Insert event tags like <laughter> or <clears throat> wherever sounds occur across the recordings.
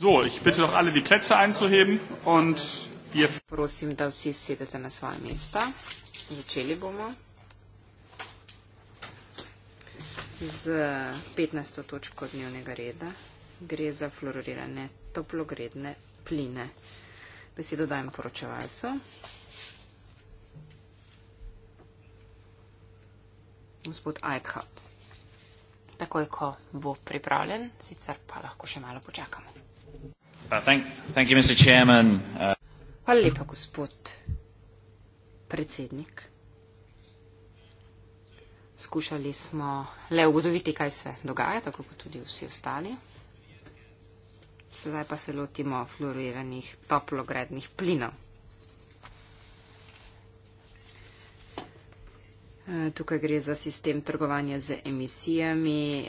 So, ich bitte doch alle, die Plätze einzuheben und wir. Prosim, da vsi sedete na svoje mesta. Začeli bomo z 15. točko dnevnega reda. Gre za fluorirane toplogredne pline. Besedo dajem poročevalcu. Gospod Eichhardt. Takoj, ko bo pripravljen, sicer pa lahko še malo počakamo. Uh, uh, Hvala lepa, gospod predsednik. Skušali smo le ugotoviti, kaj se dogaja, tako kot tudi vsi ostali. Sedaj pa se lotimo fluoriranih toplogrednih plinov. Uh, tukaj gre za sistem trgovanja z emisijami,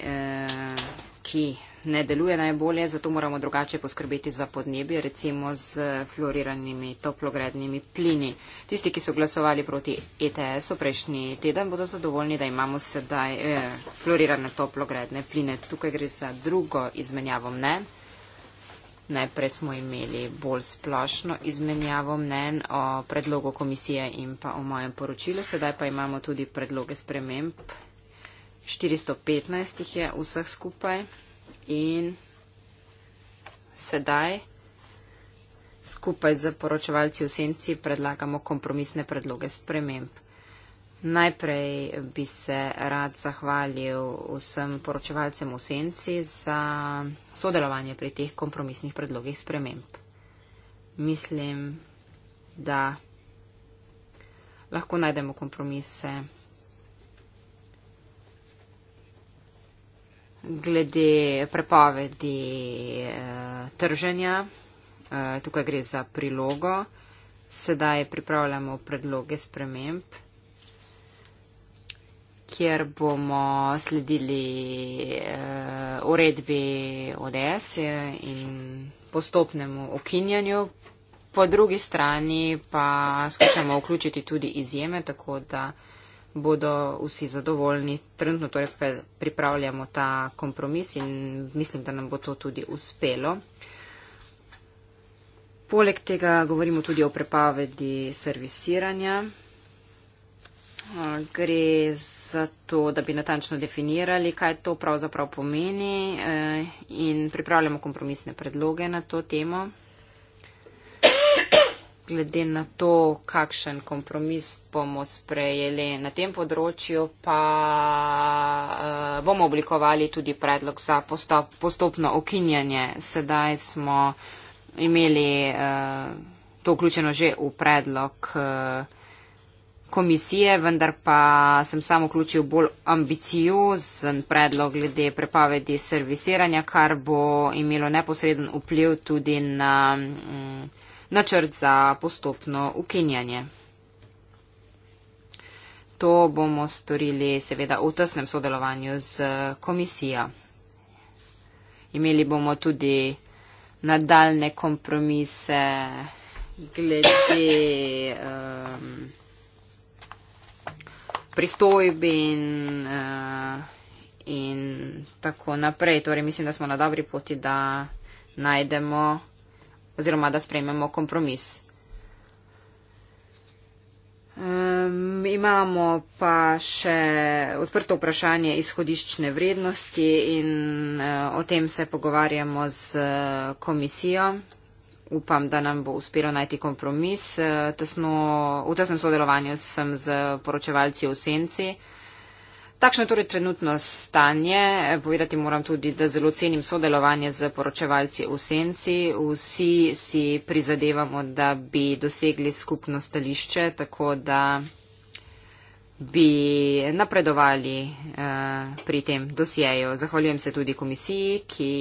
ki ne deluje najbolje, zato moramo drugače poskrbeti za podnebje, recimo z floriranimi toplogrednimi plini. Tisti, ki so glasovali proti ETS-u prejšnji teden, bodo zadovoljni, da imamo sedaj eh, florirane toplogredne pline. Tukaj gre za drugo izmenjavo mnen. Najprej smo imeli bolj splošno izmenjavo mnen o predlogu komisije in pa o mojem poročilu, sedaj pa imamo tudi predloge sprememb. 415 jih je vseh skupaj in sedaj skupaj z poročevalci v senci predlagamo kompromisne predloge sprememb. Najprej bi se rad zahvalil vsem poročevalcem v senci za sodelovanje pri teh kompromisnih predlogih sprememb. Mislim, da lahko najdemo kompromise. glede prepovedi uh, trženja. Uh, tukaj gre za prilogo. Sedaj pripravljamo predloge sprememb, kjer bomo sledili uh, uredbi ODS in postopnemu okinjanju. Po drugi strani pa skušamo vključiti tudi izjeme, tako da uh, bodo vsi zadovoljni. Trenutno torej pripravljamo ta kompromis in mislim, da nam bo to tudi uspelo. Poleg tega govorimo tudi o prepovedi servisiranja. Gre za to, da bi natančno definirali, kaj to pravzaprav pomeni e, in pripravljamo kompromisne predloge na to temo glede na to, kakšen kompromis bomo sprejeli na tem področju, pa uh, bomo oblikovali tudi predlog za postop, postopno okinjanje. Sedaj smo imeli uh, to vključeno že v predlog. Uh, komisije, vendar pa sem sam vključil bolj ambiciozen predlog glede prepovedi serviciranja, kar bo imelo neposreden vpliv tudi na mm, načrt za postopno ukinjanje. To bomo storili seveda v tesnem sodelovanju z komisijo. Imeli bomo tudi nadaljne kompromise glede um, pristojbin uh, eh, in tako naprej. Torej mislim, da smo na dobri poti, da najdemo oziroma da sprejmemo kompromis. Um, imamo pa še odprto vprašanje izhodiščne vrednosti in uh, o tem se pogovarjamo z uh, komisijo. Upam, da nam bo uspelo najti kompromis. Uh, tesno, v tesnem sodelovanju sem z poročevalci v senci. Takšno je torej trenutno stanje. Povedati moram tudi, da zelo cenim sodelovanje z poročevalci v Senci. Vsi si prizadevamo, da bi dosegli skupno stališče, tako da bi napredovali eh, pri tem dosjeju. Zahvaljujem se tudi komisiji, ki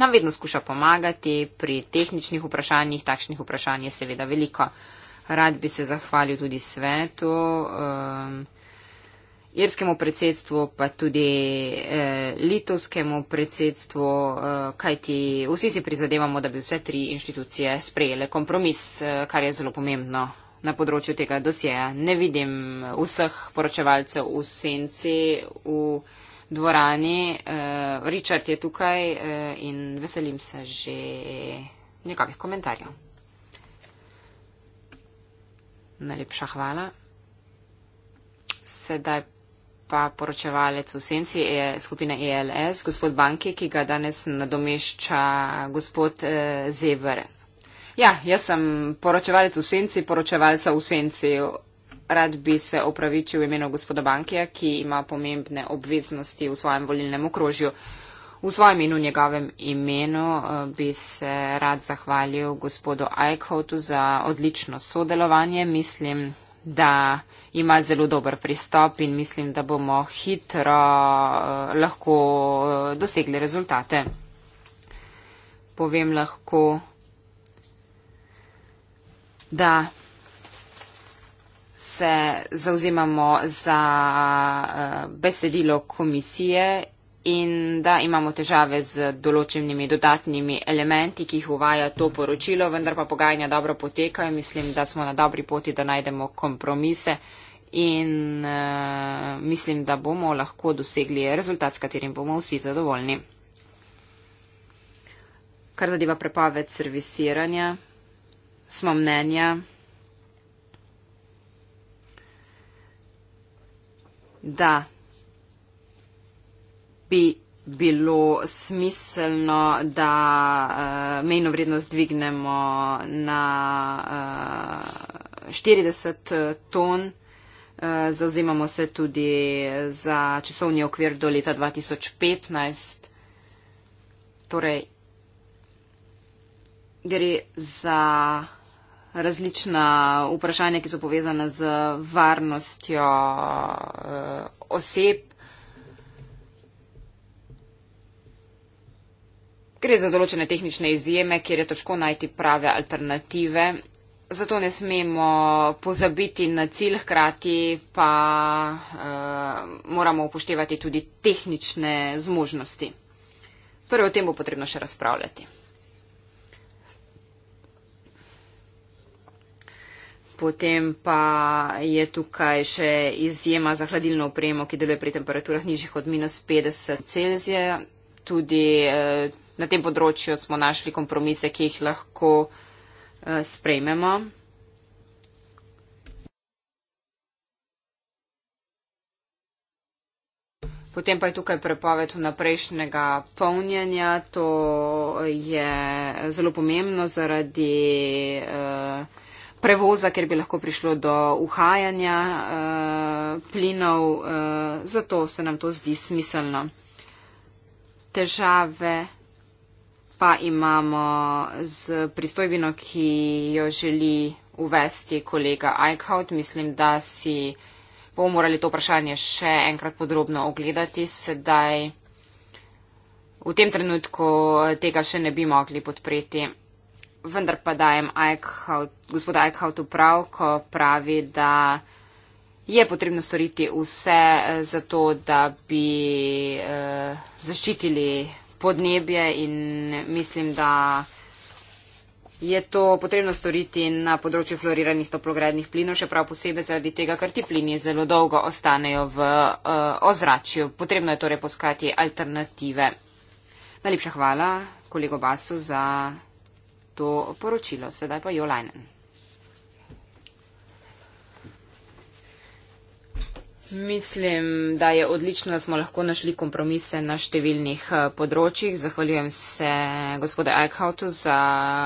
nam vedno skuša pomagati pri tehničnih vprašanjih. Takšnih vprašanj je seveda veliko. Rad bi se zahvalil tudi svetu. Eh, irskemu predsedstvu, pa tudi eh, litovskemu predsedstvu, eh, kajti vsi si prizadevamo, da bi vse tri inštitucije sprejele kompromis, eh, kar je zelo pomembno na področju tega dosjeja. Ne vidim vseh poročevalcev v senci, v dvorani. Eh, Richard je tukaj eh, in veselim se že njegovih komentarjev. Najlepša hvala. Sedaj pa poročevalec v senci e, skupine ELS, gospod Banki, ki ga danes nadomešča gospod eh, Zever. Ja, jaz sem poročevalec v senci, poročevalca v senci. Rad bi se opravičil v imenu gospoda Bankija, ki ima pomembne obveznosti v svojem volilnem okrožju. V svojem in v njegovem imenu eh, bi se rad zahvalil gospodu Eichhoutu za odlično sodelovanje. Mislim, da ima zelo dober pristop in mislim, da bomo hitro eh, lahko eh, dosegli rezultate. Povem lahko, da se zauzemamo za eh, besedilo komisije in da imamo težave z določenimi dodatnimi elementi, ki jih uvaja to poročilo, vendar pa pogajanja dobro potekajo. Mislim, da smo na dobri poti, da najdemo kompromise in uh, mislim, da bomo lahko dosegli rezultat, s katerim bomo vsi zadovoljni. Kar zadeva prepoved servisiranja, smo mnenja, da bi bilo smiselno, da uh, mejno vrednost dvignemo na uh, eh, 40 ton. Uh, eh, zauzemamo se tudi za časovni okvir do leta 2015. Torej, gre za različna vprašanja, ki so povezana z varnostjo uh, oseb Gre za določene tehnične izjeme, kjer je težko najti prave alternative. Zato ne smemo pozabiti na cilj, hkrati pa e, moramo upoštevati tudi tehnične zmožnosti. Torej, o tem bo potrebno še razpravljati. Potem pa je tukaj še izjema za hladilno opremo, ki deluje pri temperaturah nižjih od minus 50 C. Tudi e, na tem področju smo našli kompromise, ki jih lahko uh, sprejmemo. Potem pa je tukaj prepoved vnaprejšnjega polnjenja. To je zelo pomembno zaradi uh, prevoza, ker bi lahko prišlo do uhajanja uh, plinov. Uh, zato se nam to zdi smiselno. Težave pa imamo z pristojbino, ki jo želi uvesti kolega Eichhout. Mislim, da si bomo morali to vprašanje še enkrat podrobno ogledati. Sedaj v tem trenutku tega še ne bi mogli podpreti. Vendar pa dajem Eichhout, gospoda Eichhoutu prav, ko pravi, da je potrebno storiti vse za to, da bi eh, zaščitili podnebje in mislim, da je to potrebno storiti na področju floriranih toplogrednih plinov, še prav posebej zaradi tega, ker ti plini zelo dolgo ostanejo v uh, ozračju. Potrebno je torej poskati alternative. Najlepša hvala, kolego Basu, za to poročilo. Sedaj pa Jolajnen. Mislim, da je odlično, da smo lahko našli kompromise na številnih eh, področjih. Zahvaljujem se gospode Eichhautu za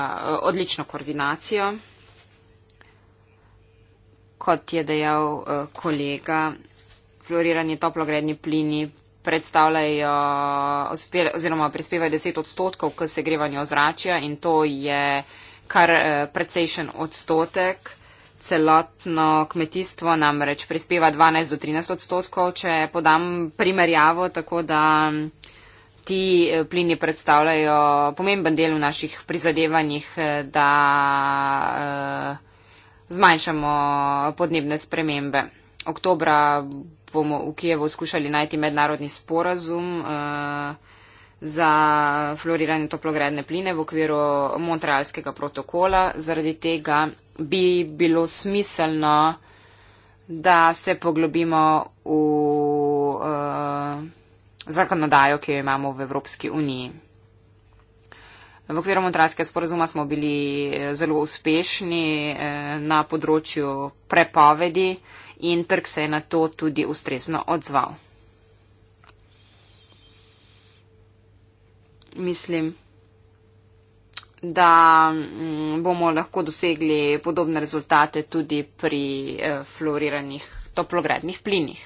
eh, odlično koordinacijo. Kot je dejal eh, kolega, fluorirani toplogredni plini predstavljajo oziroma prispevajo 10 odstotkov k segrevanju ozračja in to je kar precejšen odstotek celotno kmetijstvo namreč prispeva 12 do 13 odstotkov, če podam primerjavo, tako da ti eh, plini predstavljajo pomemben del v naših prizadevanjih, eh, da eh, zmanjšamo podnebne spremembe. Oktobra bomo v Kijevu skušali najti mednarodni sporazum za floriranje toplogredne pline v okviru Montrealskega protokola. Zaradi tega bi bilo smiselno, da se poglobimo v uh, zakonodajo, ki jo imamo v Evropski uniji. V okviru montralskega sporozuma smo bili eh, zelo uspešni uh, na področju prepovedi in trg se je na to tudi ustrezno odzval. Mislim da mm, bomo lahko dosegli podobne rezultate tudi pri eh, floriranih toplogrednih plinih.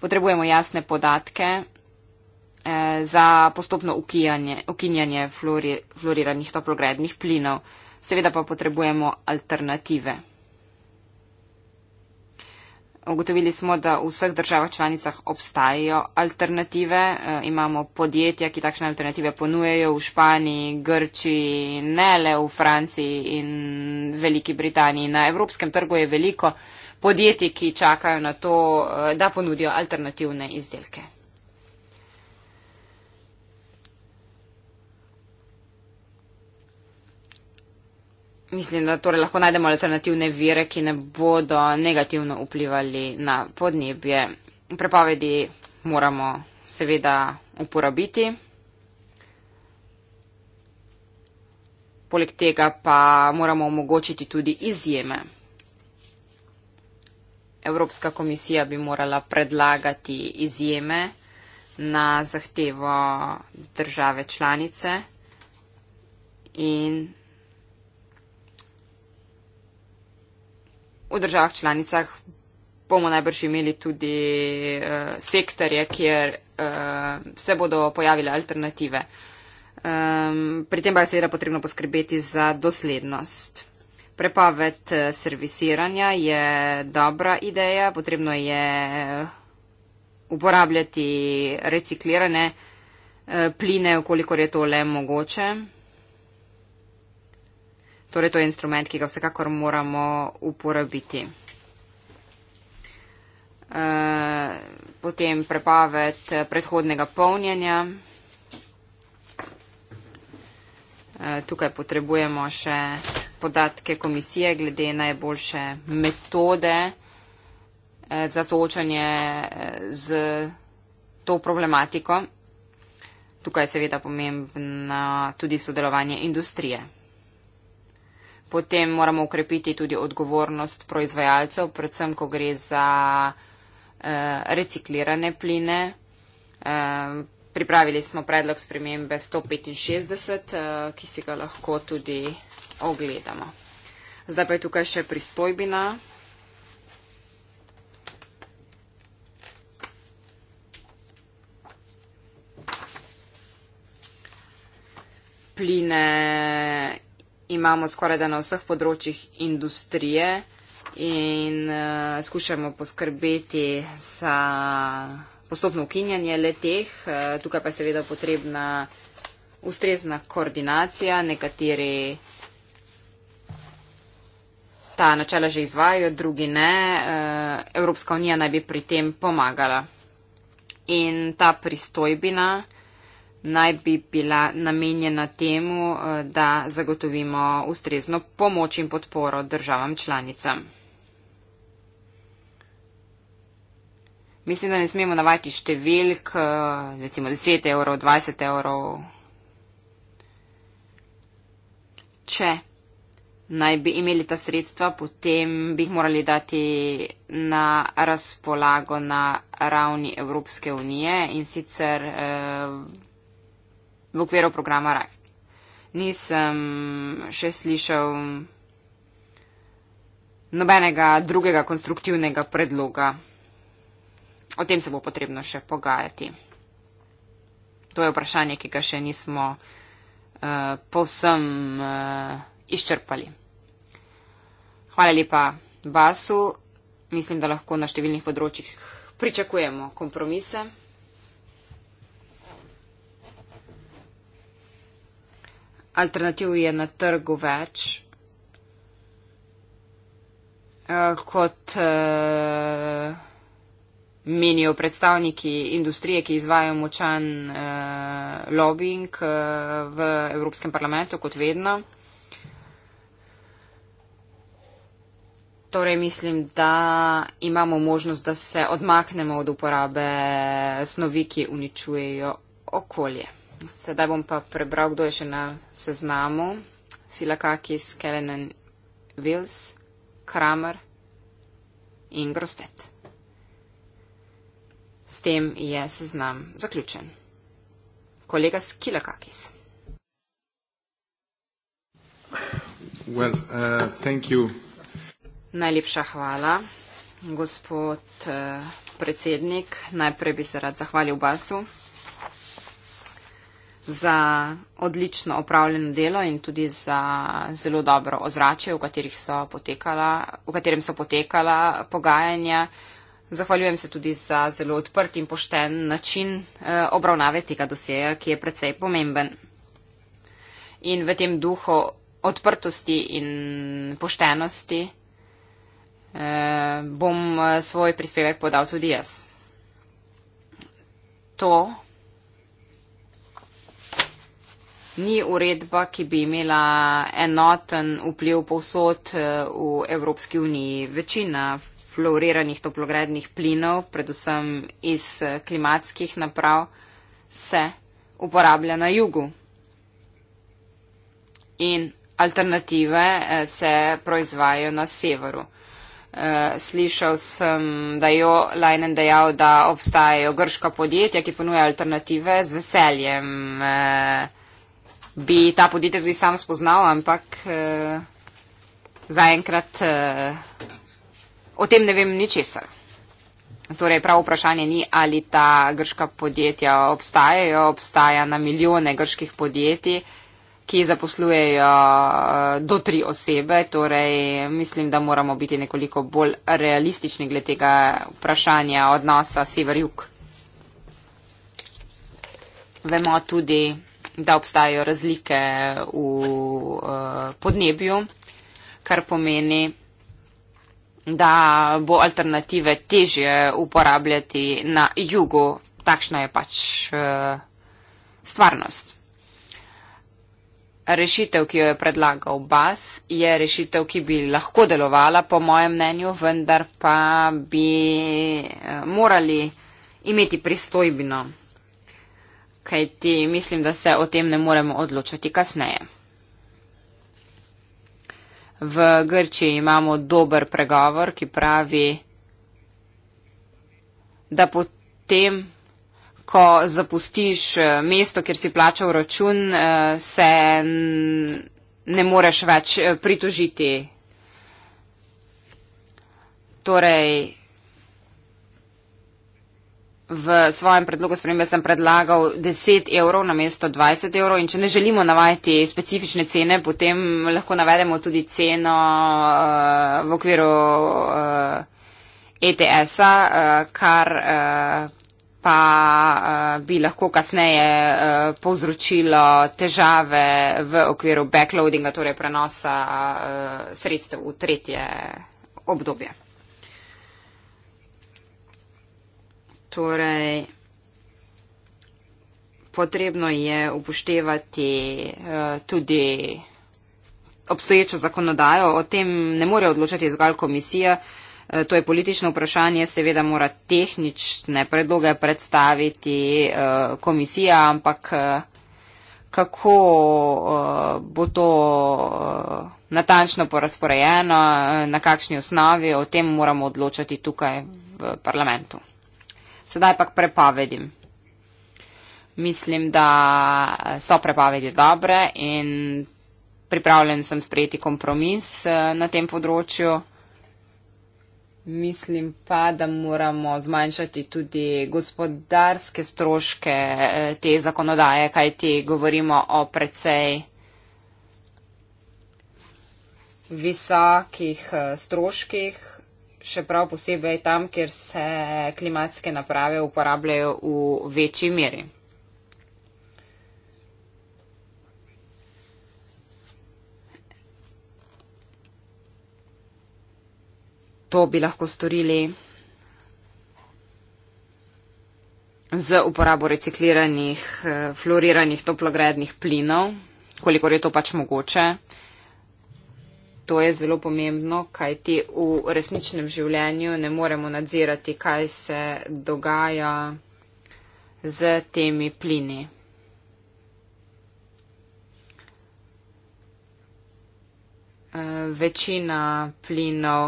Potrebujemo jasne podatke eh, za postopno ukinjanje flori, floriranih toplogrednih plinov. Seveda pa potrebujemo alternative. Ugotovili smo, da v vseh državah članicah obstajajo alternative. Eh, imamo podjetja, ki takšne alternative ponujejo v Španiji, Grčiji, ne le v Franciji in Veliki Britaniji. Na evropskem trgu je veliko podjetij, ki čakajo na to, eh, da ponudijo alternativne izdelke. Mislim, da torej lahko najdemo alternativne vire, ki ne bodo negativno vplivali na podnebje. Prepovedi moramo seveda uporabiti. Poleg tega pa moramo omogočiti tudi izjeme. Evropska komisija bi morala predlagati izjeme na zahtevo države članice in v državah članicah bomo najbrž imeli tudi uh, sektorje, kjer uh, se bodo pojavile alternative. Um, pri tem pa je seveda potrebno poskrbeti za doslednost. Prepaved eh, servisiranja je dobra ideja, potrebno je uporabljati reciklirane pline, okolikor je to le mogoče. Torej, to je instrument, ki ga vsekakor moramo uporabiti. E, potem prepaved predhodnega polnjenja. E, tukaj potrebujemo še podatke komisije glede najboljše metode e, za soočanje e, z to problematiko. Tukaj je seveda pomembna tudi sodelovanje industrije. Potem moramo ukrepiti tudi odgovornost proizvajalcev, predvsem, ko gre za eh, reciklirane pline. Eh, pripravili smo predlog spremembe 165, eh, ki si ga lahko tudi ogledamo. Zdaj pa je tukaj še pristojbina. Pline imamo skoraj da na vseh področjih industrije in uh, skušamo poskrbeti za postopno ukinjanje leteh. Uh, tukaj pa je seveda potrebna ustrezna koordinacija. Nekateri ta načela že izvajo, drugi ne. Uh, Evropska unija naj bi pri tem pomagala. In ta pristojbina naj bi bila namenjena temu, eh, da zagotovimo ustrezno pomoč in podporo državam članicam. Mislim, da ne smemo navajati številk, eh, recimo 10 evrov, 20 evrov. Če naj bi imeli ta sredstva, potem bi jih morali dati na razpolago na ravni Evropske unije in sicer. Eh, v okviru programa RAJ. Nisem še slišal nobenega drugega konstruktivnega predloga. O tem se bo potrebno še pogajati. To je vprašanje, ki ga še nismo uh, povsem uh, izčrpali. Hvala lepa Basu. Mislim, da lahko na številnih področjih pričakujemo kompromise. alternativ je na trgu več eh, kot eh, menijo predstavniki industrije, ki izvajo močan eh, lobbying v Evropskem parlamentu, kot vedno. Torej mislim, da imamo možnost, da se odmaknemo od uporabe snovi, ki uničujejo okolje. Sedaj bom pa prebral, kdo je še na seznamu. Silakakis, Kellenen, Wills, Kramer in Grostet. S tem je seznam zaključen. Kolega Skilakakis. Well, uh, Najlepša hvala, gospod uh, predsednik. Najprej bi se rad zahvalil Basu za odlično opravljeno delo in tudi za zelo dobro ozračje, v, potekala, v katerem so potekala pogajanja. Zahvaljujem se tudi za zelo odprt in pošten način eh, obravnave tega doseja, ki je predvsej pomemben. In v tem duhu odprtosti in poštenosti eh, bom eh, svoj prispevek podal tudi jaz. To ni uredba, ki bi imela enoten vpliv povsod eh, v Evropski uniji. Večina floriranih toplogrednih plinov, predvsem iz eh, klimatskih naprav, se uporablja na jugu. In alternative eh, se proizvajajo na severu. Slišal sem, da jo Lajnen dejal, da obstajajo grška podjetja, ki ponujajo alternative z veseljem bi ta podjetja tudi sam spoznal, ampak eh, zaenkrat eh, o tem ne vem ničesar. Torej, pravo vprašanje ni, ali ta grška podjetja obstajajo. Obstaja na milijone grških podjetij, ki zaposlujejo eh, do tri osebe. Torej, mislim, da moramo biti nekoliko bolj realistični glede tega vprašanja odnosa sever-jug. Vemo tudi, da obstajajo razlike v uh, podnebju, kar pomeni, da bo alternative težje uporabljati na jugu. Takšna je pač uh, stvarnost. Rešitev, ki jo je predlagal Bas, je rešitev, ki bi lahko delovala, po mojem mnenju, vendar pa bi eh, morali imeti pristojbino kajti mislim, da se o tem ne moremo odločiti kasneje. V Grčiji imamo dober pregovor, ki pravi, da potem, ko zapustiš eh, mesto, kjer si plačal račun, eh, se ne moreš več eh, pritožiti. Torej, v svojem predlogu spremembe sem predlagal 10 evrov na mesto 20 evrov in če ne želimo navajati specifične cene, potem lahko navedemo tudi ceno uh, v okviru uh, eh, ETS-a, uh, eh, kar uh, pa uh, bi lahko kasneje uh, povzročilo težave v okviru backloadinga, torej prenosa uh, sredstev v tretje obdobje. Torej, potrebno je upoštevati uh, tudi obstoječo zakonodajo. O tem ne more odločati zgolj komisija. Eh, to je politično vprašanje, seveda mora tehnične predloge predstaviti eh, komisija, ampak kako bo to natančno porazporejeno, na kakšni osnovi, o tem moramo odločati tukaj v parlamentu sedaj pa k prepovedim. Mislim, da so prepovedi dobre in pripravljen sem sprejeti kompromis eh, na tem področju. Mislim pa, da moramo zmanjšati tudi gospodarske stroške eh, te zakonodaje, kaj ti govorimo o precej visokih eh, stroških še prav posebej tam, kjer se klimatske naprave uporabljajo v večji meri. To bi lahko storili z uporabo recikliranih, eh, floriranih toplogrednih plinov, kolikor je to pač mogoče to je zelo pomembno, kajti v resničnem življenju ne moremo nadzirati, kaj se dogaja z temi plini. Eh, večina plinov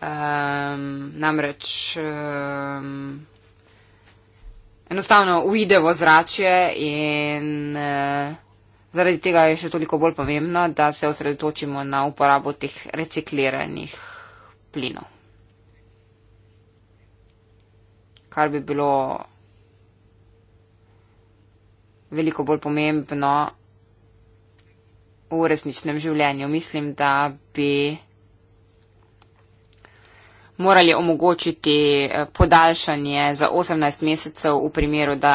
um, namreč um, enostavno uide v ozračje in uh, Zaradi tega je še toliko bolj pomembno, da se osredotočimo na uporabo teh recikliranih plinov. Kar bi bilo veliko bolj pomembno v resničnem življenju. Mislim, da bi morali omogočiti eh, podaljšanje za 18 mesecev v primeru, da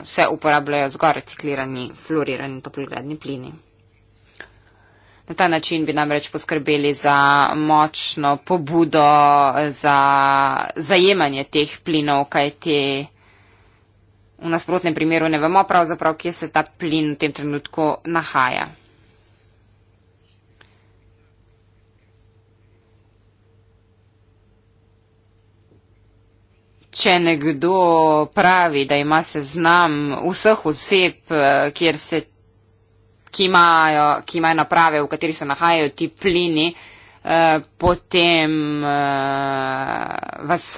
eh, se uporabljajo zgor reciklirani, fluorirani toplogradni plini. Na ta način bi namreč poskrbeli za močno pobudo za zajemanje teh plinov, kajti v nasprotnem primeru ne vemo pravzaprav, kje se ta plin v tem trenutku nahaja. če nekdo pravi, da ima seznam vseh oseb, eh, kjer se, ki imajo, ki imajo naprave, v kateri se nahajajo ti plini, eh, potem eh, vas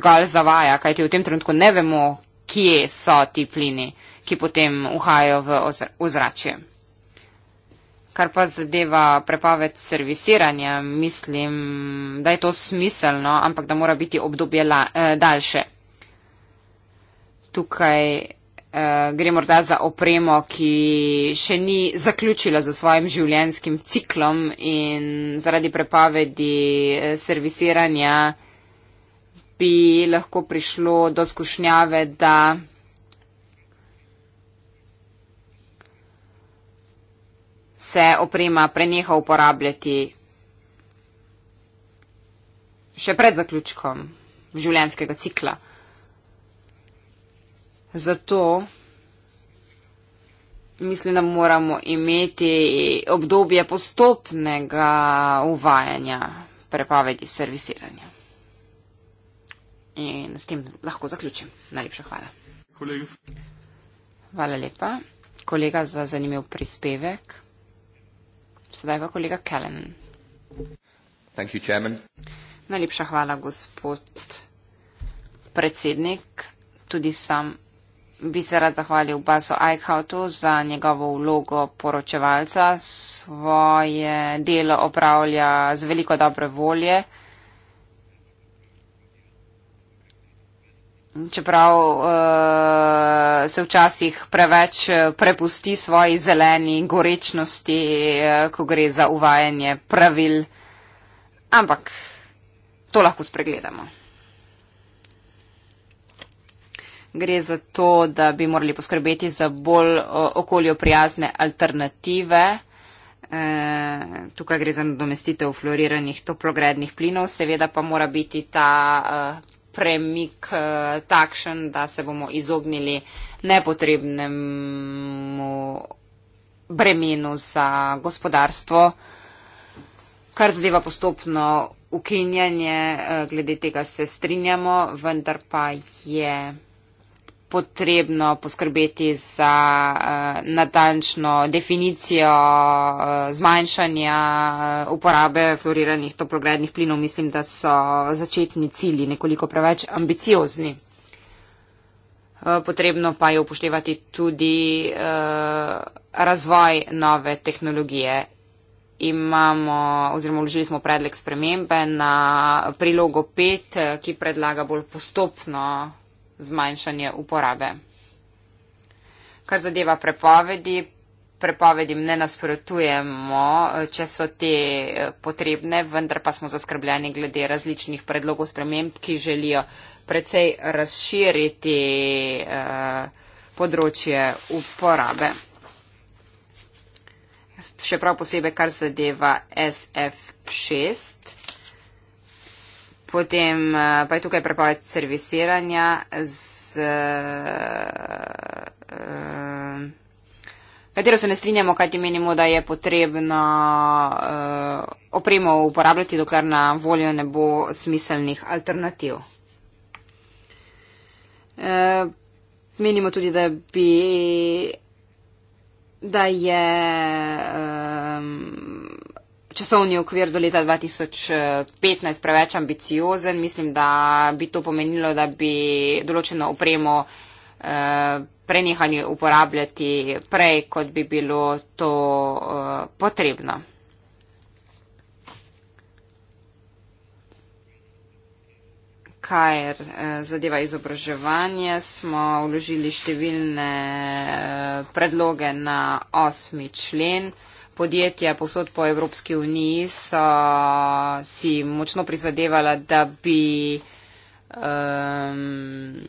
zgolj zavaja, kajti v tem trenutku ne vemo, kje so ti plini, ki potem uhajajo v ozračje. Kar pa zadeva prepoved serviciranja, mislim, da je to smiselno, ampak da mora biti obdobje la, eh, daljše. Tukaj eh, gre morda za opremo, ki še ni zaključila za svojim življenjskim ciklom in zaradi prepovedi eh, serviciranja bi lahko prišlo do skušnjave, da se oprema preneha uporabljati še pred zaključkom življenjskega cikla. Zato mislim, da moramo imeti obdobje postopnega uvajanja prepovedi servisiranja. In s tem lahko zaključim. Najlepša hvala. Kolega. Hvala lepa, kolega, za zanimiv prispevek. Sedaj pa kolega Kellen. Thank you, chairman. Najlepša hvala, gospod predsednik. Tudi sam bi se rad zahvalil Baso Eichhautu za njegovo vlogo poročevalca. Svoje delo opravlja z veliko dobre volje. čeprav uh, se včasih preveč eh, prepusti svoji zeleni gorečnosti, uh, ko gre za uvajanje pravil. Ampak to lahko spregledamo. Gre za to, da bi morali poskrbeti za bolj okolju prijazne alternative. E, tukaj gre za nadomestitev fluoriranih toplogrednih plinov. Seveda pa mora biti ta e, premik eh, takšen, da se bomo izognili nepotrebnemu bremenu za gospodarstvo, kar zadeva postopno ukinjanje, eh, glede tega se strinjamo, vendar pa je potrebno poskrbeti za uh, natančno definicijo uh, zmanjšanja uh, uporabe fluoriranih toplogrednih plinov. Mislim, da so začetni cilji nekoliko preveč ambiciozni. Potrebno pa je upoštevati tudi eh, razvoj nove tehnologije. Imamo oziroma vložili smo predlog spremembe na prilogo 5, ki predlaga bolj postopno zmanjšanje uporabe. Kar zadeva prepovedi, prepovedim ne nasprotujemo, če so te eh, potrebne, vendar pa smo zaskrbljeni glede različnih predlogov sprememb, ki želijo precej razširiti eh, področje uporabe. Še prav posebej, kar zadeva SF6. Potem eh, pa je tukaj prepoved servisiranja z. Eh, eh, katero se ne strinjamo, kaj ti menimo, da je potrebno uh, opremo uporabljati, dokler na voljo ne bo smiselnih alternativ. Uh, menimo tudi, da, bi, da je um, časovni okvir do leta 2015 preveč ambiciozen. Mislim, da bi to pomenilo, da bi določeno opremo eh, prenehali uporabljati prej, kot bi bilo to eh, potrebno. Kar eh, zadeva izobraževanje, smo vložili številne predloge na osmi člen podjetja posod po Evropski uniji so si močno prizadevala, da bi um,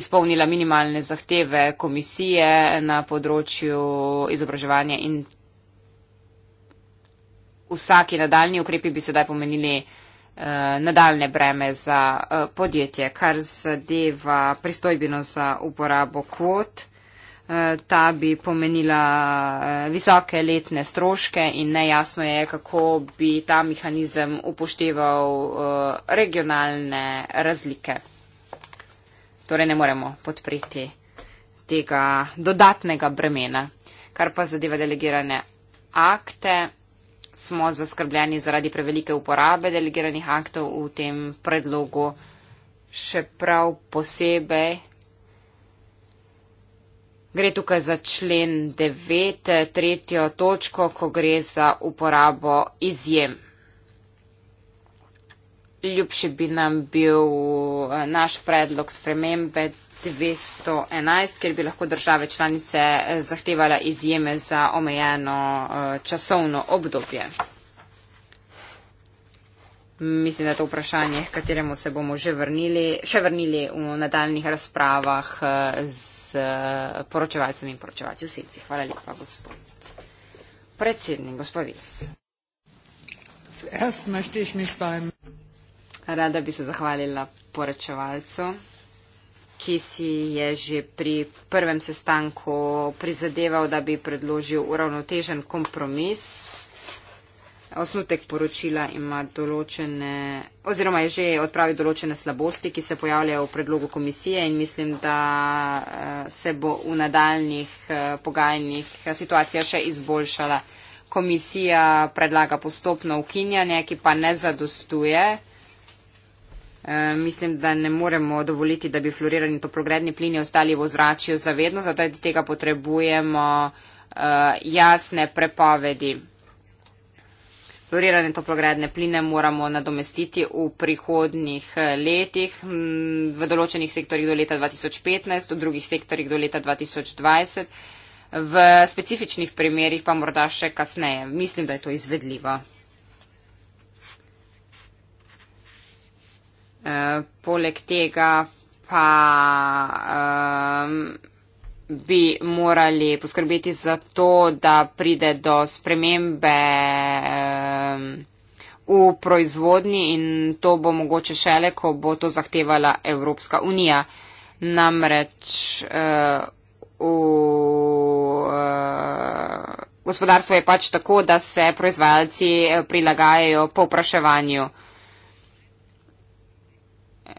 izpolnila minimalne zahteve komisije na področju izobraževanja in vsaki nadaljni ukrepi bi sedaj pomenili uh, nadaljne breme za uh, podjetje, kar zadeva pristojbino za uporabo kvot ta bi pomenila eh, visoke letne stroške in nejasno je, kako bi ta mehanizem upošteval eh, regionalne razlike. Torej ne moremo podpreti tega dodatnega bremena. Kar pa zadeva delegirane akte, smo zaskrbljeni zaradi prevelike uporabe delegiranih aktov v tem predlogu, še prav posebej Gre tukaj za člen 9, tretjo točko, ko gre za uporabo izjem. Ljubši bi nam bil eh, naš predlog spremembe 211, kjer bi lahko države članice eh, zahtevala izjeme za omejeno eh, časovno obdobje. Mislim, da je to vprašanje, k kateremu se bomo že vrnili, še vrnili v nadaljnih razpravah eh, z eh, poročevalcem in poročevalci v senci. Hvala lepa, gospod. Predsednik, gospod Vis. Rada bi se zahvalila poročevalcu, ki si je že pri prvem sestanku prizadeval, da bi predložil uravnotežen kompromis. Osnutek poročila ima določene, oziroma je že odpravil določene slabosti, ki se pojavljajo v predlogu komisije in mislim, da eh, se bo v nadaljnih eh, pogajanjih eh, situacija še izboljšala. Komisija predlaga postopno ukinjanje, ki pa ne zadostuje. Mislim, da ne moremo dovoliti, da bi florirani toplogredni plini ostali v ozračju zavedno, zato tega potrebujemo jasne prepovedi. Florirane toplogredne pline moramo nadomestiti v prihodnih eh, letih, mm, v določenih sektorjih do leta 2015, v drugih sektorjih do leta 2020, v specifičnih primerjih pa morda še kasneje. Mislim, da je to izvedljivo. Eh, poleg tega pa. Um, bi morali poskrbeti za to, da pride do spremembe v proizvodni in to bo mogoče šele, ko bo to zahtevala Evropska unija. Namreč uh, v, uh, gospodarstvo je pač tako, da se proizvajalci eh, prilagajajo po vpraševanju. Uh,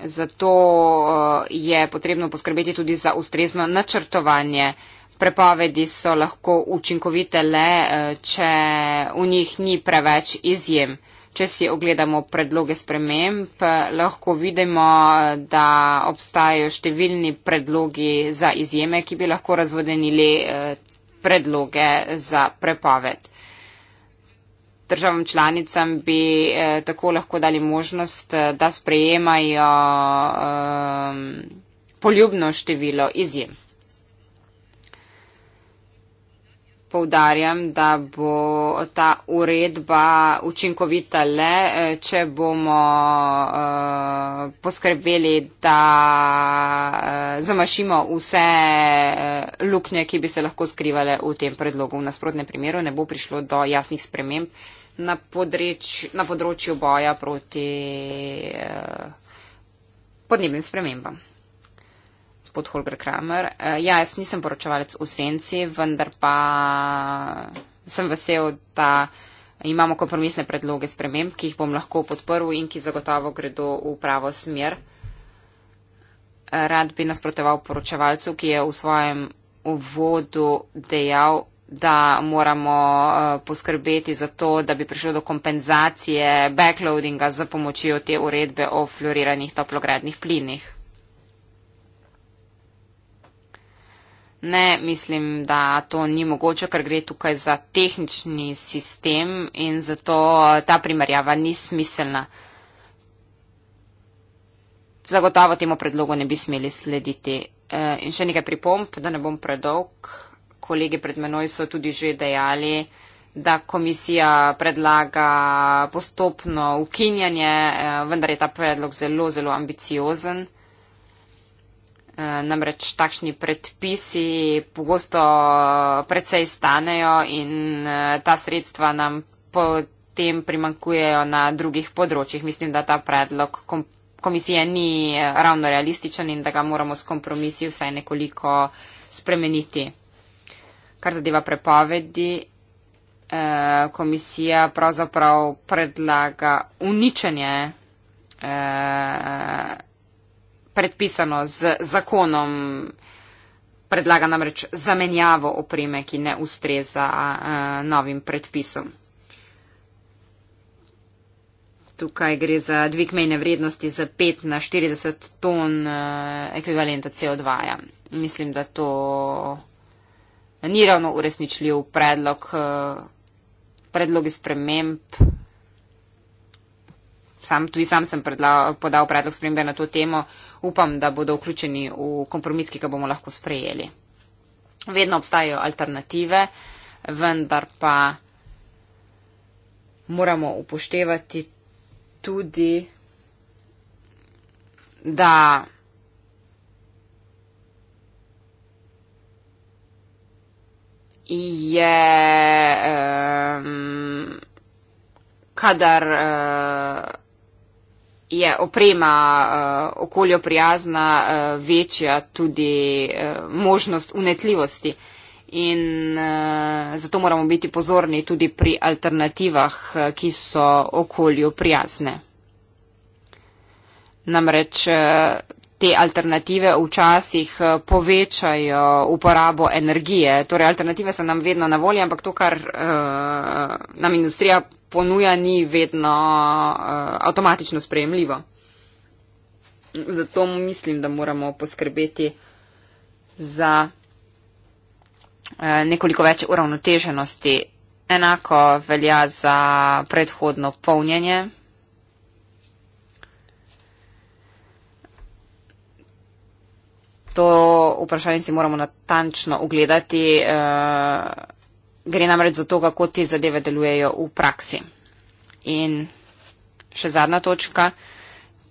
Zato eh, je potrebno poskrbeti tudi za ustrezno načrtovanje. Prepovedi so lahko učinkovite le, eh, če v njih ni preveč izjem. Če si ogledamo predloge sprememb, lahko vidimo, eh, da obstajajo številni predlogi za izjeme, ki bi lahko razvodenili predloge za prepoved državam članicam bi eh, tako lahko dali možnost, eh, da sprejemajo eh, poljubno število izjem. poudarjam, da bo ta uredba učinkovita le, eh, če bomo uh, poskrbeli, da uh, zamašimo vse uh, luknje, ki bi se lahko skrivale v tem predlogu. V nasprotnem primeru ne bo prišlo do jasnih sprememb na, podreč, na področju boja proti uh, podnebnim spremembam gospod Holger Kramer. Uh, ja, jaz nisem poročevalec v senci, vendar pa sem vesel, da imamo kompromisne predloge sprememb, ki jih bom lahko podprl in ki zagotovo gredo v pravo smer. Eh, rad bi nasproteval poročevalcu, ki je v svojem uvodu dejal, da moramo eh, poskrbeti za to, da bi prišlo do kompenzacije backloadinga za pomočjo te uredbe o fluoriranih toplogradnih plinih. Ne, mislim, da to ni mogoče, ker gre tukaj za tehnični sistem in zato ta primerjava ni smiselna. Zagotovo temu predlogu ne bi smeli slediti. E, in še nekaj pripomp, da ne bom predolg. Kolegi pred menoj so tudi že dejali, da komisija predlaga postopno ukinjanje, e, vendar je ta predlog zelo, zelo ambiciozen. Eh, namreč takšni predpisi pogosto precej stanejo in eh, ta sredstva nam potem primankujejo na drugih področjih. Mislim, da ta predlog komisije ni eh, ravno realističen in da ga moramo s kompromisi vsaj nekoliko spremeniti. Kar zadeva prepovedi, komisija pravzaprav predlaga uničenje predpisano z zakonom, predlaga namreč zamenjavo opreme, ki ne ustreza uh, novim predpisom. Tukaj gre za dvig mejne vrednosti za 5 na 40 ton uh, ekvivalenta CO2. -ja. Mislim, da to ni ravno uresničljiv predlog, uh, predlogi sprememb. Sam, tudi sam sem predla, podal predlog spremembe na to temo. Uh, upam, da bodo vključeni v kompromis, ki ga bomo lahko sprejeli. Vedno obstajajo alternative, vendar pa moramo upoštevati tudi, da je, um, kadar uh, je oprema uh, eh, okolju prijazna uh, eh, večja tudi uh, možnost unetljivosti. In uh, zato moramo biti pozorni tudi pri alternativah, uh, ki so okolju prijazne. Namreč uh, te alternative včasih uh, povečajo uporabo energije. Torej, alternative so nam vedno na voljo, ampak to, kar uh, nam industrija ponuja ni vedno uh, avtomatično sprejemljiva. Zato mislim, da moramo poskrbeti za uh, nekoliko več uravnoteženosti. Enako velja za predhodno polnjenje. To vprašanje si moramo natančno ugledati. Uh, eh, gre namreč za to, kako te zadeve delujejo v praksi. In še zadnja točka.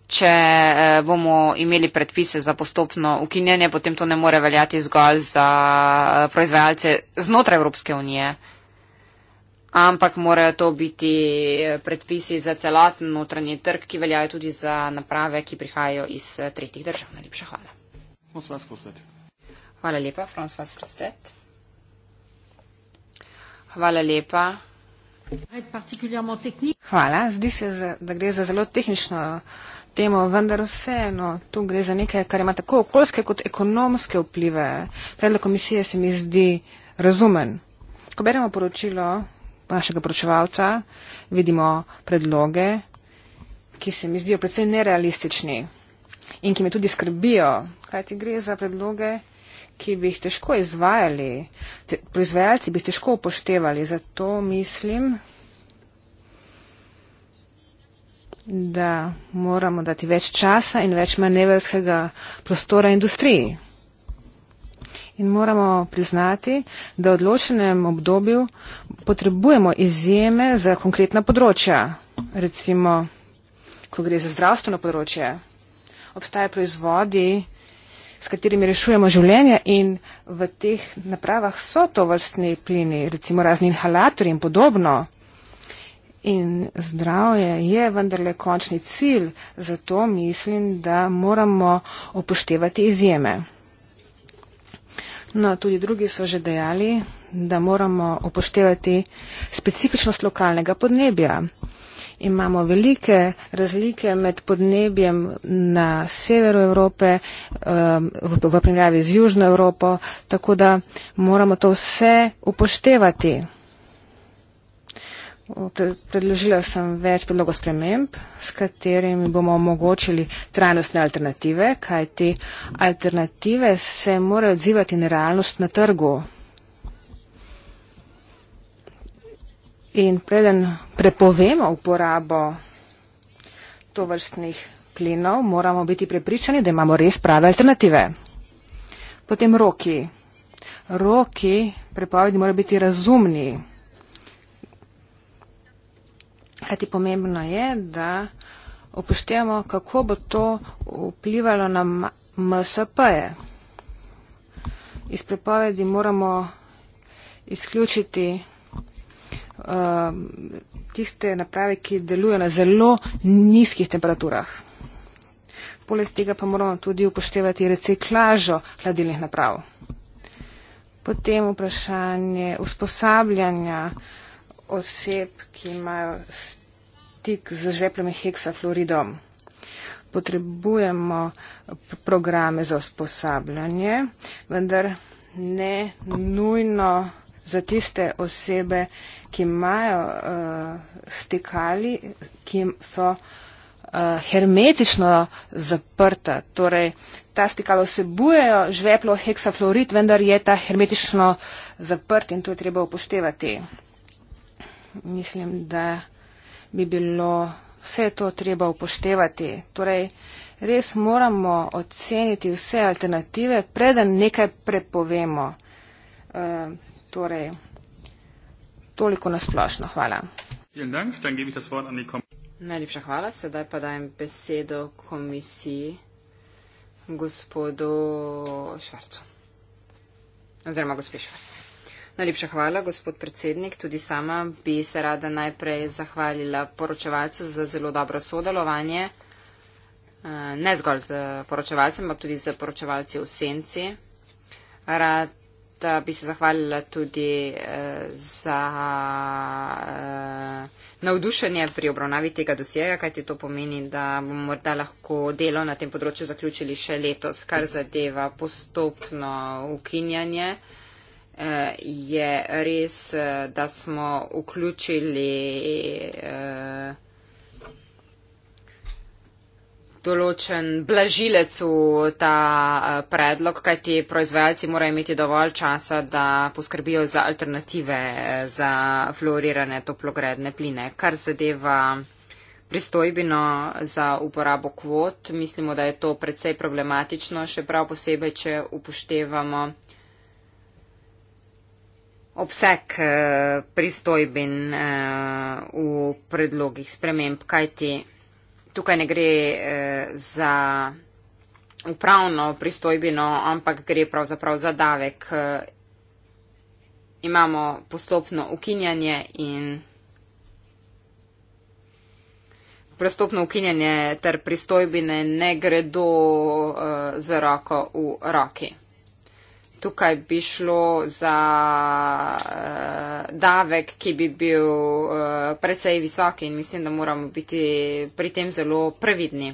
Če eh, bomo imeli predpise za postopno ukinjanje, potem to ne more veljati zgolj za eh, proizvajalce znotraj Evropske unije, ampak morajo to biti eh, predpisi za celoten notranji trg, ki veljajo tudi za naprave, ki prihajajo iz tretjih držav. Najlepša hvala. Hvala lepa, François Crustet hvala lepa. Hvala. Zdi se, da gre za zelo tehnično temo, vendar vseeno tu gre za nekaj, kar ima tako okoljske kot ekonomske vplive. Predlog komisije se mi zdi razumen. Ko beremo poročilo našega poročevalca, vidimo predloge, ki se mi zdijo predvsej nerealistični in ki me tudi skrbijo, kajti gre za predloge, ki bi jih težko izvajali, te, proizvajalci bi jih težko upoštevali. Zato mislim, da moramo dati več časa in več manevrskega prostora industriji. In moramo priznati, da v odločenem obdobju potrebujemo izjeme za konkretna področja. Recimo, ko gre za zdravstveno področje, obstajajo proizvodi, s katerimi rešujemo življenje in v teh napravah so to vrstni plini, recimo razni inhalatorji in podobno. In zdravje je vendarle končni cilj, zato mislim, da moramo upoštevati izjeme. No, tudi drugi so že dejali, da moramo upoštevati specifičnost lokalnega podnebja imamo velike razlike med podnebjem na severu Evrope um, v primerjavi z južno Evropo, tako da moramo to vse upoštevati. Predložila sem več predlogov sprememb, s katerimi bomo omogočili trajnostne alternative, kajti alternative se morajo odzivati na realnost na trgu. In preden prepovemo uporabo tovrstnih plinov, moramo biti prepričani, da imamo res prave alternative. Potem roki. Roki prepovedi morajo biti razumni. Kajti pomembno je, da upoštevamo, kako bo to vplivalo na MSP-je. Iz prepovedi moramo izključiti um, tiste naprave, ki delujejo na zelo nizkih temperaturah. Poleg tega pa moramo tudi upoštevati reciklažo hladilnih naprav. Potem vprašanje usposabljanja oseb, ki imajo stik z žveplami heksafluoridom. Potrebujemo programe za usposabljanje, vendar ne nujno za tiste osebe, ki imajo uh, stikali, ki so uh, hermetično zaprta. Torej, ta stikala vsebujejo žveplo heksafluorid, vendar je ta hermetično zaprt in to je treba upoštevati. Mislim, da bi bilo vse to treba upoštevati. Torej, res moramo oceniti vse alternative, preden nekaj prepovemo. Uh, torej, Toliko nasplošno, hvala. Najlepša hvala, sedaj pa dajem besedo komisiji gospodu Švarcu. Oziroma gospod Švarc. Najlepša hvala, gospod predsednik. Tudi sama bi se rada najprej zahvalila poročevalcu za zelo dobro sodelovanje. Eh, ne zgolj z poročevalcem, ampak tudi z poročevalci v senci. Rad da bi se zahvalila tudi eh, za eh, navdušenje pri obravnavi tega dosjeja, kajti to pomeni, da bomo morda lahko delo na tem področju zaključili še letos, kar zadeva postopno ukinjanje. Eh, je res, da smo vključili določen blažilec v ta eh, predlog, kajti proizvajalci morajo imeti dovolj časa, da poskrbijo za alternative eh, za fluorirane toplogredne pline. Kar zadeva pristojbino za uporabo kvot, mislimo, da je to predvsej problematično, še prav posebej, če upoštevamo obseg eh, pristojbin v predlogih sprememb, kajti tukaj ne gre eh, za upravno pristojbino, ampak gre pravzaprav za davek. Eh, imamo postopno ukinjanje in prestopno ukinjanje ter pristojbine ne gredo uh, z roko v roki tukaj bi šlo za uh, davek, ki bi bil uh, precej visok in mislim, da moramo biti pri tem zelo previdni.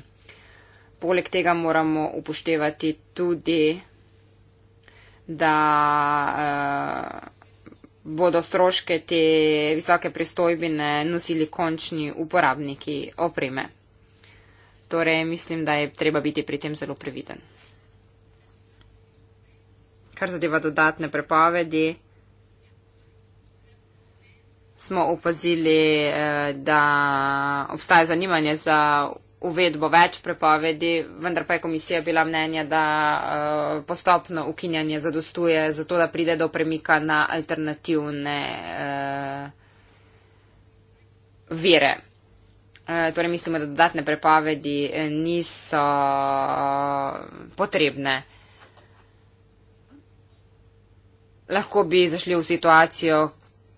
Poleg tega moramo upoštevati tudi, da uh, bodo stroške te visoke pristojbine nosili končni uporabniki opreme. Torej, mislim, da je treba biti pri tem zelo previden kar zadeva dodatne prepovedi, smo opazili, eh, da obstaja zanimanje za uvedbo več prepovedi, vendar pa je komisija bila mnenja, da eh, postopno ukinjanje zadostuje za to, da pride do premika na alternativne eh, vire. Torej mislimo, da dodatne prepovedi niso potrebne lahko bi zašli v situacijo,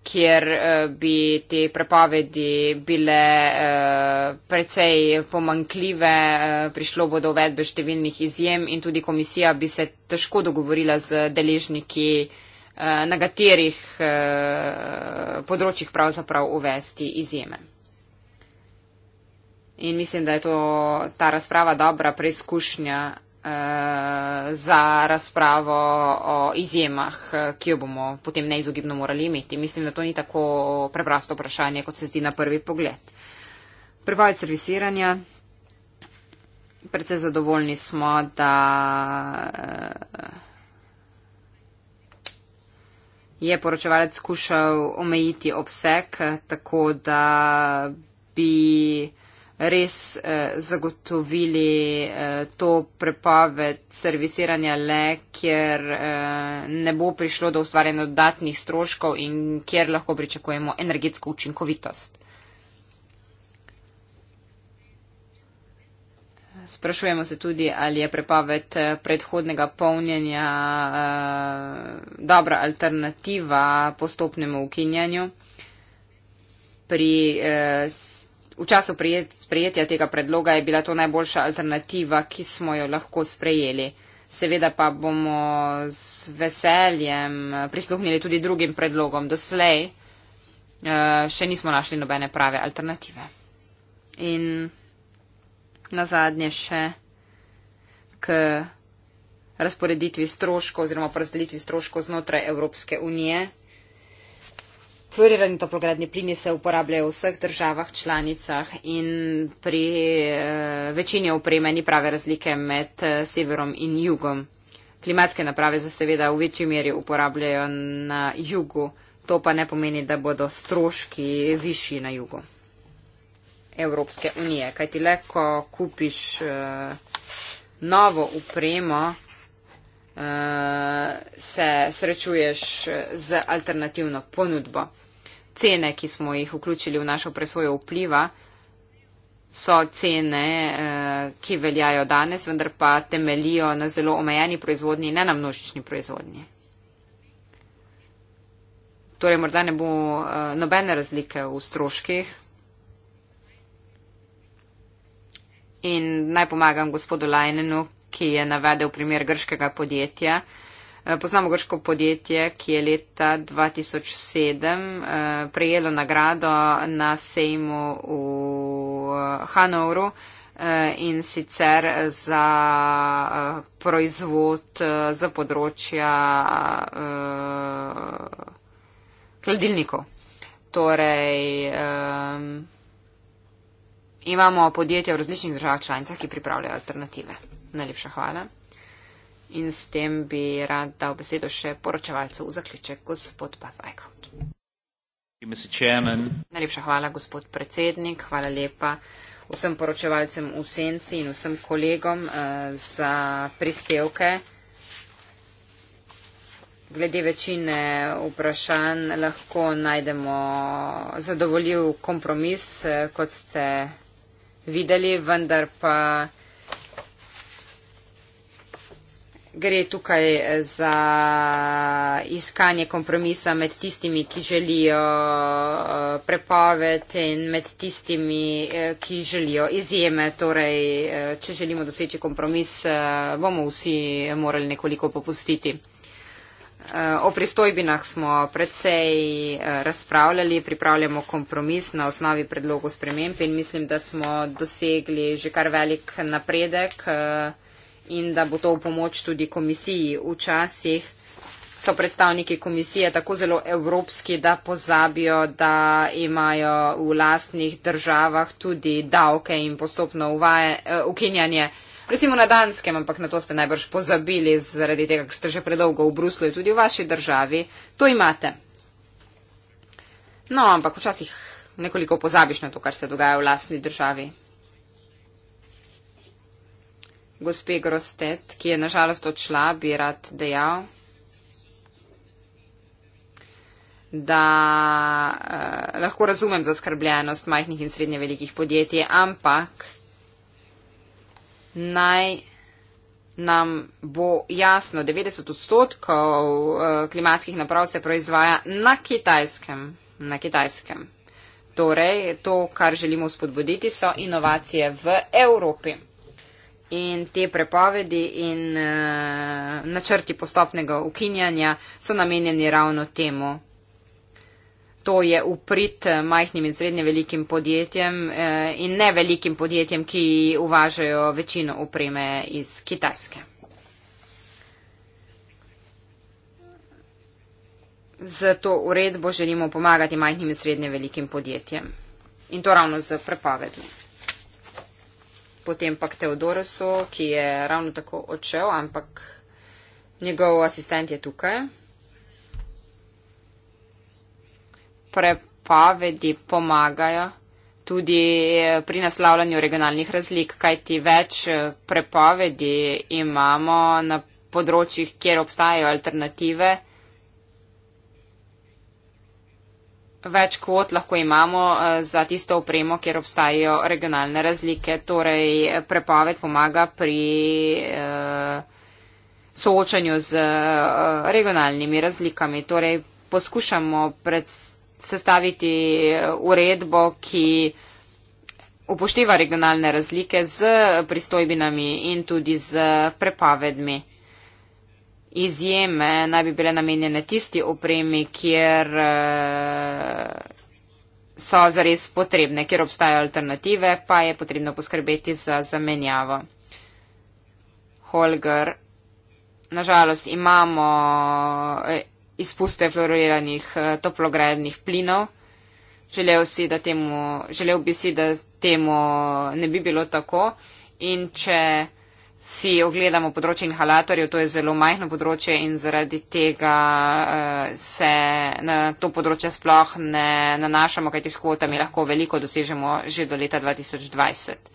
kjer eh, bi te prepovedi bile eh, precej pomankljive, eh, prišlo bo do uvedbe številnih izjem in tudi komisija bi se težko dogovorila z deležniki, na katerih področjih pravzaprav uvesti izjeme. In mislim, da je to ta razprava dobra preizkušnja Eh, za razpravo o izjemah, ki jo bomo potem neizogibno morali imeti. Mislim, da to ni tako preprosto vprašanje, kot se zdi na prvi pogled. Prebavec serviciranja. Predvsej zadovoljni smo, da eh, je poročevalec skušal omejiti obseg, tako da bi res eh, zagotovili eh, to prepoved serviciranja le, kjer eh, ne bo prišlo do ustvarjanja dodatnih stroškov in kjer lahko pričakujemo energetsko učinkovitost. Sprašujemo se tudi, ali je prepoved eh, predhodnega polnjenja eh, dobra alternativa postopnemu ukinjanju pri. Eh, V času prijet, sprejetja tega predloga je bila to najboljša alternativa, ki smo jo lahko sprejeli. Seveda pa bomo z veseljem prisluhnili tudi drugim predlogom. Doslej eh, še nismo našli nobene prave alternative. In na zadnje še k razporeditvi stroškov oziroma porazdelitvi stroškov znotraj Evropske unije. Klorirani toplogradni plini se uporabljajo v vseh državah, članicah in pri uh, večini opreme ni prave razlike med uh, severom in jugom. Klimatske naprave se seveda v večji meri uporabljajo na jugu, to pa ne pomeni, da bodo stroški višji na jugu Evropske unije. Kaj ti le, ko kupiš uh, novo upremo, uh, se srečuješ z alternativno ponudbo cene, ki smo jih vključili v našo presojo vpliva, so cene, eh, ki veljajo danes, vendar pa temelijo na zelo omejeni proizvodnji, ne na množični proizvodnji. Torej, morda ne bo eh, nobene razlike v stroških. In naj pomagam gospodu Lajnenu, ki je navedel primer grškega podjetja, Eh, poznamo grško podjetje, ki je leta 2007 eh, prejelo nagrado na sejmu v eh, Hanovru in sicer za proizvod za področja hladilnikov. Torej, imamo podjetja v različnih državah članicah, ki pripravljajo alternative. Najlepša hvala. In s tem bi rad dal besedo še poročevalcu v zaključek, gospod Pazajkot. Najlepša hvala, gospod predsednik. Hvala lepa vsem poročevalcem v senci in vsem kolegom uh, za prispevke. Glede večine vprašanj lahko najdemo zadovoljiv kompromis, eh, kot ste videli, vendar pa. gre tukaj eh, za iskanje kompromisa med tistimi, ki želijo eh, prepoved in med tistimi, eh, ki želijo izjeme. Torej, če želimo doseči kompromis, bomo vsi morali nekoliko popustiti. O pristojbinah smo predvsej razpravljali, pripravljamo kompromis na osnovi predlogov sprememb in mislim, da smo dosegli že kar velik napredek in da bo to v pomoč tudi komisiji. Včasih so predstavniki komisije tako zelo evropski, da pozabijo, da imajo v lastnih državah tudi davke in postopno uvaje, uh, ukinjanje. Recimo na Danskem, ampak na to ste najbrž pozabili, zaradi tega, ker ste že predolgo v Bruslu in tudi v vaši državi. To imate. No, ampak včasih nekoliko pozabiš na to, kar se dogaja v lastni državi gospe Grostet, ki je nažalost odšla, bi rad dejal, da eh, lahko razumem zaskrbljenost majhnih in srednje velikih podjetij, ampak naj nam bo jasno, 90 odstotkov eh, klimatskih naprav se proizvaja na kitajskem. Na kitajskem. Torej, to, kar želimo spodbuditi, so inovacije v Evropi. In te prepovedi in uh, načrti postopnega ukinjanja so namenjeni ravno temu. To je uprit eh, majhnim in srednje velikim podjetjem uh, in ne velikim podjetjem, ki uvažajo večino upreme iz Kitajske. Z to uredbo želimo pomagati majhnim in srednje velikim podjetjem. In to ravno z prepovedmi potem pa k Teodorosu, ki je ravno tako odšel, ampak njegov asistent je tukaj. Prepovedi pomagajo tudi eh, pri naslavljanju regionalnih razlik, kajti več eh, prepovedi imamo na področjih, kjer obstajajo alternative. več kvot lahko imamo eh, za tisto opremo, kjer obstajajo regionalne razlike. Torej, prepoved pomaga pri uh, soočanju z eh, regionalnimi razlikami. Torej, poskušamo sestaviti uredbo, ki upošteva regionalne razlike z pristojbinami in tudi z prepovedmi izjeme naj bi bile namenjene tisti opremi, kjer eh, so zares potrebne, kjer obstajajo alternative, pa je potrebno poskrbeti za zamenjavo. Holger, nažalost imamo eh, izpuste floriranih eh, toplogrednih plinov. Želel, si, temu, želel bi si, da temu ne bi bilo tako. In če si ogledamo področje inhalatorjev, to je zelo majhno področje in zaradi tega uh, se na to področje sploh ne nanašamo, kajti s kvotami lahko veliko dosežemo že do leta 2020.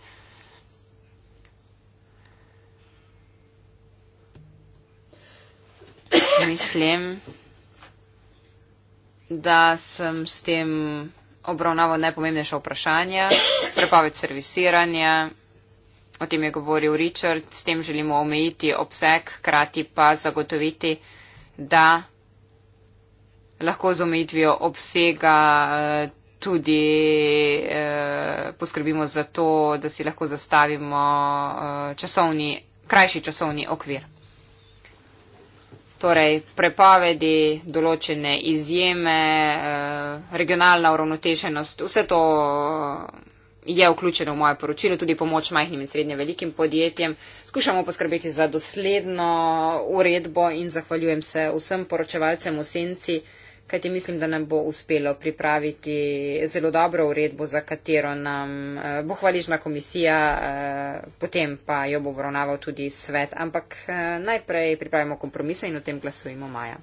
Mislim, da sem s tem obravnaval najpomembnejša vprašanja, prepoved serviciranja. O tem je govoril Richard, s tem želimo omejiti obseg, krati pa zagotoviti, da lahko z omejitvijo obsega eh, tudi eh, poskrbimo za to, da si lahko zastavimo eh, časovni, krajši časovni okvir. Torej, prepovedi, določene izjeme, eh, regionalna uravnoteženost, vse to. Eh, je vključeno v moje poročilo, tudi pomoč majhnim in srednje velikim podjetjem. Skušamo poskrbeti za dosledno uredbo in zahvaljujem se vsem poročevalcem v senci, kajti mislim, da nam bo uspelo pripraviti zelo dobro uredbo, za katero nam eh, bo hvaližna komisija, eh, potem pa jo bo obravnaval tudi svet. Ampak eh, najprej pripravimo kompromise in o tem glasujemo maja.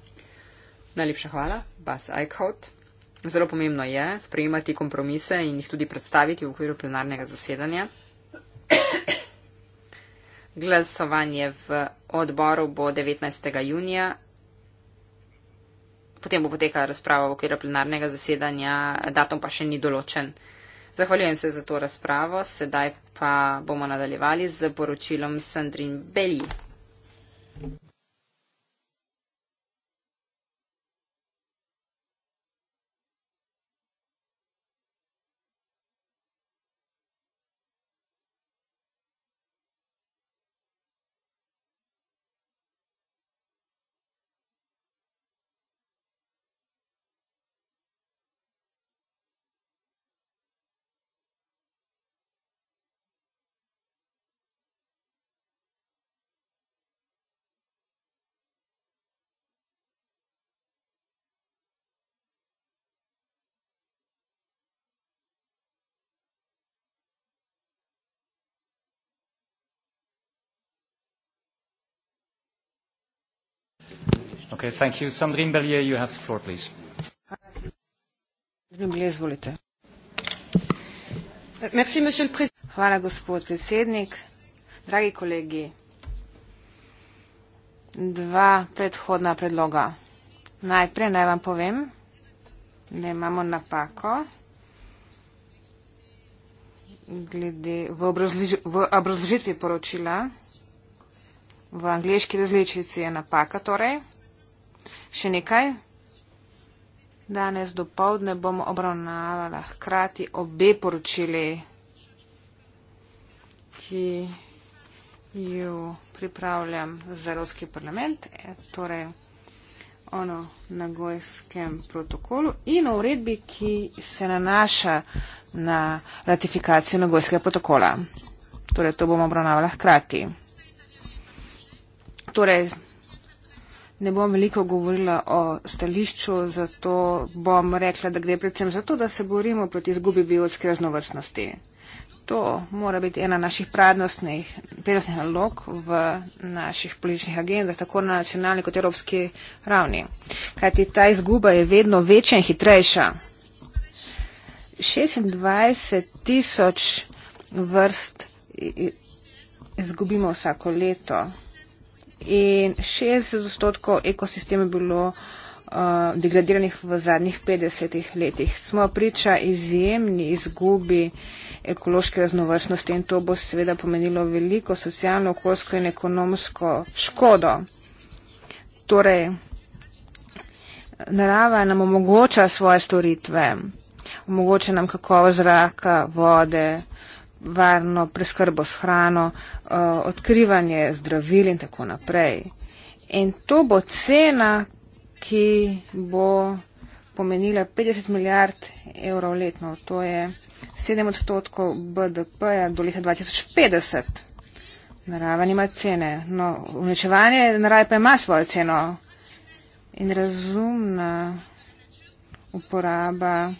Najlepša hvala. Bas Eichhout. Zelo pomembno je sprejemati kompromise in jih tudi predstaviti v okviru plenarnega zasedanja. Glasovanje v odboru bo 19. junija. Potem bo potekala razprava v okviru plenarnega zasedanja, datum pa še ni določen. Zahvaljujem se za to razpravo, sedaj pa bomo nadaljevali z poročilom Sandrin Beli. Okay, thank you. Sandrine Bellier, you have the floor, please. Hvala, gospod predsednik. Dragi kolegi, dva predhodna predloga. Najprej naj vam povem, da imamo napako glede v, obrazlož v obrazložitvi poročila. V angliški različici je napaka torej. Še nekaj. Danes do povdne bomo obravnavala hkrati obe poročili, ki ju pripravljam za Evropski parlament, eh, torej o nagojskem protokolu in o uredbi, ki se nanaša na ratifikacijo nagojskega protokola. Torej, to bomo obravnavala hkrati. Torej, Ne bom veliko govorila o stališču, zato bom rekla, da gre predvsem za to, da se borimo proti izgubi biotske raznovrstnosti. To mora biti ena naših prednostnih, prednostnih nalog v naših političnih agendah, tako na nacionalni kot evropski ravni. Kajti ta izguba je vedno večja in hitrejša. 26 tisoč vrst izgubimo vsako leto in 60 odstotkov ekosistema je bilo uh, degradiranih v zadnjih 50 letih. Smo priča izjemni izgubi ekološke raznovrstnosti in to bo seveda pomenilo veliko socialno, okoljsko in ekonomsko škodo. Torej, narava nam omogoča svoje storitve, omogoča nam kakovo zraka, vode, uh, varno preskrbo s hrano, eh, odkrivanje zdravil in tako naprej. In to bo cena, ki bo pomenila 50 milijard evrov letno. To je 7 odstotkov BDP-ja do leta 2050. Narava nima cene. No, uničevanje narave pa ima svojo ceno. In razumna uporaba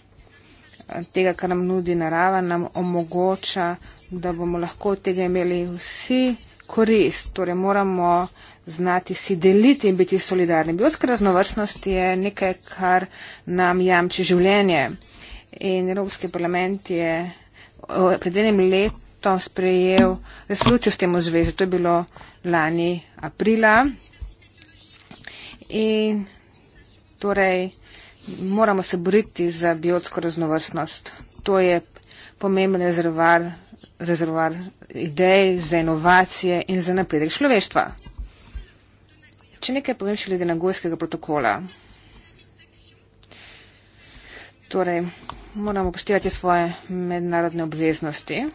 tega, kar nam nudi narava, nam omogoča, da bomo lahko od tega imeli vsi korist. Torej moramo znati si deliti in biti solidarni. Biotska raznovrstnost je nekaj, kar nam jamči življenje. In Evropski parlament je pred enim letom sprejel resolucijo s tem v zvezi. To je bilo lani aprila. In torej moramo se boriti za biotsko raznovrstnost. To je pomemben rezervar, rezervar idej, za inovacije in za napredek človeštva. Če nekaj povem še glede nagojskega protokola. Torej, moramo upoštevati svoje mednarodne obveznosti.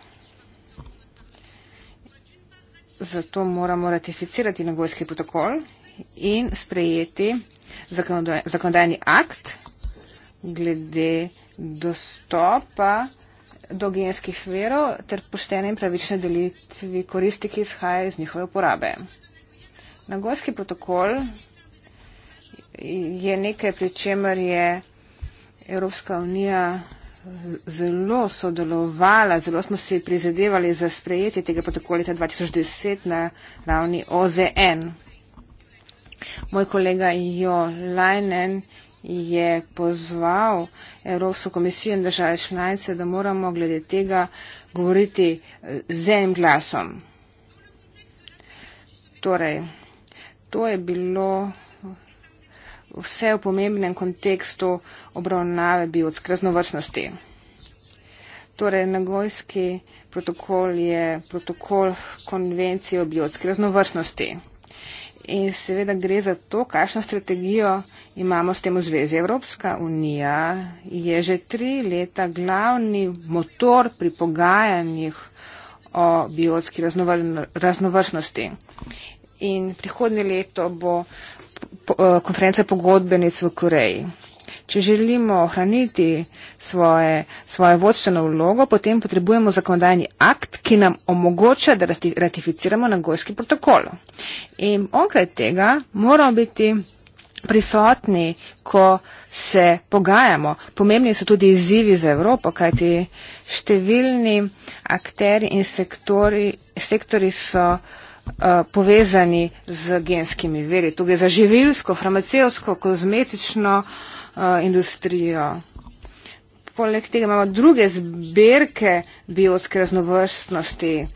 Zato moramo ratificirati nagojski protokol in sprejeti zakonodajni akt glede dostopa do genskih verov ter poštene in pravične delitvi koristi, ki izhaja iz njihove uporabe. Nagorski protokol je nekaj, pri čemer je Evropska unija zelo sodelovala, zelo smo si prizadevali za sprejetje tega protokola leta 2010 na ravni OZN. Moj kolega Jo Leinen je pozval Evropsko komisijo in države članice, da moramo glede tega govoriti eh, z enim glasom. Torej, to je bilo vse v pomembnem kontekstu obravnave biotskreznovrstnosti. Torej, nagojski protokol je protokol konvencije o biotskreznovrstnosti. In seveda gre za to, kakšno strategijo imamo s tem v zvezi. Evropska unija je že tri leta glavni motor pri pogajanjih o biotski raznovrstnosti. In prihodnje leto bo eh, konferenca pogodbenic v Koreji. Če želimo ohraniti svoje, svojo vodstveno vlogo, potem potrebujemo zakonodajni akt, ki nam omogoča, da ratificiramo nagojski protokol. In onkraj tega moramo biti prisotni, ko se pogajamo. Pomembni so tudi izzivi za Evropo, kajti številni akteri in sektori, sektori so eh, povezani z genskimi veri. Tukaj za živilsko, farmacevsko, kozmetično uh, Uh, industrijo. Poleg tega imamo druge zbirke biotske raznovrstnosti.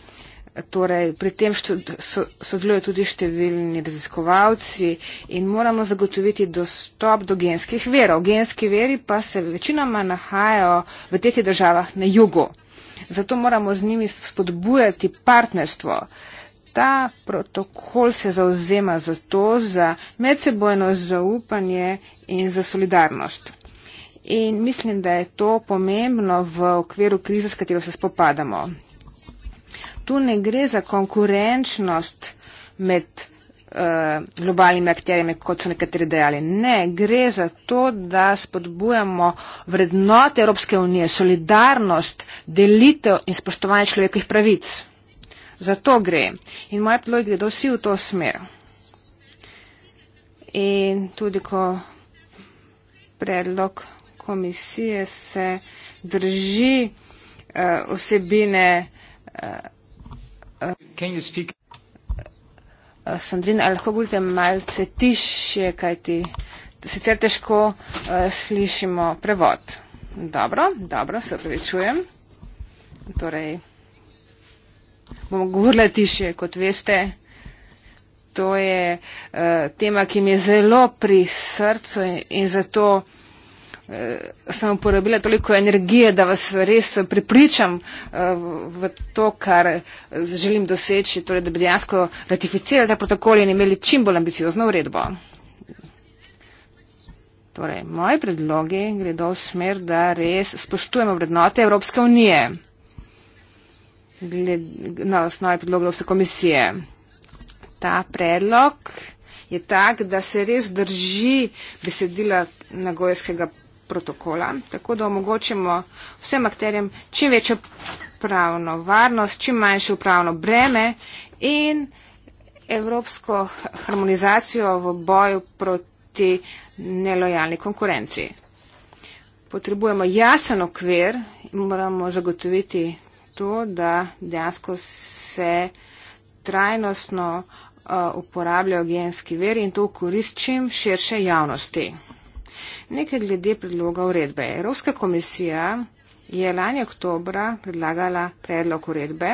Torej, pri tem sodelujo tudi številni raziskovalci in moramo zagotoviti dostop do genskih verov. Genski veri pa se večinoma nahajajo v teti državah na jugu. Zato moramo z njimi spodbujati partnerstvo. Uh, ta protokol se zauzema za to, za medsebojno zaupanje in za solidarnost. In mislim, da je to pomembno v okviru krize, s katero se spopadamo. Tu ne gre za konkurenčnost med eh, globalnimi akterjami, kot so nekateri dejali. Ne, gre za to, da spodbujamo vrednote Evropske unije, solidarnost, delitev in spoštovanje človekovih pravic za to gre. In moje predloge gredo vsi v to smer. In tudi, ko predlog komisije se drži uh, vsebine. Uh, eh, eh, uh, Sandrina, ali lahko govorite malce tišje, kajti sicer težko uh, slišimo prevod. Dobro, dobro, se opravičujem. Torej, bom govorila tiše, kot veste. To je uh, tema, ki mi je zelo pri srcu in, in zato uh, sem uporabila toliko energije, da vas res pripričam uh, eh, v, v to, kar želim doseči, torej, da bi dejansko ratificirali ta protokol in imeli čim bolj ambiciozno uredbo. Torej, moji predlogi gredo v smer, da res spoštujemo vrednote Evropske unije gled, na osnovi predloga vse komisije. Ta predlog je tak, da se res drži besedila nagojskega protokola, tako da omogočimo vsem akterjem čim večjo pravno varnost, čim manjše upravno breme in evropsko harmonizacijo v boju proti nelojalni konkurenci. Potrebujemo jasen okvir in moramo zagotoviti to, da dejansko se trajnostno uh, uporabljajo genski veri in to korist čim širše javnosti. Nekaj glede predloga uredbe. Evropska komisija je lani oktobra predlagala predlog uredbe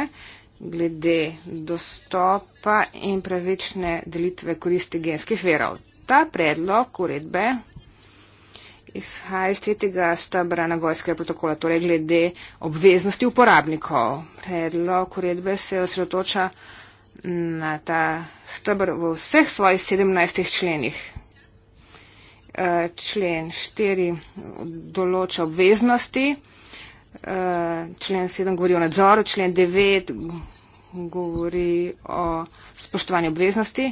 glede dostopa in pravične delitve koristi genskih verov. Ta predlog uredbe izhaja iz tretjega stabra nagojskega protokola, torej glede obveznosti uporabnikov. Predlog uredbe se osredotoča na ta stabr v vseh svojih 17 členih. Eh, člen 4 določa obveznosti, eh, člen 7 govori o nadzoru, člen 9 govori o spoštovanju obveznosti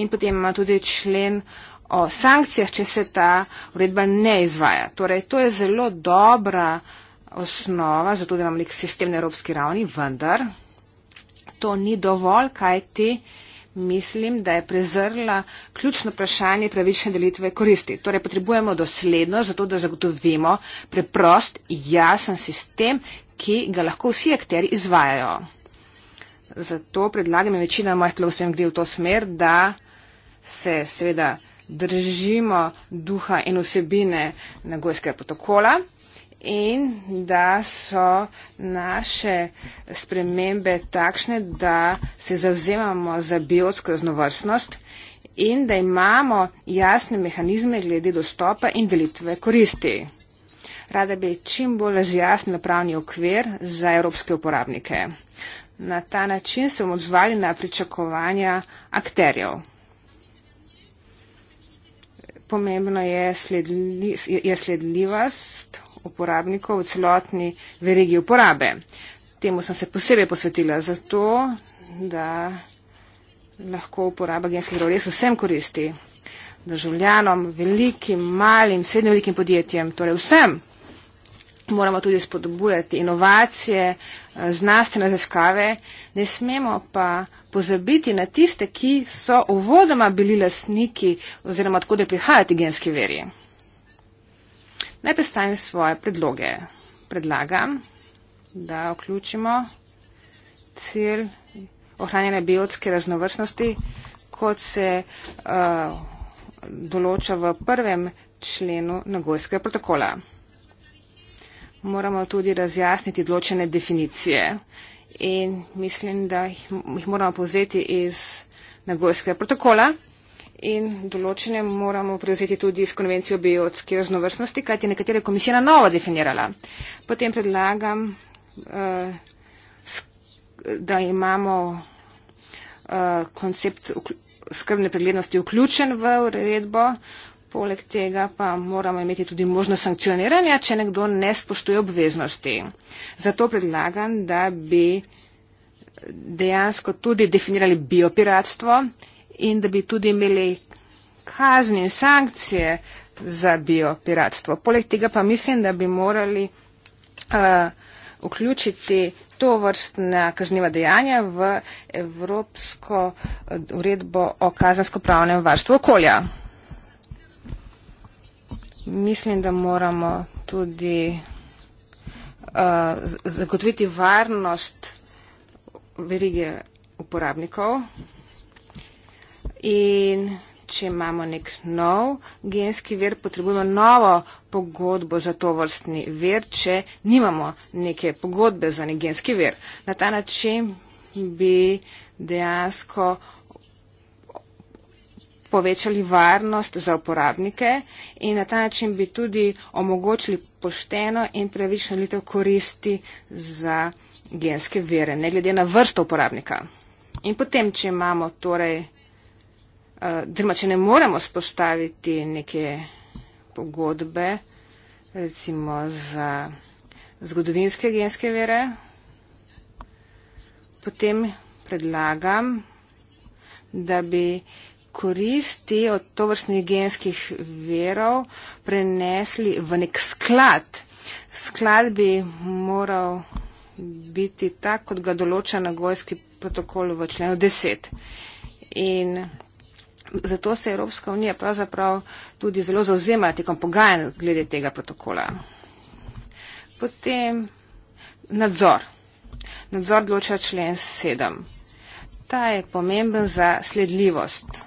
in potem ima tudi člen o sankcijah, če se ta uredba ne izvaja. Torej, to je zelo dobra osnova za to, da imamo nek sistem na evropski ravni, vendar to ni dovolj, kaj ti mislim, da je prezrla ključno vprašanje pravične delitve koristi. Torej, potrebujemo dosledno za to, da zagotovimo preprost, jasen sistem, ki ga lahko vsi akteri izvajajo. Zato predlagam in večina mojih klubov s tem gre v to smer, da se seveda držimo duha in osebine Nagojskega protokola in da so naše spremembe takšne, da se zavzemamo za biotsko raznovrstnost in da imamo jasne mehanizme glede dostopa in delitve koristi. Rada bi čim bolj razjasnila pravni okvir za evropske uporabnike. Na ta način se bomo odzvali na pričakovanja akterjev pomembno je, sledli, je sledljivost uporabnikov v celotni verigi uporabe. Temu sem se posebej posvetila zato, da lahko uporaba genskih virov res vsem koristi državljanom, velikim, malim, srednjim velikim podjetjem, torej vsem moramo tudi spodbujati inovacije, eh, znanstvene raziskave, ne smemo pa pozabiti na tiste, ki so uvodoma bili lasniki oziroma odkud je prihajati genski veri. Naj predstavim svoje predloge. Predlagam, da vključimo cilj ohranjene biotske raznovrstnosti, kot se uh, določa v prvem členu Nagojskega protokola moramo tudi razjasniti določene definicije. In mislim, da jih moramo povzeti iz nagojskega protokola in določene moramo prevzeti tudi iz konvencije o biotski raznovrstnosti, kajti nekatere komisije na novo definirala. Potem predlagam, eh, da imamo eh, koncept skrbne preglednosti vključen v uredbo. Poleg tega pa moramo imeti tudi možnost sankcioniranja, če nekdo ne spoštuje obveznosti. Zato predlagam, da bi dejansko tudi definirali biopiratstvo in da bi tudi imeli kazni in sankcije za biopiratstvo. Poleg tega pa mislim, da bi morali uh, vključiti to vrstna kazniva dejanja v Evropsko uredbo o kazensko pravnem varstvu okolja mislim, da moramo tudi uh, zagotoviti varnost verige uporabnikov. In če imamo nek nov genski ver, potrebujemo novo pogodbo za to vrstni ver, če nimamo neke pogodbe za nek genski ver. Na ta način bi dejansko povečali varnost za uporabnike in na ta način bi tudi omogočili pošteno in pravično litev koristi za genske vere, ne glede na vrsto uporabnika. In potem, če imamo torej, drma, eh, če ne moremo spostaviti neke pogodbe, recimo za zgodovinske genske vere, potem predlagam, da bi koristi od tovrstnih genskih verov prenesli v nek sklad. Sklad bi moral biti tak, kot ga določa nagojski protokol v členu 10. In zato se Evropska unija pravzaprav tudi zelo zauzema tekom pogajanj glede tega protokola. Potem nadzor. Nadzor določa člen 7. Ta je pomemben za sledljivost.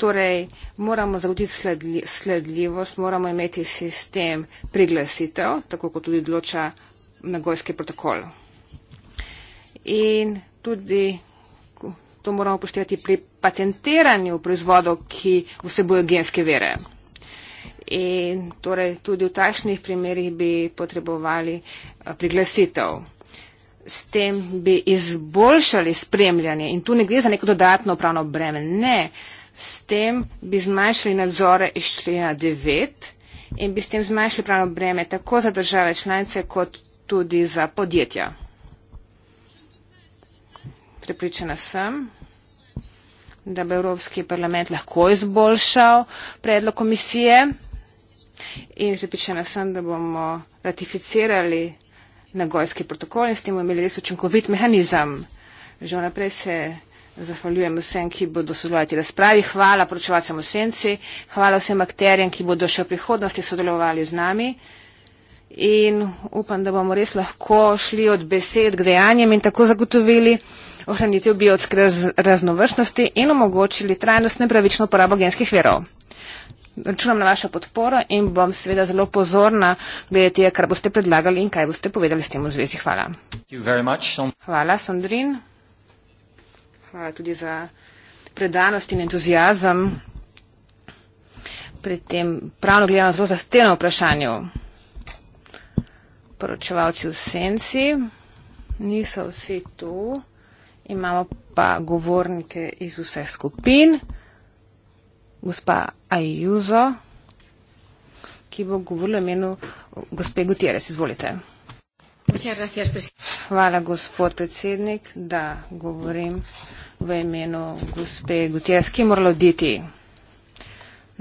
Torej, moramo zagotoviti sledli, sledljivost, moramo imeti sistem priglasitev, tako kot tudi odloča nagojski protokol. In tudi to moramo upoštevati pri patentiranju proizvodov, ki vsebujejo genske vere. In torej tudi v takšnih primerih bi potrebovali eh, priglasitev. S tem bi izboljšali spremljanje in tu ne gre za neko dodatno pravno breme. Ne. Uh, S tem bi zmanjšali nadzore iz člena 9 in bi s tem zmanjšali pravno breme tako za države članice, kot tudi za podjetja. Prepričana sem, da bi Evropski parlament lahko izboljšal predlog komisije in pripričana sem, da bomo ratificirali nagojski protokol in s tem imeli res učinkovit mehanizem. Že naprej se je Zahvaljujem vsem, ki bodo sodelovali v razpravi. Hvala poročevalcem v senci. Hvala vsem akterjem, ki bodo še v prihodnosti sodelovali z nami. In upam, da bomo res lahko šli od besed k dejanjem in tako zagotovili ohranitev biotske raznovrstnosti in omogočili trajnostno in pravično uporabo genskih verov. Računam na vašo podporo in bom seveda zelo pozorna glede tega, kar boste predlagali in kaj boste povedali s tem v zvezi. Hvala. Hvala, Sandrin. Hvala tudi za predanost in entuzijazem pri tem pravno gledano zelo zahtevnem vprašanju. Poročevalci v senci niso vsi tu, imamo pa govornike iz vseh skupin. Gospa Ajuzo, ki bo govorila v imenu gospe Gutierrez, izvolite. Hvala, gospod predsednik, da govorim v imenu gospe Gutjes, ki je morala oditi.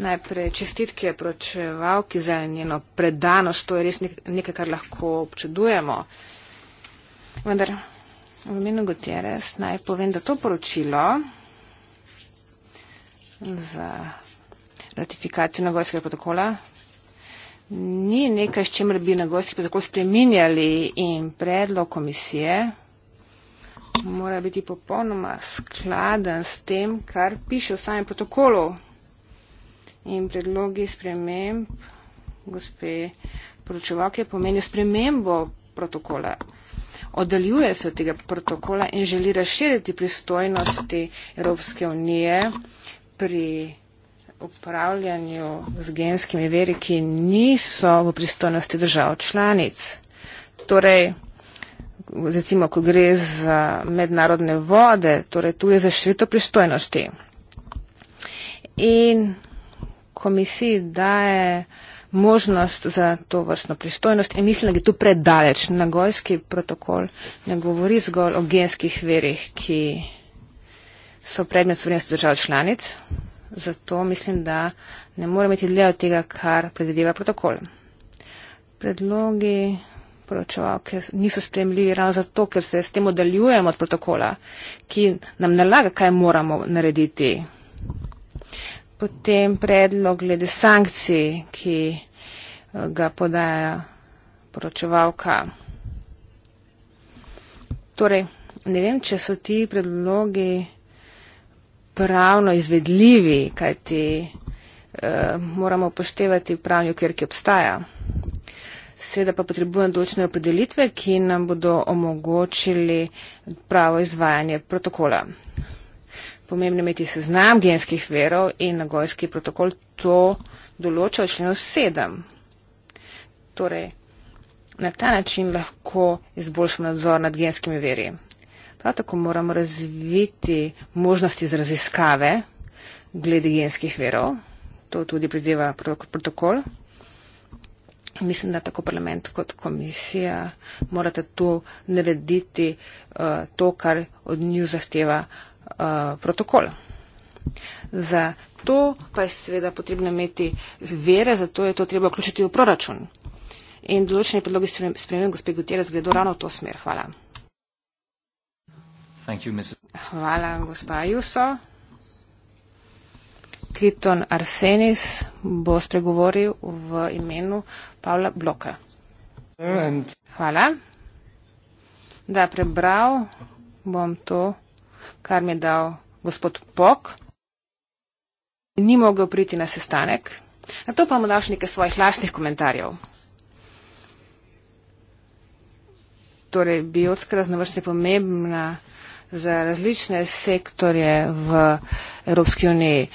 Najprej čestitke pročevalki za njeno predanost, to je res nekaj, kar lahko občudujemo. Vendar v imenu Gutjeres naj povem, da to poročilo za ratifikacijo nagojskega protokola ni nekaj, s čimer bi nagojski protokol spreminjali in predlog komisije mora biti popolnoma skladen s tem, kar piše v samem protokolu. In predlogi sprememb, gospe poročevalke, pomenijo spremembo protokola. Oddaljuje se od tega protokola in želi razširiti pristojnosti Evropske unije pri upravljanju z genskimi veri, ki niso v pristojnosti držav članic. Torej, recimo, ko gre za mednarodne vode, torej tu je zaširito pristojnosti. In komisiji daje možnost za to vrstno pristojnost in mislim, da je tu predaleč. Nagojski protokol ne govori zgolj o genskih verih, ki so predmet sovrenosti držav članic. Zato mislim, da ne more imeti dlje od tega, kar predvideva protokol. Predlogi poročevalke niso spremljivi ravno zato, ker se s tem oddaljujemo od protokola, ki nam nalaga, kaj moramo narediti. Potem predlog glede sankcij, ki eh, ga podaja poročevalka. Torej, ne vem, če so ti predlogi pravno izvedljivi, kaj ti eh, moramo poštevati pravni okvir, ki obstaja seveda pa potrebujem določene opredelitve, ki nam bodo omogočili pravo izvajanje protokola. Pomembno je imeti seznam genskih verov in nagojski protokol to določa v členu 7. Torej, na ta način lahko izboljšamo nadzor nad genskimi veri. Prav tako moramo razviti možnosti za raziskave glede genskih verov. To tudi predeva protokol. Mislim, da tako parlament kot komisija morate tu narediti uh, to, kar od nju zahteva uh, protokol. Za to pa je seveda potrebno imeti vere, zato je to treba vključiti v proračun. In določene predloge spremenim, gospod Gutierrez, gledo ravno v to smer. Hvala. You, Hvala, gospa Juso. Kliton Arsenis bo spregovoril v imenu Pavla Bloka. Hvala. Da, prebral bom to, kar mi je dal gospod Pok. Ni mogel priti na sestanek. Na to pa mu daš nekaj svojih lašnih komentarjev. Torej, biotska raznovrstnost je pomembna za različne sektorje v Evropski uniji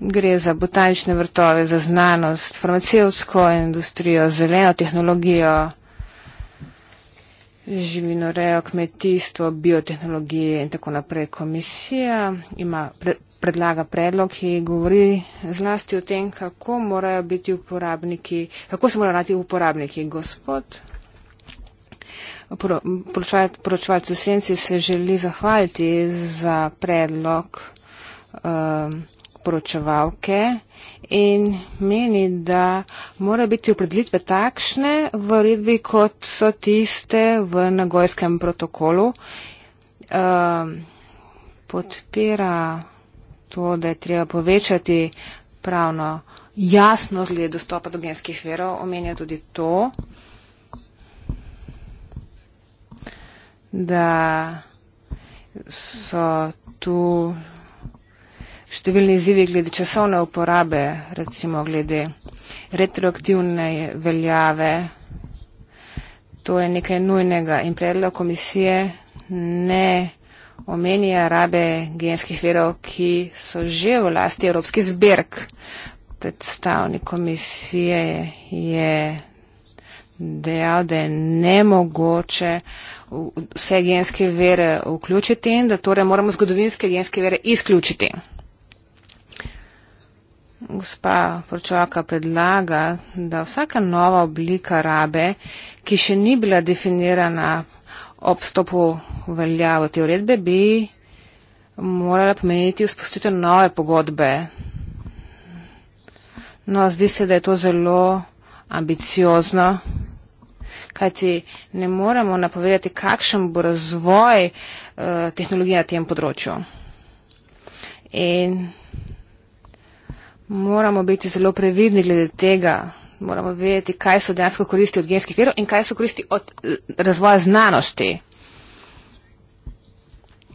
gre za botanične vrtove, za znanost, farmacevsko industrijo, zeleno tehnologijo, živinorejo, kmetijstvo, biotehnologije in tako naprej. Komisija ima, predlaga predlog, ki govori zlasti o tem, kako morajo biti uporabniki, kako se morajo rati uporabniki. Gospod poročevalec v senci se želi zahvaliti za predlog. Um, poročevalke in meni, da mora biti opredelitve takšne v redbi, kot so tiste v nagojskem protokolu. Ehm, podpira to, da je treba povečati pravno jasnost glede dostopa do genskih verov, omenja tudi to, da so tu številni izzivi glede časovne uporabe, recimo glede retroaktivne veljave. To je nekaj nujnega in predlog komisije ne omenja rabe genskih verov, ki so že v lasti Evropski zberk. Predstavnik komisije je dejal, da je nemogoče vse genske vere vključiti in da torej moramo zgodovinske genske vere izključiti gospa Pročovaka predlaga, da vsaka nova oblika rabe, ki še ni bila definirana ob stopu veljavo te uredbe, bi morala pomeniti vzpostavitev nove pogodbe. No, zdi se, da je to zelo ambiciozno, kajti ne moremo napovedati, kakšen bo razvoj eh, tehnologije na tem področju. In moramo biti zelo previdni glede tega. Moramo vedeti, kaj so dejansko koristi od genskih virov in kaj so koristi od eh, razvoja znanosti.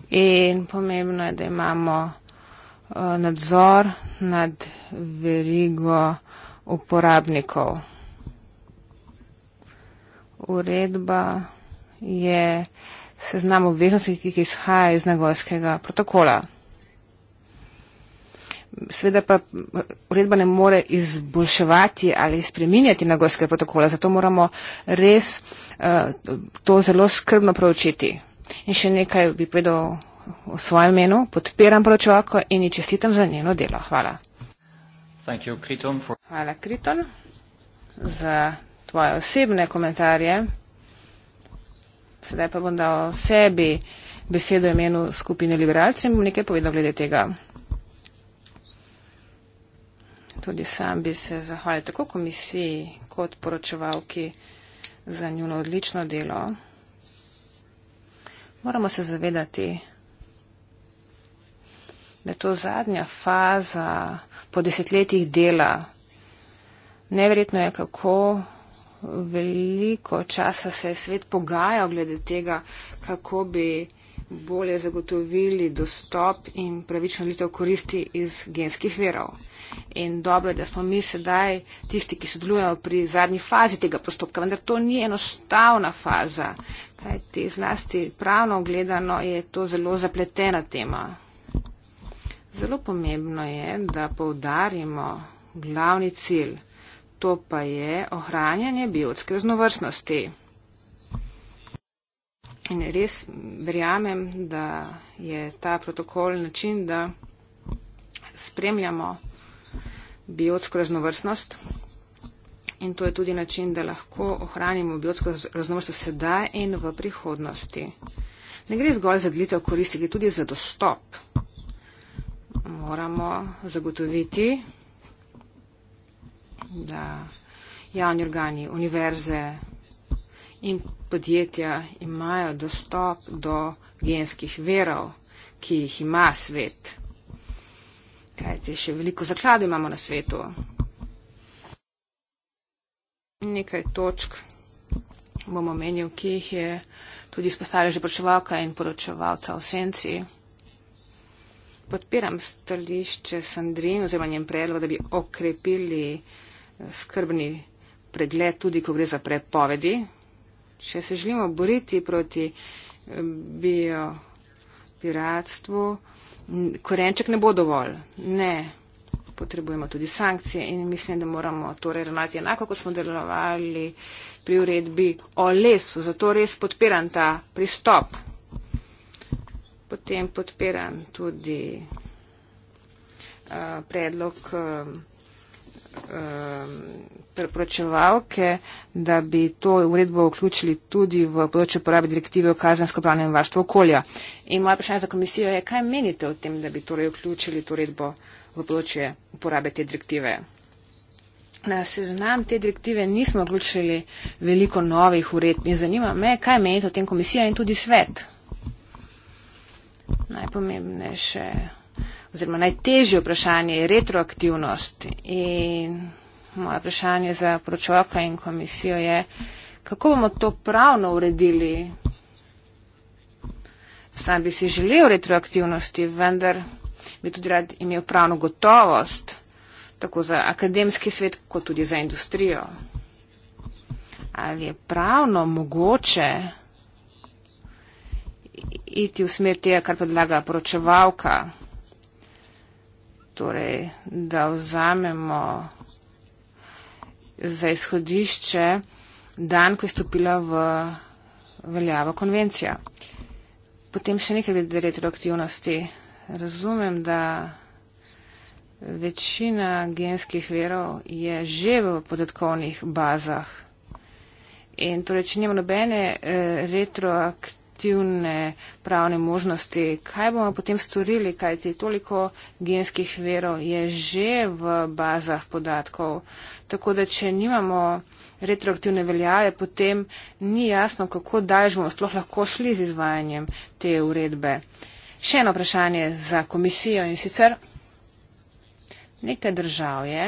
In pomembno je, da imamo eh, nadzor nad verigo uporabnikov. Uredba je seznam obveznosti, ki izhaja iz nagojskega protokola. Sveda pa eh, uredba ne more izboljševati ali spreminjati nagorskega protokola, zato moramo res eh, to zelo skrbno proučiti. In še nekaj bi povedal v svojem menu. Podpiram pročovako in ji čestitam za njeno delo. Hvala. Hvala, Kriton, za tvoje osebne komentarje. Sedaj pa bom dal sebi besedo imenu skupine liberalcev in bom nekaj povedal glede tega. Tudi sam bi se zahvalil tako komisiji kot poročevalki za njuno odlično delo. Moramo se zavedati, da je to zadnja faza po desetletjih dela. Neverjetno je, kako veliko časa se je svet pogajal glede tega, kako bi bolje zagotovili dostop in pravično delitev koristi iz genskih verov. In dobro je, da smo mi sedaj tisti, ki sodelujemo pri zadnji fazi tega postopka, vendar to ni enostavna faza, kajti zlasti pravno gledano je to zelo zapletena tema. Zelo pomembno je, da poudarimo glavni cilj, to pa je ohranjanje biotske raznovrstnosti. In res verjamem, da je ta protokol način, da spremljamo biotsko raznovrstnost in to je tudi način, da lahko ohranimo biotsko raznovrstnost sedaj in v prihodnosti. Ne gre zgolj za delitev koristi, gre tudi za dostop. Moramo zagotoviti, da javni organi, univerze, in podjetja imajo dostop do genskih verov, ki jih ima svet. Kajti še veliko zaklade imamo na svetu. Nekaj točk bom omenil, ki jih je tudi izpostavila že poročevalka in poročevalca v senci. Podpiram stališče Sandrin oziroma njen predlog, da bi okrepili eh, skrbni pregled tudi, ko gre za prepovedi, če se želimo boriti proti eh, bio piratstvu, korenček ne bo dovolj. Ne, potrebujemo tudi sankcije in mislim, da moramo torej ravnati enako, kot smo delovali pri uredbi o lesu. Zato res podpiram ta pristop. Potem podpiram tudi uh, predlog. Uh, Eh, preprečevalke, da bi to uredbo vključili tudi v področje porabe direktive o kazensko-pravnem varstvu okolja. In moja vprašanja za komisijo je, kaj menite o tem, da bi torej vključili to uredbo v področje porabe te direktive? Na seznam te direktive nismo vključili veliko novih uredb in zanima me, kaj menite o tem komisija in tudi svet. Najpomembnejše oziroma najtežje vprašanje je retroaktivnost. In moje vprašanje za poročovalka in komisijo je, kako bomo to pravno uredili. Sam bi si želel retroaktivnosti, vendar bi tudi rad imel pravno gotovost, tako za akademski svet, kot tudi za industrijo. Ali je pravno mogoče iti v smer tega, kar predlaga poročevalka? torej, da vzamemo za izhodišče dan, ko je stopila v veljavo konvencija. Potem še nekaj glede retroaktivnosti. Razumem, da večina genskih verov je že v podatkovnih bazah. In torej, če nima nobene eh, retroaktivnosti, alternativne pravne možnosti. Kaj bomo potem storili, kajti toliko genskih verov je že v bazah podatkov. Tako da, če nimamo retroaktivne veljave, potem ni jasno, kako daljž bomo sploh lahko šli z izvajanjem te uredbe. Še eno vprašanje za komisijo in sicer nekaj držav je,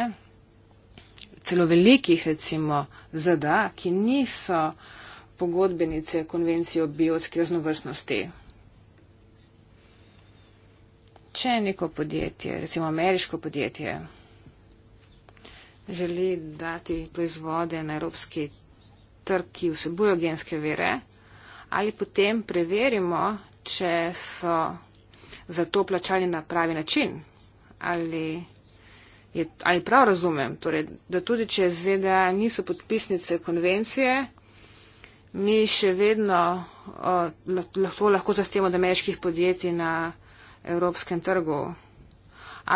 celo velikih recimo ZDA, ki niso pogodbenice konvencije o biotski raznovrstnosti. Če neko podjetje, recimo ameriško podjetje, želi dati proizvode na evropski trg, ki vsebujo genske vere, ali potem preverimo, če so za to plačali na pravi način, ali, je, ali prav razumem, torej, da tudi če ZDA niso podpisnice konvencije, mi še vedno lahko, lahko zahtevamo od ameriških podjetij na evropskem trgu.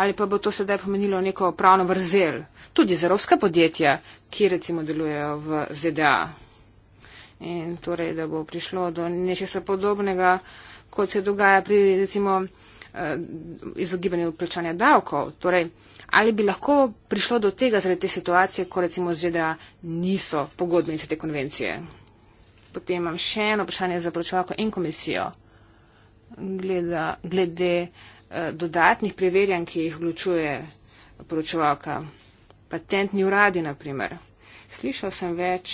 Ali pa bo to sedaj pomenilo neko pravno vrzel tudi za evropska podjetja, ki recimo delujejo v ZDA. In torej, da bo prišlo do nečesa podobnega, kot se dogaja pri recimo eh, izogibanju plačanja davkov. Torej, ali bi lahko prišlo do tega zaradi te situacije, ko recimo ZDA niso pogodbenice te konvencije? Potem imam še eno vprašanje za plačovalko in komisijo Gleda, glede uh, dodatnih preverjanj, ki jih vključuje poročevalka. Patentni uradi, na primer. Slišal sem več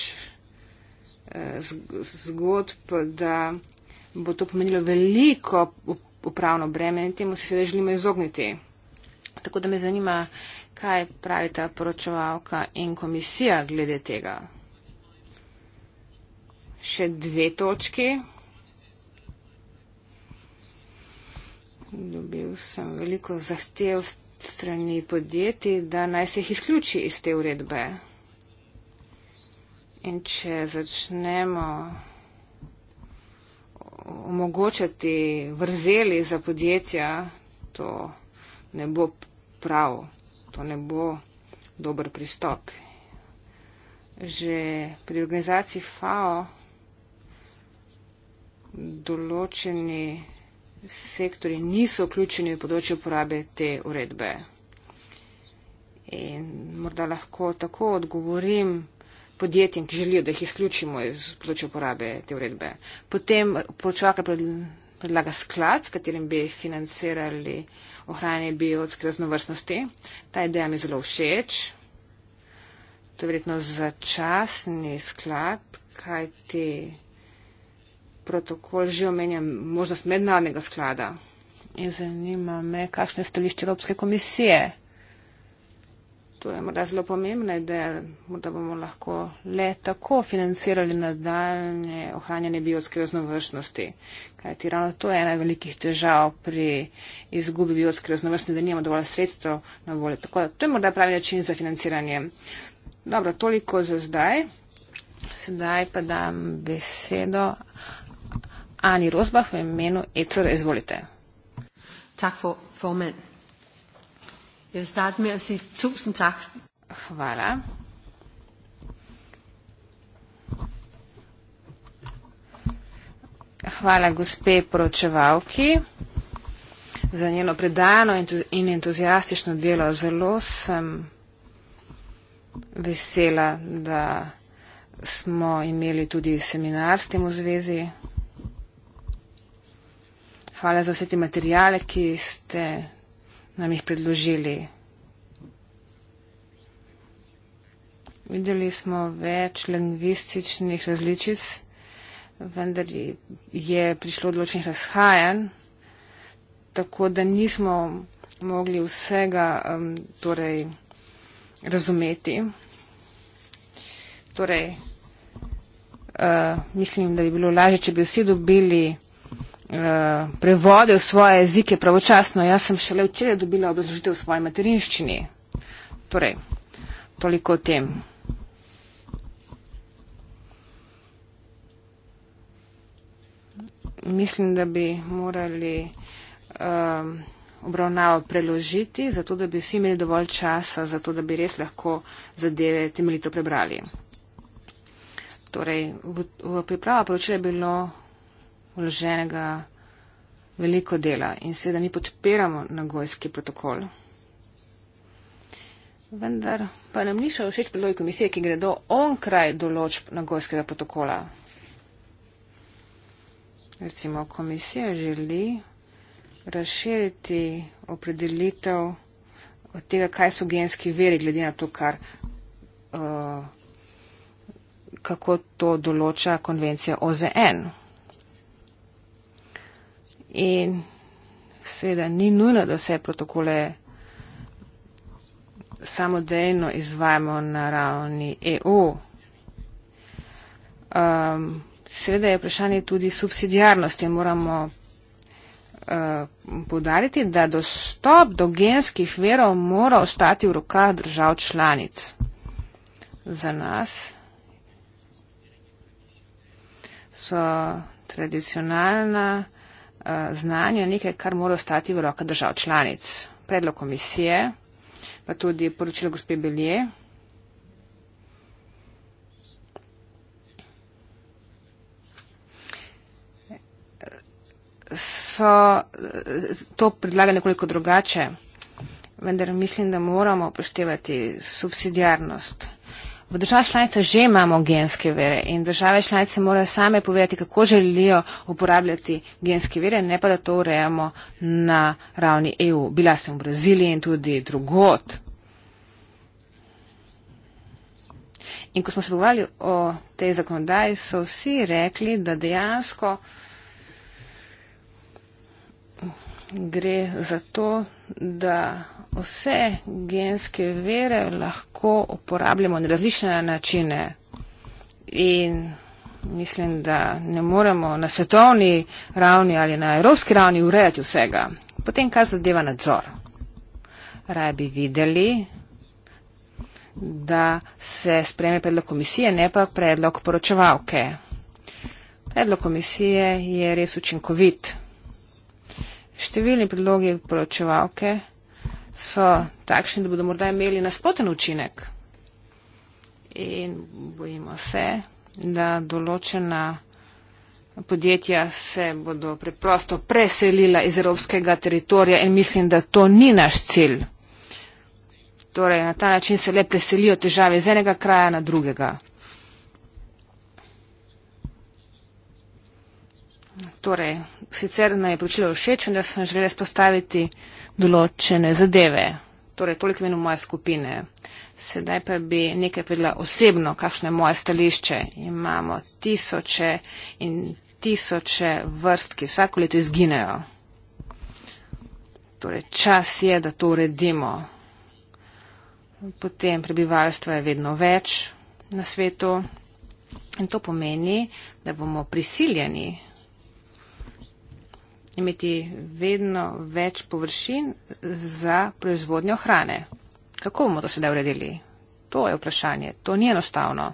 uh, zgodb, da bo to pomenilo veliko upravno breme in temu se sedaj želimo izogniti. Tako da me zanima, kaj pravita poročevalka in komisija glede tega še dve točki. Dobil sem veliko zahtev strani podjetij, da naj se jih izključi iz te uredbe. In če začnemo omogočati vrzeli za podjetja, to ne bo prav, to ne bo dober pristop. Že pri organizaciji FAO določeni sektori niso vključeni v področje uporabe te uredbe. In morda lahko tako odgovorim podjetjem, ki želijo, da jih izključimo iz področja uporabe te uredbe. Potem poročevalka predlaga sklad, s katerim bi financirali ohranjanje biotske raznovrstnosti. Ta ideja mi zelo všeč. To je verjetno začasni sklad, kajti protokol že omenja možnost mednarodnega sklada. In zanima me, kakšno je stališče Evropske komisije. To je morda zelo pomembna ideja, da bomo lahko le tako financirali nadaljne ohranjanje biotske raznovrstnosti. Kaj ti ravno to je ena velikih težav pri izgubi biotske raznovrstnosti, da nimamo dovolj sredstev na voljo. Tako da to je morda pravi način za financiranje. Dobro, toliko za zdaj. Sedaj pa dam besedo Ani Rosbach v imenu ECR. Izvolite. Tak for formand. Jeg vil starte med at sige tusind tak. Voilà. Hvala gospe poročevalki za njeno predano in entuzijastično delo. Zelo sem vesela, da smo imeli tudi seminar s tem v zvezi hvala za vse te materijale, ki ste nam jih predložili. Videli smo več lingvističnih različic, vendar je prišlo odločnih razhajanj, tako da nismo mogli vsega um, torej, razumeti. Torej, uh, mislim, da bi bilo lažje, če bi vsi dobili Eh, prevodil svoje jezike pravočasno. Jaz sem šele včeraj dobila obrazložitev v svoji materinščini. Torej, toliko o tem. Mislim, da bi morali um, obravnavo preložiti, zato da bi vsi imeli dovolj časa, zato da bi res lahko zadeve temeljito prebrali. Torej, v, v pripravo poročila je bilo vloženega veliko dela in seveda mi podpiramo nagojski protokol. Vendar pa nam ni še všeč predloge komisije, ki gredo onkraj določb nagojskega protokola. Recimo, komisija želi razširiti opredelitev od tega, kaj so genski veri, glede na to, kar, uh, kako to določa konvencija OZN. In seveda ni nujno, da vse protokole samodejno izvajamo na ravni EU. Um, seveda je vprašanje tudi subsidijarnosti in moramo uh, podariti, da dostop do genskih verov mora ostati v rokah držav članic. Za nas so tradicionalna Eh, znanja nekaj, kar mora ostati v roka držav članic. Predlog komisije, pa tudi poročilo gospe Belje. So eh, to predlaga nekoliko drugače, vendar mislim, da moramo upoštevati subsidijarnost. V državah članicah že imamo genske vere in države članice morajo same povedati, kako želijo uporabljati genske vere, ne pa da to urejamo na ravni EU. Bila sem v Braziliji in tudi drugot. In ko smo se pogovarjali o tej zakonodaji, so vsi rekli, da dejansko gre za to, da vse genske vere lahko uporabljamo na različne načine. In mislim, da ne moremo na svetovni ravni ali na evropski ravni urejati vsega. Potem, kaj zadeva nadzor? Raje bi videli, da se spreme predlog komisije, ne pa predlog poročevalke. Predlog komisije je res učinkovit. Številni predlogi poročevalke so takšni, da bodo morda imeli nasploten učinek. In bojimo se, da določena podjetja se bodo preprosto preselila iz evropskega teritorija in mislim, da to ni naš cilj. Torej, na ta način se le preselijo težave iz enega kraja na drugega. Torej, sicer naj je počelo všeč, vendar sem želela spostaviti določene zadeve. Torej, toliko imenu moje skupine. Sedaj pa bi nekaj povedala osebno, kakšno je moje stališče. Imamo tisoče in tisoče vrst, ki vsako leto izginejo. Torej, čas je, da to uredimo. Potem prebivalstva je vedno več na svetu. In to pomeni, da bomo prisiljeni imeti vedno več površin za proizvodnjo hrane. Kako bomo to sedaj uredili? To je vprašanje, to ni enostavno.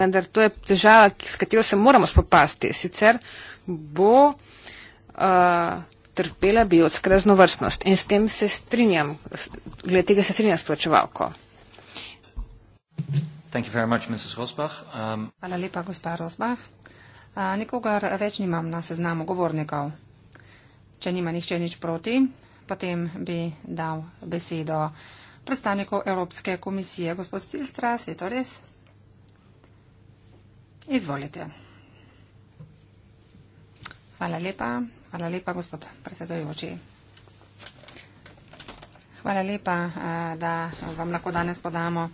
Vendar to je težava, s katero se moramo spopasti. Sicer bo uh, trpela biotska raznovrstnost in s tem se strinjam, glede tega se strinjam s plačevalko. Um, Hvala lepa, gospa Rosbach. A nikogar več nimam na seznamu govornikov. Če nima nihče nič proti, potem bi dal besedo predstavniku Evropske komisije, gospod Stilstra, se to res? Izvolite. Hvala lepa, hvala lepa, gospod predsedojoči. Hvala lepa, da vam lahko danes podamo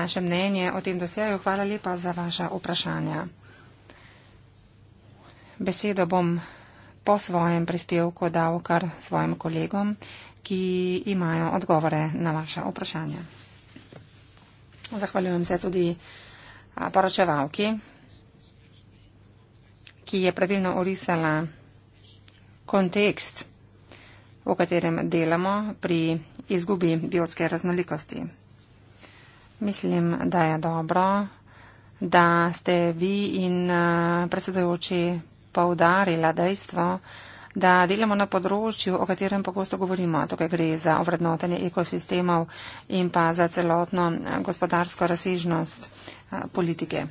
naše mnenje o tem dosjeju. Hvala lepa za vaša vprašanja besedo bom po svojem prispevku dal kar svojim kolegom, ki imajo odgovore na vaše vprašanje. Zahvaljujem se tudi poročevalki, ki je pravilno orisala kontekst, v katerem delamo pri izgubi biotske raznolikosti. Mislim, da je dobro, da ste vi in predsedujoči poudarila dejstvo, da delamo na področju, o katerem pogosto govorimo. Tukaj gre za ovrednotenje ekosistemov in pa za celotno eh, gospodarsko razsežnost eh, politike.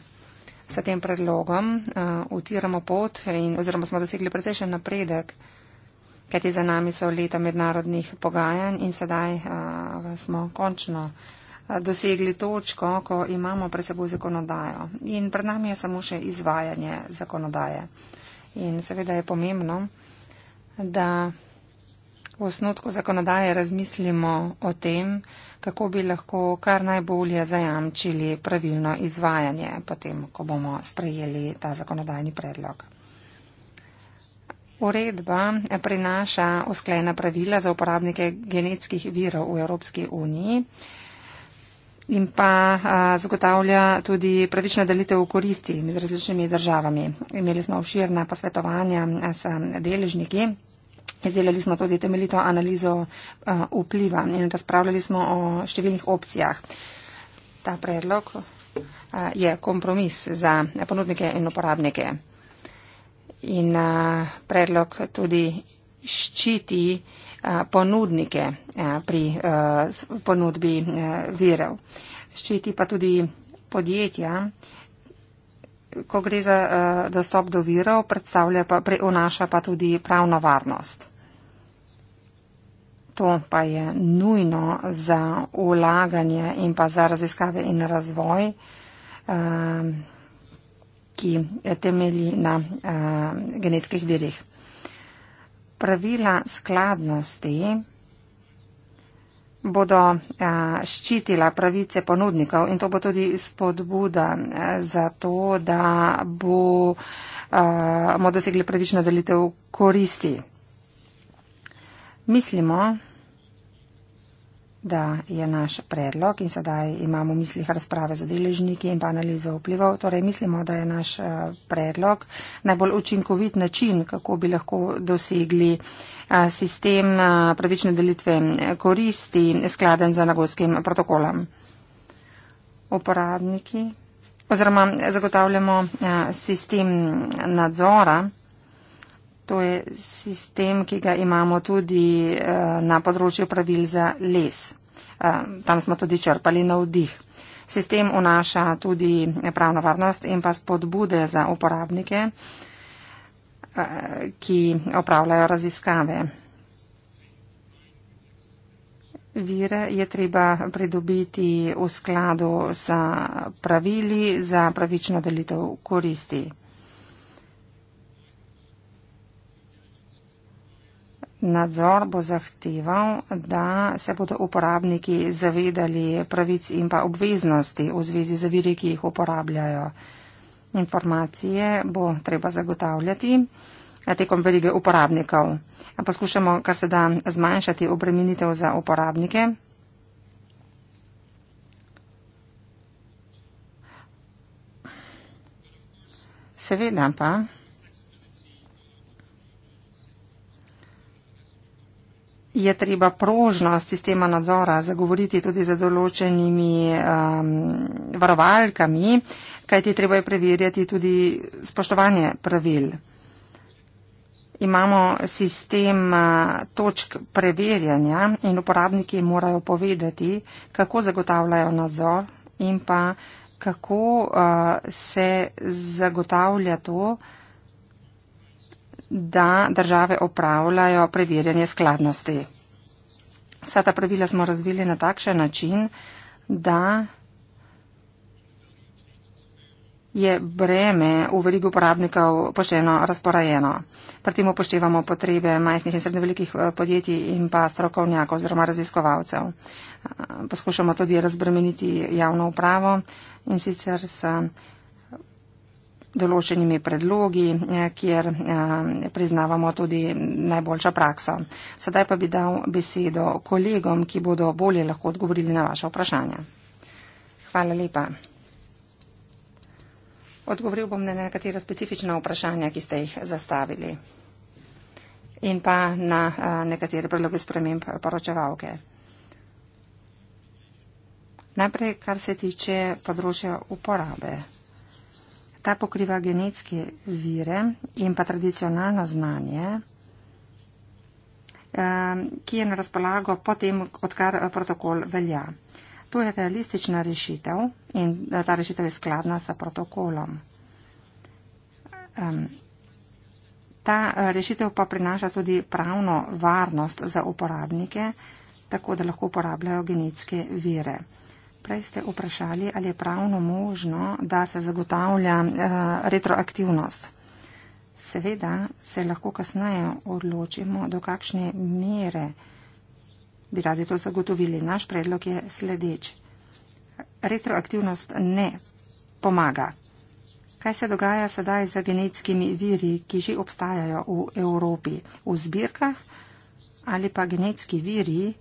S tem predlogom eh, utiramo pot in oziroma smo dosegli precejšen napredek, kajti za nami so leta mednarodnih pogajanj in sedaj smo končno dosegli točko, ko imamo pred seboj zakonodajo. In pred nami je samo še izvajanje zakonodaje. In seveda je pomembno, da v osnutku zakonodaje razmislimo o tem, kako bi lahko kar najbolje zajamčili pravilno izvajanje, potem, ko bomo sprejeli ta zakonodajni predlog. Uredba prinaša usklejena pravila za uporabnike genetskih virov v Evropski uniji in pa zagotavlja tudi pravična delitev v koristi med različnimi državami. Imeli smo obširna posvetovanja s deležniki. Izdelali smo tudi temeljito analizo vpliva in razpravljali smo o številnih opcijah. Ta predlog je kompromis za ponudnike in uporabnike. In predlog tudi ščiti uh, Eh, ponudnike eh, pri eh, ponudbi virov. Ščiti pa tudi podjetja, ko gre za dostop do virov, predstavlja pa, prenaša pa tudi pravno varnost. To pa je nujno za ulaganje in pa za raziskave in razvoj, ki temelji na genetskih virih pravila skladnosti bodo ščitila pravice ponudnikov in to bo tudi spodbuda za to, da bomo dosegli pravično delitev koristi. Mislimo, da je naš predlog in sedaj imamo v mislih razprave z deležniki in pa analizo vplivov. Torej mislimo, da je naš eh, predlog najbolj učinkovit način, kako bi lahko dosegli eh, sistem eh, pravične delitve koristi skladen za nagovskim protokolom. Uporabniki oziroma zagotavljamo sistem nadzora To je sistem, ki ga imamo tudi eh, na področju pravil za les. Eh, tam smo tudi črpali na vdih. Sistem vnaša tudi pravno varnost in pa spodbude za uporabnike, eh, ki opravljajo raziskave. Vire je treba pridobiti v skladu s pravili za pravično delitev koristi. Nadzor bo zahteval, da se bodo uporabniki zavedali pravic in pa obveznosti v zvezi z viri, ki jih uporabljajo. Informacije bo treba zagotavljati tekom velike uporabnikov. Poskušamo, kar se da, zmanjšati obremenitev za uporabnike. Seveda pa. je treba prožnost sistema nadzora zagovoriti tudi za določenimi um, varovalkami, kajti treba je preverjati tudi spoštovanje pravil. Imamo sistem uh, točk preverjanja in uporabniki morajo povedati, kako zagotavljajo nadzor in pa kako uh, se zagotavlja to, uh, da države opravljajo preverjanje skladnosti. Vsa ta pravila smo razvili na takšen način, da je breme v verigi uporabnikov pošteno razporajeno. Pri tem upoštevamo potrebe majhnih in srednjevelikih eh, podjetij in pa strokovnjakov oziroma raziskovalcev. Eh, poskušamo tudi razbremeniti javno upravo in sicer s določenimi predlogi, eh, kjer eh, priznavamo tudi najboljšo prakso. Sedaj pa bi dal besedo kolegom, ki bodo bolje lahko odgovorili na vaše vprašanje. Hvala lepa. Odgovoril bom na nekatera specifična vprašanja, ki ste jih zastavili in pa na eh, nekatere predloge sprememb poročevalke. Najprej, kar se tiče področja uporabe. Ta pokriva genetske vire in pa tradicionalno znanje, ki je na razpolago potem, odkar eh, protokol velja. To je realistična rešitev in eh, ta rešitev je skladna sa protokolom. Ta eh, rešitev pa prinaša tudi pravno varnost za uporabnike, tako da lahko uporabljajo genetske vire. Prej ste vprašali, ali je pravno možno, da se zagotavlja eh, retroaktivnost. Seveda se lahko kasneje odločimo, do kakšne mere bi radi to zagotovili. Naš predlog je sledeč. Retroaktivnost ne pomaga. Kaj se dogaja sedaj z genetskimi viri, ki že obstajajo v Evropi, v zbirkah ali pa genetski viri,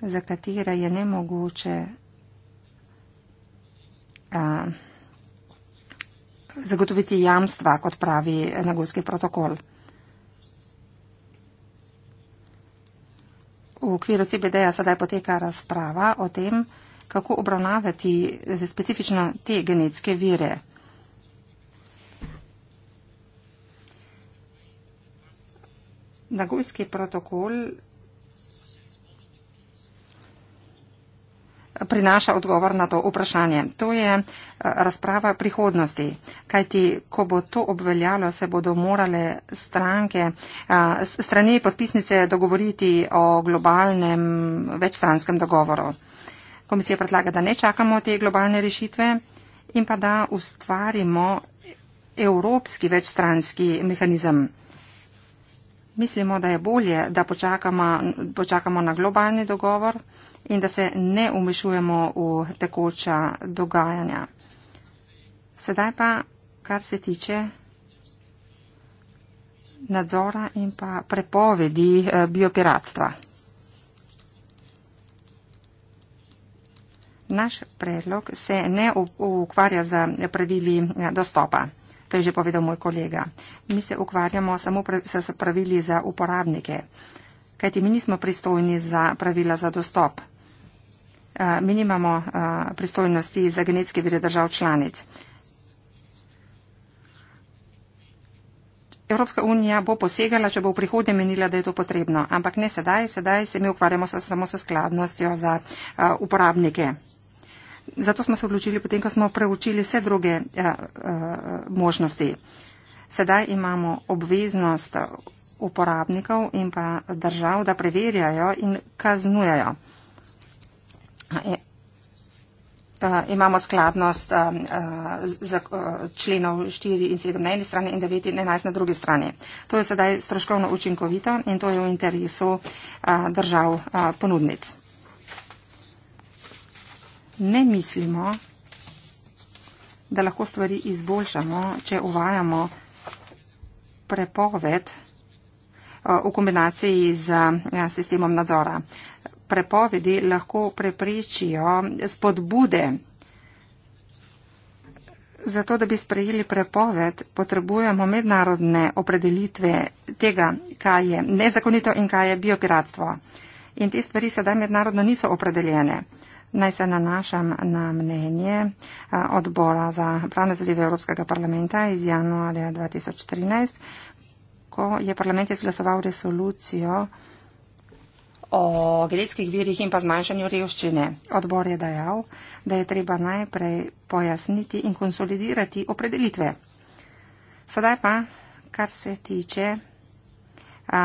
za katere je nemogoče uh, zagotoviti jamstva, kot pravi nagorski protokol. V okviru CBD-ja sedaj poteka razprava o tem, kako obravnavati specifično te genetske vire. Nagojski protokol prinaša odgovor na to vprašanje. To je eh, razprava prihodnosti, kajti ko bo to obveljalo, se bodo morale stranke, eh, strani podpisnice dogovoriti o globalnem večstranskem dogovoru. Komisija predlaga, da ne čakamo te globalne rešitve in pa da ustvarimo evropski večstranski mehanizem. Mislimo, da je bolje, da počakamo, počakamo na globalni dogovor, in da se ne umešujemo v tekoča dogajanja. Sedaj pa, kar se tiče nadzora in pa prepovedi eh, biopiratstva. Naš predlog se ne ukvarja z pravili eh, dostopa. To je že povedal moj kolega. Mi se ukvarjamo samo s pravili za uporabnike, kajti mi nismo pristojni za pravila za dostop. Eh, mi nimamo eh, pristojnosti za genetske vire držav članic. Evropska unija bo posegala, če bo v prihodnje menila, da je to potrebno, ampak ne sedaj, sedaj se mi ukvarjamo sa, samo s skladnostjo za a, eh, uporabnike. Zato smo se odločili, potem ko smo preučili vse druge a, a, možnosti. Sedaj imamo obveznost uporabnikov in pa držav, da preverjajo in kaznujajo. E, imamo skladnost členov 4 in 7 na eni strani in 9 in 11 na drugi strani. To je sedaj stroškovno učinkovito in to je v interesu držav ponudnic. Ne mislimo, da lahko stvari izboljšamo, če uvajamo prepoved v kombinaciji z sistemom nadzora prepovedi lahko preprečijo spodbude. Zato, da bi sprejeli prepoved, potrebujemo mednarodne opredelitve tega, kaj je nezakonito in kaj je biopiratstvo. In te stvari sedaj mednarodno niso opredeljene. Naj se nanašam na mnenje odbora za pravne zadeve Evropskega parlamenta iz januarja 2013, ko je parlament izglasoval resolucijo o genetskih virih in pa zmanjšanju revščine. Odbor je dejal, da je treba najprej pojasniti in konsolidirati opredelitve. Sedaj pa, kar se tiče a,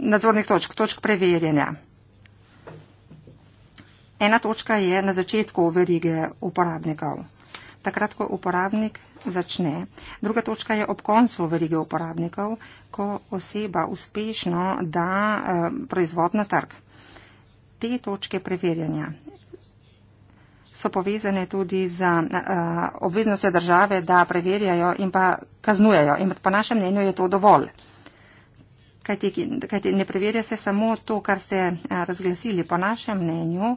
nadzornih točk, točk preverjanja. Ena točka je na začetku verige uporabnikov takrat, ko uporabnik začne. Druga točka je ob koncu verige uporabnikov, ko oseba uspešno da eh, proizvod na trg. Te točke preverjanja so povezane tudi z eh, obveznostjo države, da preverjajo in pa kaznujejo. In po našem mnenju je to dovolj. Kajti, kajti ne preverja se samo to, kar ste eh, razglasili. Po našem mnenju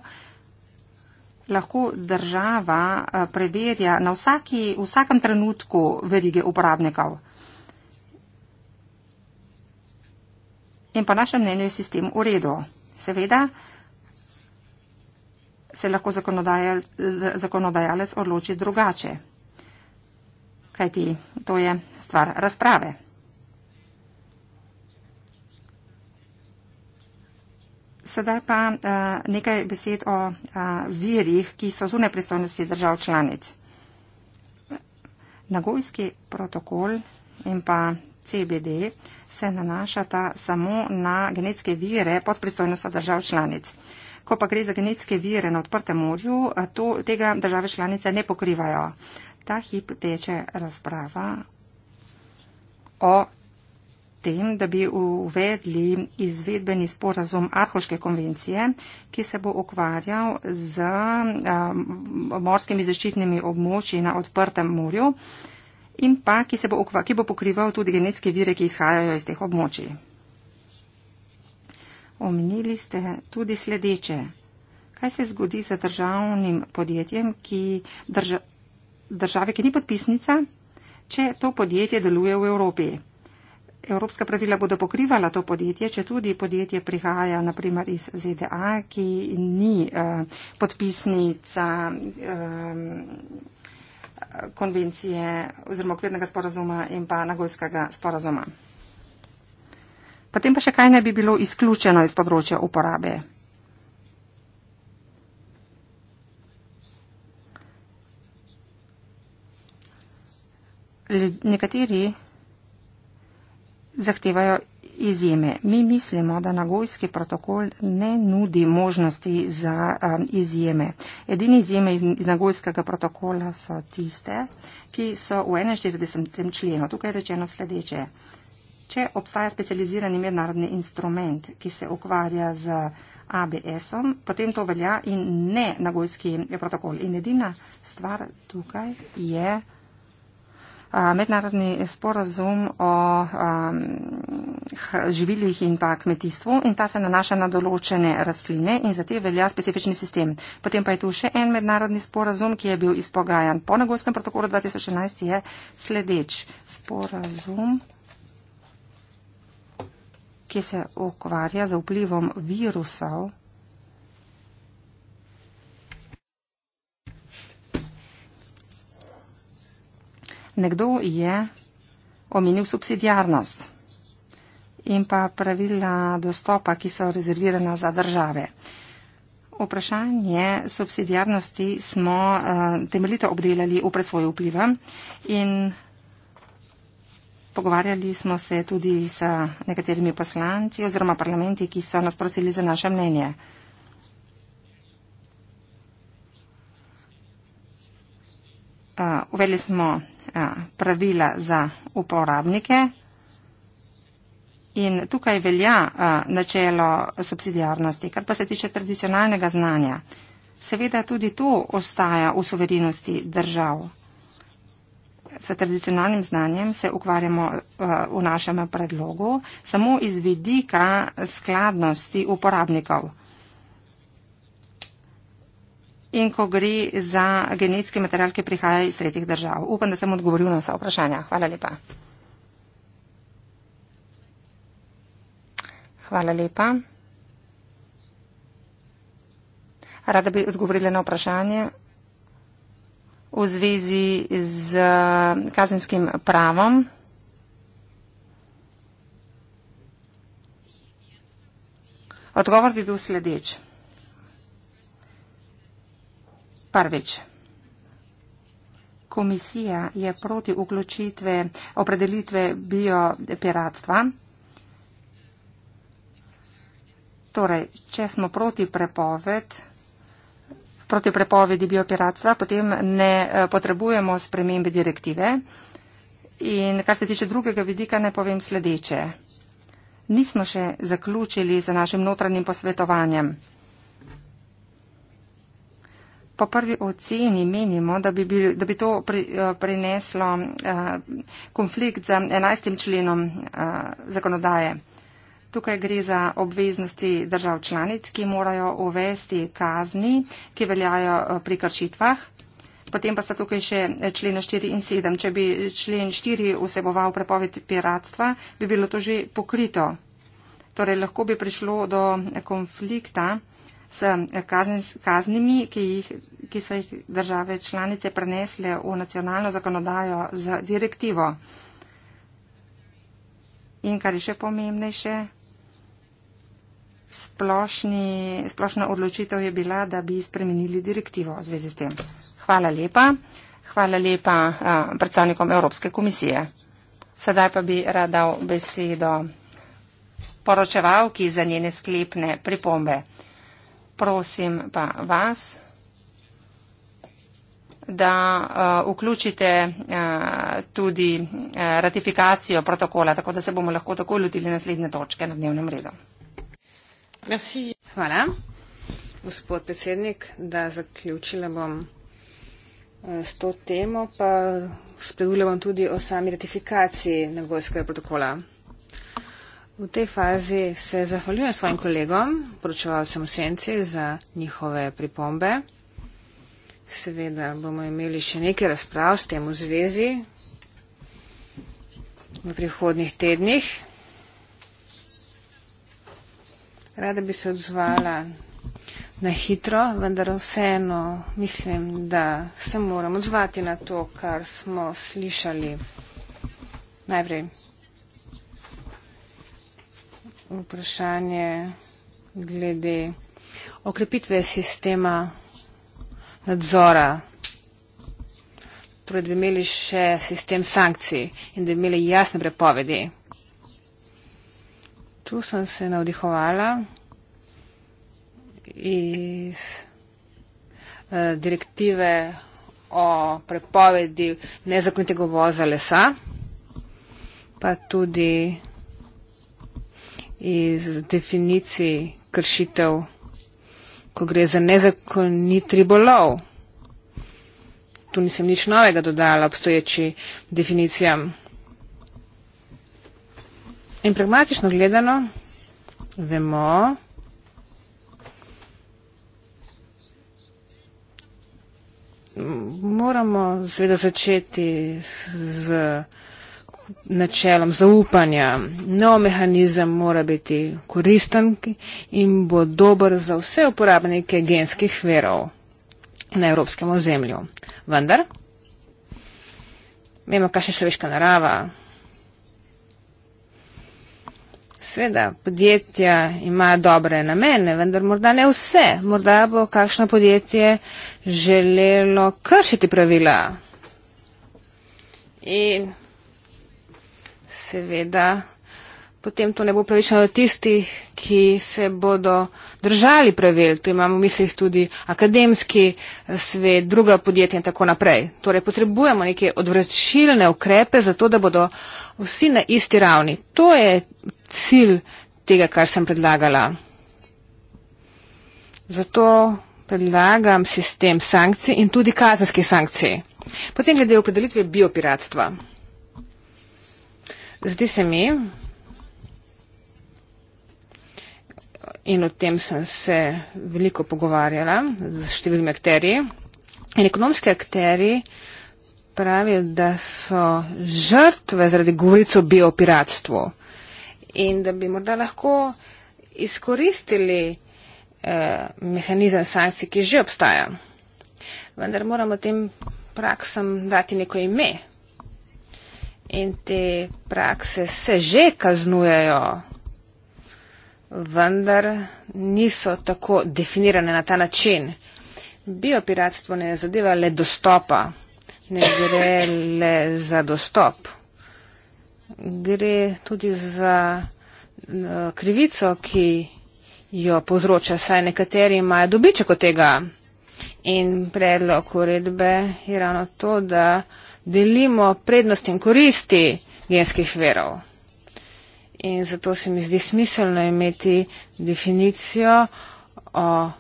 lahko država eh, preverja na vsaki, vsakem trenutku verige uporabnikov. In po našem mnenju je sistem v redu. Seveda se lahko zakonodajalec odloči drugače, kajti to je stvar razprave. Sedaj pa uh, nekaj besed o uh, virih, ki so zune pristojnosti držav članic. Nagojski protokol in pa CBD se nanašata samo na genetske vire pod pristojnostjo držav članic. Ko pa gre za genetske vire na odprtem morju, eh, to, tega države članice ne pokrivajo. Ta hip teče razprava o tem, da bi uvedli izvedbeni sporazum Arhoške konvencije, ki se bo ukvarjal z um, morskimi zaščitnimi območji na odprtem morju in pa ki, bo, ukvarjal, ki bo pokrival tudi genetske vire, ki izhajajo iz teh območij. Omenili ste tudi sledeče. Kaj se zgodi z državnim podjetjem, ki drža, države, ki ni podpisnica, če to podjetje deluje v Evropi? Evropska pravila bodo pokrivala to podjetje, če tudi podjetje prihaja naprimer iz ZDA, ki ni uh, podpisnica um, konvencije oziroma okvirnega sporazuma in pa nagojskega sporazuma. Potem pa še kaj ne bi bilo izključeno iz področja uporabe. Nekateri zahtevajo izjeme. Mi mislimo, da nagojski protokol ne nudi možnosti za um, izjeme. Edini izjeme iz nagojskega protokola so tiste, ki so v 41. členu. Tukaj je rečeno sledeče. Če obstaja specializirani mednarodni instrument, ki se ukvarja z ABS-om, potem to velja in ne nagojski protokol. In edina stvar tukaj je mednarodni sporazum o živilih in pa kmetijstvu in ta se nanaša na določene rastline in za te velja specifični sistem. Potem pa je tu še en mednarodni sporazum, ki je bil izpogajan po nagojskem protokolu 2011, je sledeč sporazum ki se ukvarja z vplivom virusov Nekdo je omenil subsidijarnost in pa pravila dostopa, ki so rezervirana za države. Vprašanje subsidijarnosti smo uh, temeljito obdelali v presvoju vpliva in pogovarjali smo se tudi s nekaterimi poslanci oziroma parlamenti, ki so nas prosili za naše mnenje. Uh, eh, uveli smo Eh, pravila za uporabnike. In tukaj velja eh, načelo subsidijarnosti, kar pa se tiče tradicionalnega znanja. Seveda tudi to ostaja v suverenosti držav. S tradicionalnim znanjem se ukvarjamo eh, v našem predlogu samo iz vidika skladnosti uporabnikov in ko gre za genetski material, ki prihaja iz tretjih držav. Upam, da sem odgovoril na vsa vprašanja. Hvala lepa. Hvala lepa. Rada bi odgovorila na vprašanje v zvezi z eh, kazenskim pravom. Odgovor bi bil sledeč. Prvič. Komisija je proti vključitve opredelitve biopiratstva. Torej, če smo proti prepoved, proti prepovedi biopiratstva, potem ne eh, potrebujemo spremembe direktive. In kar se tiče drugega vidika, ne povem sledeče. Nismo še zaključili z našim notranjim posvetovanjem po prvi oceni menimo, da bi, bil, da bi to pri, eh, prineslo uh, konflikt z 11. členom uh, zakonodaje. Tukaj gre za obveznosti držav članic, ki morajo uvesti kazni, ki veljajo pri kršitvah. Potem pa sta tukaj še člena 4 in 7. Če bi člen 4 vseboval prepoved piratstva, bi bilo to že pokrito. Torej lahko bi prišlo do konflikta s eh, kazni, kaznimi, ki, jih, ki so jih države članice prenesle v nacionalno zakonodajo z direktivo. In kar je še pomembnejše, splošni, splošna odločitev je bila, da bi spremenili direktivo v zvezi s tem. Hvala lepa. Hvala lepa a, eh, predstavnikom Evropske komisije. Sedaj pa bi radal besedo poročevalki za njene sklepne pripombe prosim pa vas, da uh, vključite uh, tudi uh, ratifikacijo protokola, tako da se bomo lahko tako lotili naslednje točke na dnevnem redu. Merci. Hvala, gospod predsednik, da zaključila bom uh, s to temo, pa spregovorila bom tudi o sami ratifikaciji Nagojskega protokola. V tej fazi se zahvaljujem svojim kolegom, poročevalcem v senci, za njihove pripombe. Seveda bomo imeli še nekaj razprav s tem v zvezi v prihodnih tednih. Rada bi se odzvala na hitro, vendar vseeno mislim, da se moram odzvati na to, kar smo slišali najprej vprašanje glede okrepitve sistema nadzora. Torej, da bi imeli še sistem sankcij in da bi imeli jasne prepovedi. Tu sem se navdihovala iz eh, direktive o prepovedi nezakonitega voza lesa, pa tudi iz definicij kršitev, ko gre za nezakonit ribolov. Tu nisem nič novega dodala obstoječi definicijam. In pragmatično gledano, vemo, moramo seveda začeti z. z načelom zaupanja. No, mehanizem mora biti koristen in bo dober za vse uporabnike genskih verov na evropskem ozemlju. Vendar, vemo, kaj še človeška narava. Sveda, podjetja imajo dobre namene, vendar morda ne vse. Morda bo kakšno podjetje želelo kršiti pravila. In seveda potem to ne bo pravično do tistih, ki se bodo držali pravil. Tu imamo v mislih tudi akademski svet, druga podjetja in tako naprej. Torej potrebujemo neke odvračilne ukrepe za to, da bodo vsi na isti ravni. To je cilj tega, kar sem predlagala. Zato predlagam sistem sankcij in tudi kazenskih sankcij. Potem glede opredelitve biopiratstva. Zdi se mi, in o tem sem se veliko pogovarjala z številnimi akterji, in ekonomski akteri pravijo, da so žrtve zaradi govorico o biopiratstvu in da bi morda lahko izkoristili eh, mehanizem sankcij, ki že obstaja. Vendar moramo tem praksam dati neko ime, in te prakse se že kaznujejo, vendar niso tako definirane na ta način. Biopiratstvo ne zadeva le dostopa, ne gre le za dostop. Gre tudi za eh, krivico, ki jo povzroča, saj nekateri imajo dobiček od tega. In predlog uredbe je ravno to, da uh, delimo prednosti in koristi genskih verov. In zato se mi zdi smiselno imeti definicijo o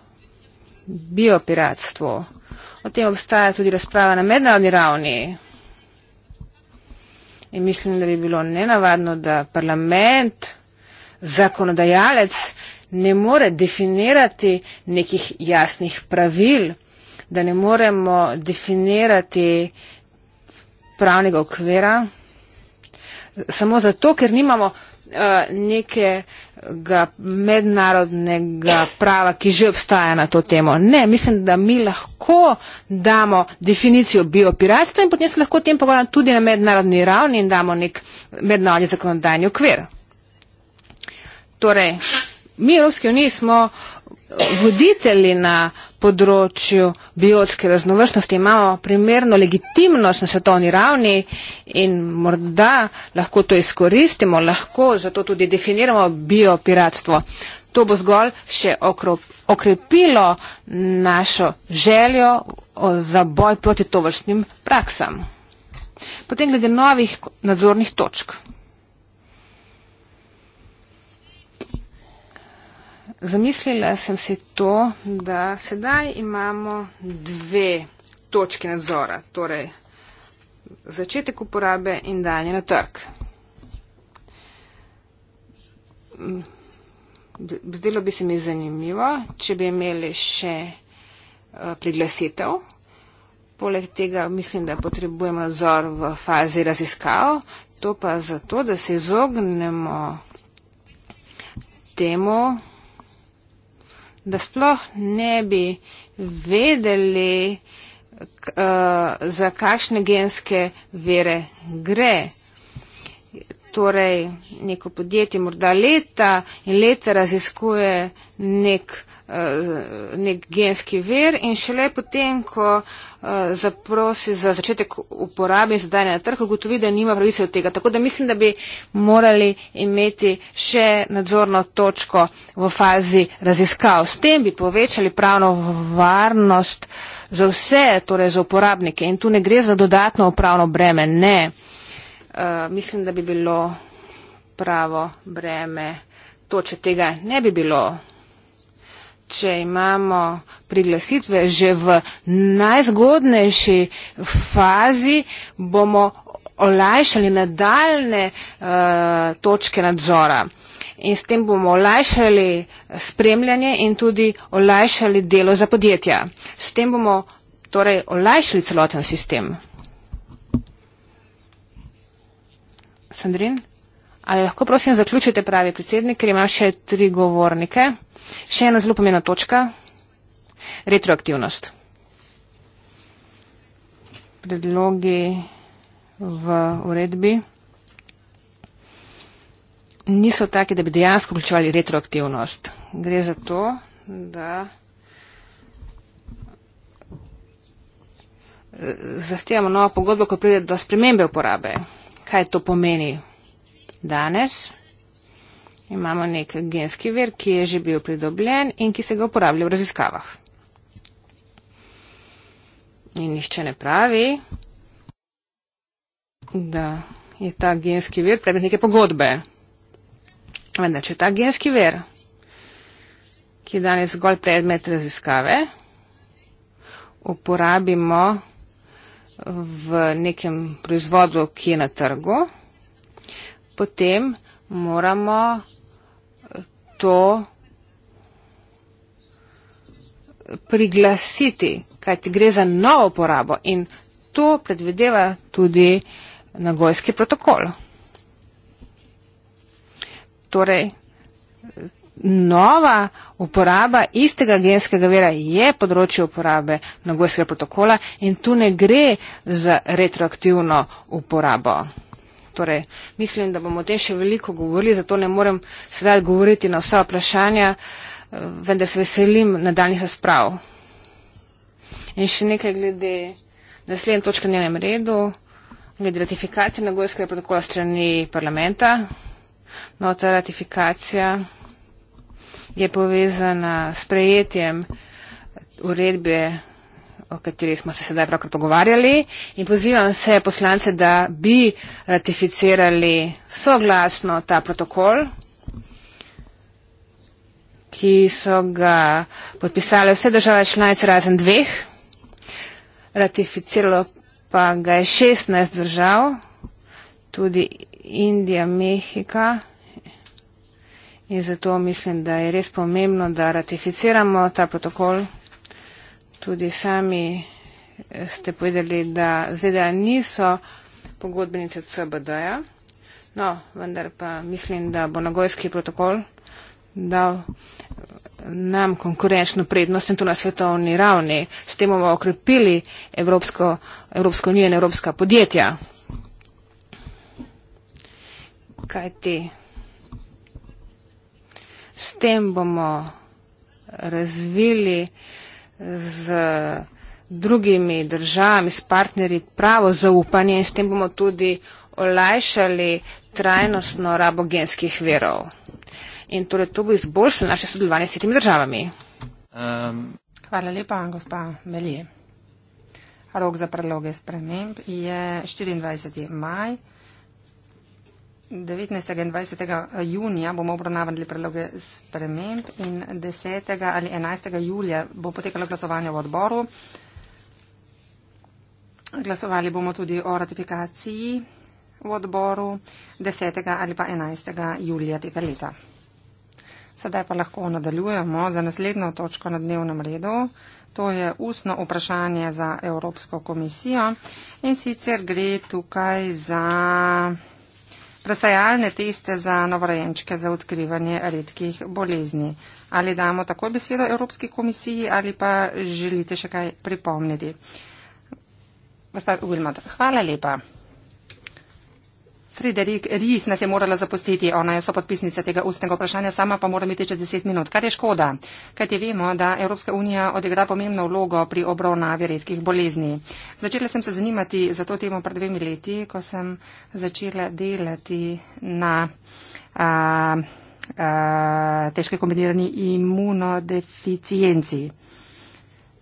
biopiratstvu. O tem obstaja tudi razprava na mednarodni ravni. In mislim, da bi bilo nenavadno, da parlament, zakonodajalec, ne more definirati nekih jasnih pravil, da ne moremo definirati pravnega okvira, samo zato, ker nimamo uh, nekega mednarodnega prava, ki že obstaja na to temo. Ne, mislim, da mi lahko damo definicijo biopiratstva in potem se lahko tem pogovarjamo tudi na mednarodni ravni in damo nek mednarodni zakonodajni okvir. Torej, mi v Evropski uniji smo voditelji na področju biotske raznovrstnosti imamo primerno legitimnost na svetovni ravni in morda lahko to izkoristimo, lahko zato tudi definiramo biopiratstvo. To bo zgolj še okrepilo našo željo za boj proti tovrstnim praksam. Potem glede novih nadzornih točk. Zamislila sem si to, da sedaj imamo dve točke nadzora, torej začetek uporabe in danje na trg. Mm, zdelo bi se mi zanimivo, če bi imeli še eh, priglasitev. Poleg tega mislim, da potrebujemo nadzor v fazi raziskav, to pa zato, da se izognemo temu, da sploh ne bi vedeli, k, uh, za kakšne genske vere gre. Torej, neko podjetje morda leta in leta raziskuje nek uh, Eh, nek genski vir in šele potem, ko eh, zaprosi za začetek uporabe in zdanje na trg, ugotovi, da nima pravice od tega. Tako da mislim, da bi morali imeti še nadzorno točko v fazi raziskav. S tem bi povečali pravno varnost za vse, torej za uporabnike. In tu ne gre za dodatno upravno breme, ne. Eh, mislim, da bi bilo pravo breme to, če tega ne bi bilo če imamo priglasitve že v najzgodnejši fazi, bomo olajšali nadaljne uh, točke nadzora. In s tem bomo olajšali spremljanje in tudi olajšali delo za podjetja. S tem bomo torej olajšali celoten sistem. Sandrin? Ali lahko prosim zaključite pravi predsednik, ker imam še tri govornike. Še ena zelo pomena točka. Retroaktivnost. Predlogi v uredbi niso taki, da bi dejansko vključevali retroaktivnost. Gre za to, da eh, zahtevamo novo pogodbo, ko pride do spremembe uporabe. Kaj to pomeni? danes imamo nek genski vir, ki je že bil pridobljen in ki se ga uporablja v raziskavah. In nišče ne pravi, da je ta genski vir predmet neke pogodbe. Vendar, če ta genski vir, ki je danes zgolj predmet raziskave, uporabimo v nekem proizvodu, ki je na trgu, potem moramo eh, to priglasiti, kajti gre za novo porabo in to predvideva tudi nagojski protokol. Torej, nova uporaba istega genskega vera je področje uporabe nagojskega protokola in tu ne gre za retroaktivno uporabo. Torej, mislim, da bomo o tem še veliko govorili, zato ne morem sedaj odgovoriti na vsa vprašanja, eh, vendar se veselim nadaljnih razprav. In še nekaj glede naslednje točke na njenem redu, glede ratifikacije nagojskega protokola strani parlamenta. No, ta ratifikacija je povezana s prejetjem uredbe o kateri smo se sedaj pravkar pogovarjali in pozivam vse poslance, da bi ratificirali soglasno ta protokol, ki so ga podpisale vse države članice razen dveh, ratificiralo pa ga je 16 držav, tudi Indija, Mehika. In zato mislim, da je res pomembno, da ratificiramo ta protokol tudi sami eh, ste povedali, da ZDA niso pogodbenice CBD-ja, no, vendar pa mislim, da bo nagojski protokol dal eh, nam konkurenčno prednost in to na svetovni ravni. S tem bomo okrepili Evropsko, Evropsko unijo in evropska podjetja. Kaj ti? S tem bomo razvili uh, z drugimi državami, s partnerji pravo zaupanje in s tem bomo tudi olajšali trajnostno rabo genskih verov. In torej to bo izboljšalo naše sodelovanje s temi državami. Um. Hvala lepa, gospa Melije. Rok za predloge sprememb je 24. maj. 19. in 20. Eh, junija bomo obravnavali predloge sprememb in 10. ali 11. julija bo potekalo glasovanje v odboru. Glasovali bomo tudi o ratifikaciji v odboru 10. ali pa 11. julija tega leta. Sedaj pa lahko nadaljujemo za naslednjo točko na dnevnem redu. To je ustno vprašanje za Evropsko komisijo in sicer gre tukaj za presajalne teste za novorojenčke za odkrivanje redkih bolezni. Ali damo takoj besedo Evropski komisiji ali pa želite še kaj pripomniti? Gospod Ulmot, hvala lepa. Frederik Ries nas je morala zapustiti, ona je sopodpisnica tega ustnega vprašanja, sama pa mora biti čez 10 minut, kar je škoda, kajti vemo, da Evropska unija odigra pomembno vlogo pri obravnavi redkih bolezni. Začela sem se zanimati za to temo pred dvemi leti, ko sem začela delati na a, a, težke kombinirani imunodeficijenci.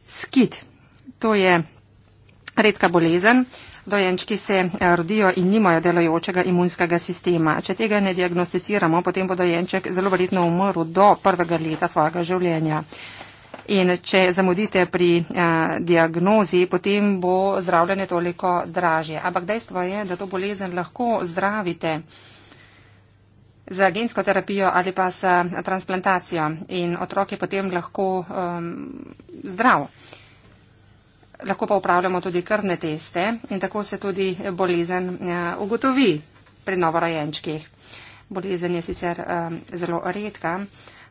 Skit, to je redka bolezen dojenčki se eh, rodijo in nimajo delojočega imunskega sistema. Če tega ne diagnosticiramo, potem bo dojenček zelo verjetno umrl do prvega leta svojega življenja. In če zamudite pri a, eh, diagnozi, potem bo zdravljenje toliko dražje. Ampak dejstvo je, da to bolezen lahko zdravite za gensko terapijo ali pa s transplantacijo in otrok je potem lahko um, zdrav lahko pa upravljamo tudi krvne teste in tako se tudi bolezen eh, ugotovi pri novorojenčkih. Bolezen je sicer eh, zelo redka,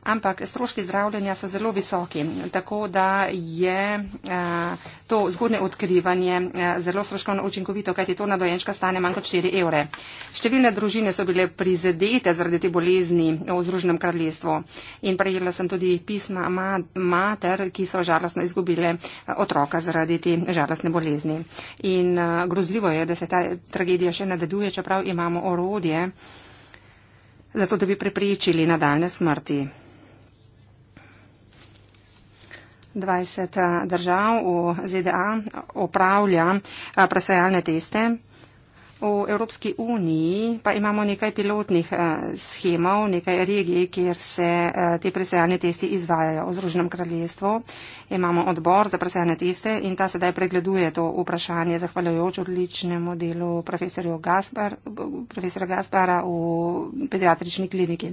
ampak stroški zdravljenja so zelo visoki, tako da je eh, to zgodne odkrivanje eh, zelo stroškovno učinkovito, kajti to na dojenčka stane manj kot 4 evre. Številne družine so bile prizadete zaradi te bolezni v Združenem kraljestvu in prejela sem tudi pisma mater, ki so žalostno izgubile eh, otroka zaradi te žalostne bolezni. In grozljivo je, da se ta tragedija še nadaljuje, čeprav imamo orodje, zato da bi preprečili nadaljne smrti. 20 eh, držav v ZDA opravlja eh, presajalne teste. V Evropski uniji pa imamo nekaj pilotnih eh, schemov, nekaj regij, kjer se te presajalne testi izvajajo. V Združenem kraljestvu imamo odbor za presajalne teste in ta sedaj pregleduje to vprašanje zahvaljujoč odličnemu delu profesorja Gaspar, Gaspara v pediatrični kliniki.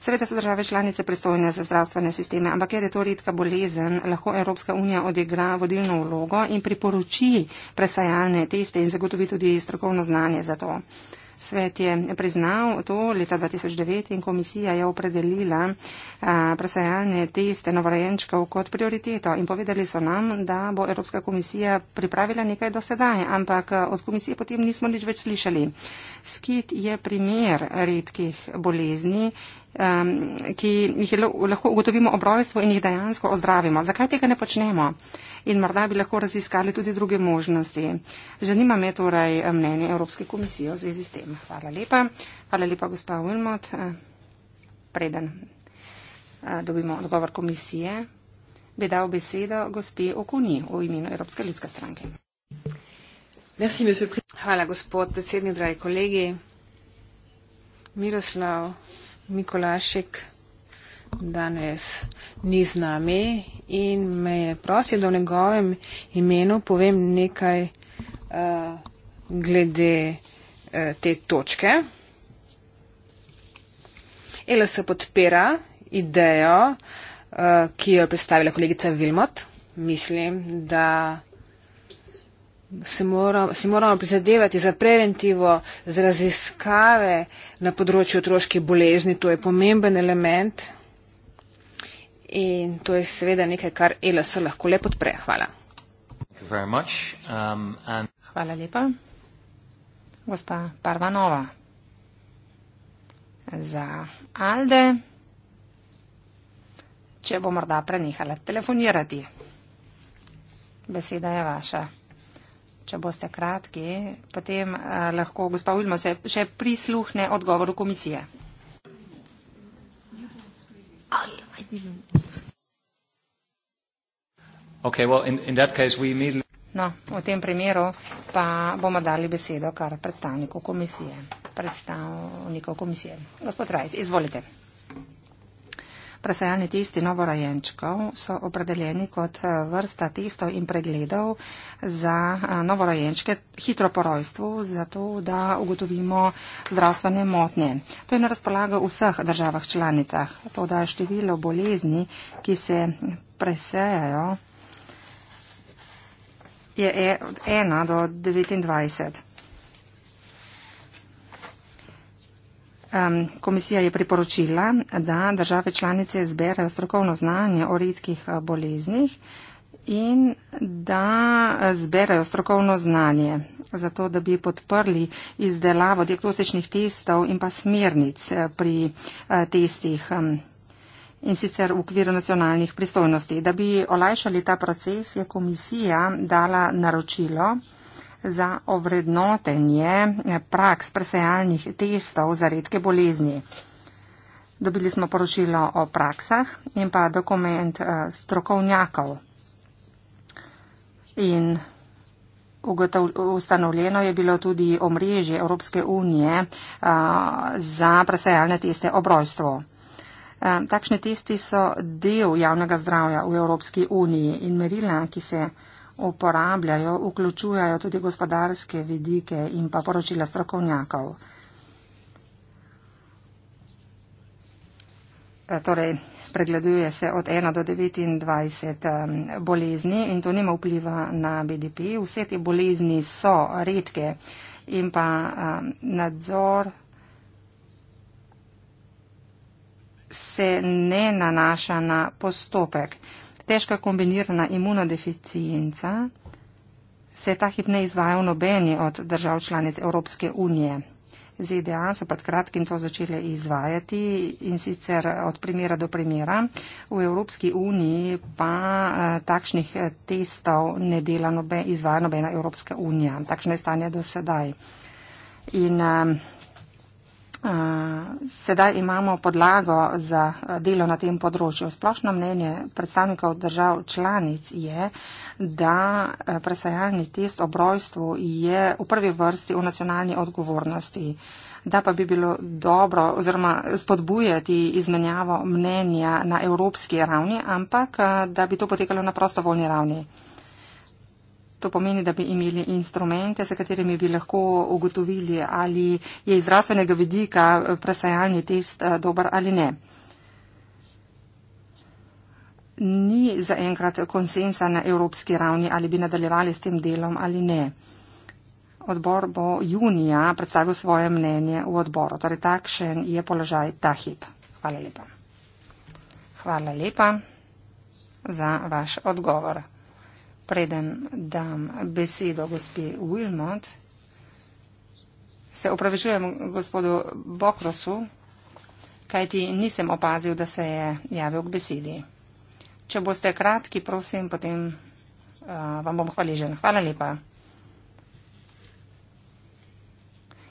Seveda so države članice pristojne za zdravstvene sisteme, ampak ker je to redka bolezen, lahko Evropska unija odigra vodilno vlogo in priporoči presajalne teste in zagotovi tudi strokovno znanje za to. Svet je priznal to leta 2009 in komisija je opredelila a, presajalne teste novorojenčkov kot prioriteto in povedali so nam, da bo Evropska komisija pripravila nekaj do sedaj, ampak od komisije potem nismo nič več slišali. Skit je primer redkih bolezni um, ki jih lahko ugotovimo ob rojstvu in jih dejansko ozdravimo. Zakaj tega ne počnemo? In morda bi lahko raziskali tudi druge možnosti. Zanima me torej eh, mnenje Evropske komisije v zvezi s tem. Hvala lepa. Hvala lepa, gospa Wilmot. Eh, preden eh, dobimo odgovor komisije, bi dal besedo gospe Okuni v imenu Evropske ljudske stranke. Hvala, gospod predsednik, dragi kolegi. Miroslav. Mikolašek danes ni z nami in me je prosil, da v njegovem imenu povem nekaj uh, glede uh, te točke. Ela se podpira idejo, uh, ki jo je predstavila kolegica Vilmot. Mislim, da se moramo, se moramo prizadevati za preventivo, za raziskave na področju otroške bolezni. To je pomemben element in to je seveda nekaj, kar ELS lahko le podpre. Hvala. Um, and... Hvala lepa. Gospa Parvanova za Alde, če bo morda prenehala telefonirati. Beseda je vaša če boste kratki, potem uh, lahko gospod Vilmo se še prisluhne odgovoru komisije. Okay, well, in, in no, v tem primeru pa bomo dali besedo kar predstavniku komisije. Predstavnikov komisije. Gospod Rajc, izvolite. Presajalni testi novorojenčkov so opredeljeni kot eh, vrsta testov in pregledov za eh, novorojenčke hitro po rojstvu, zato da ugotovimo zdravstvene motnje. To je na razpolago v vseh državah članicah. To da število bolezni, ki se presajajo, je e, od 1 do 29. Komisija je priporočila, da države članice zberajo strokovno znanje o redkih eh, boleznih in da zberajo strokovno znanje za to, da bi podprli izdelavo diagnostičnih testov in pa smernic eh, pri eh, testih in sicer v okviru nacionalnih pristojnosti. Da bi olajšali ta proces, je komisija dala naročilo za ovrednotenje praks presejalnih testov za redke bolezni. Dobili smo poročilo o praksah in pa dokument eh, strokovnjakov. In ustanovljeno je bilo tudi omrežje Evropske unije eh, za presejalne teste o brojstvu. Eh, takšni testi so del javnega zdravja v Evropski uniji in merila, ki se uporabljajo, vključujajo tudi gospodarske vidike in pa poročila strokovnjakov. E, torej, pregleduje se od 1 do 29 bolezni in to nima vpliva na BDP. Vse te bolezni so redke in pa nadzor se ne nanaša na postopek težka kombinirana imunodeficijenca, se ta hip ne izvaja v nobeni od držav članic Evropske unije. ZDA e so pred kratkim to začele izvajati in sicer od primera do primera. V Evropski uniji pa eh, takšnih eh, testov ne dela nobe, izvaja nobena Evropska unija. Takšno je stanje do sedaj. In eh, Eh, sedaj imamo podlago za eh, delo na tem področju. Splošno mnenje predstavnikov držav članic je, da eh, presajalni test o brojstvu je v prvi vrsti v nacionalni odgovornosti. Da pa bi bilo dobro oziroma spodbujati izmenjavo mnenja na evropski ravni, ampak da bi to potekalo na prostovoljni ravni. To pomeni, da bi imeli instrumente, s katerimi bi lahko ugotovili, ali je iz zdravstvenega vidika eh, presajalni test eh, dober ali ne. Ni zaenkrat konsensa na evropski ravni, ali bi nadaljevali s tem delom ali ne. Odbor bo junija predstavil svoje mnenje v odboru. Torej, takšen je položaj ta hip. Hvala lepa. Hvala lepa za vaš odgovor preden dam besedo gospe Wilmot, se opravičujem gospodu Bokrosu, kajti nisem opazil, da se je javil k besedi. Če boste kratki, prosim, potem uh, vam bom hvaležen. Hvala lepa.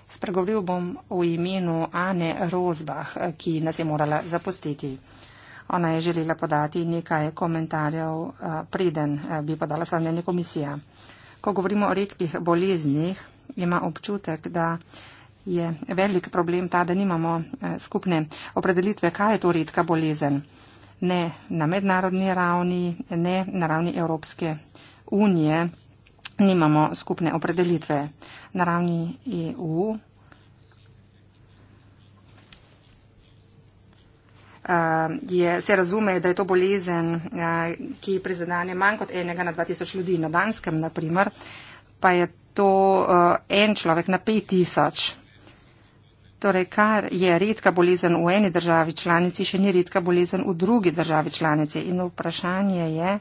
Spregovoril bom v imenu Ane Rozbah, ki nas je morala zapustiti. Uh, Ona je želela podati nekaj komentarjev, eh, preden eh, bi podala svoje mnenje komisija. Ko govorimo o redkih boleznih, ima občutek, da je velik problem ta, da nimamo eh, skupne opredelitve, kaj je to redka bolezen. Ne na mednarodni ravni, ne na ravni Evropske unije nimamo skupne opredelitve. Na ravni EU Eh, je, se razume, da je to bolezen, eh, ki prizadene manj kot enega na 2000 ljudi na Danskem, naprimer, pa je to eh, en človek na 5000. Torej, kar je redka bolezen v eni državi članici, še ni redka bolezen v drugi državi članici. In vprašanje je,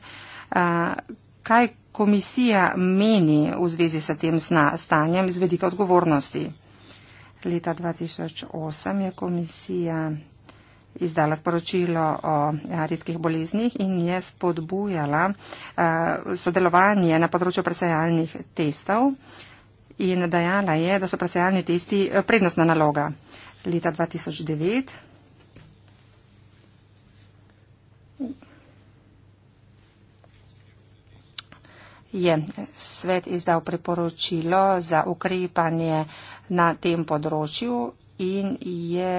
kaj komisija meni v zvezi s tem stanjem izvedika odgovornosti. Leta 2008 je komisija izdala sporočilo o eh, redkih boleznih in je spodbujala eh, sodelovanje na področju presajalnih testov in dajala je, da so presajalni testi eh, prednostna naloga. Leta 2009 je svet izdal priporočilo za ukrepanje na tem področju in je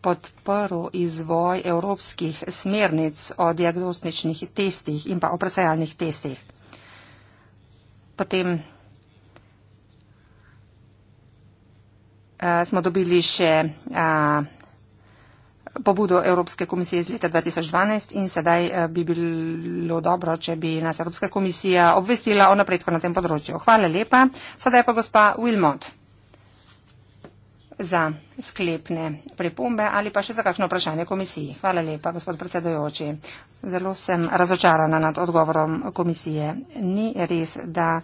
podprl izvoj evropskih smernic o diagnostičnih testih in pa o presajalnih testih. Potem eh, smo dobili še eh, pobudo Evropske komisije iz leta 2012 in sedaj eh, bi bilo dobro, če bi nas Evropska komisija obvestila o napredku na tem področju. Hvala lepa. Sedaj pa gospa Wilmot za sklepne pripombe ali pa še za kakšno vprašanje komisiji. Hvala lepa, gospod predsedojoči. Zelo sem razočarana nad odgovorom komisije. Ni res, da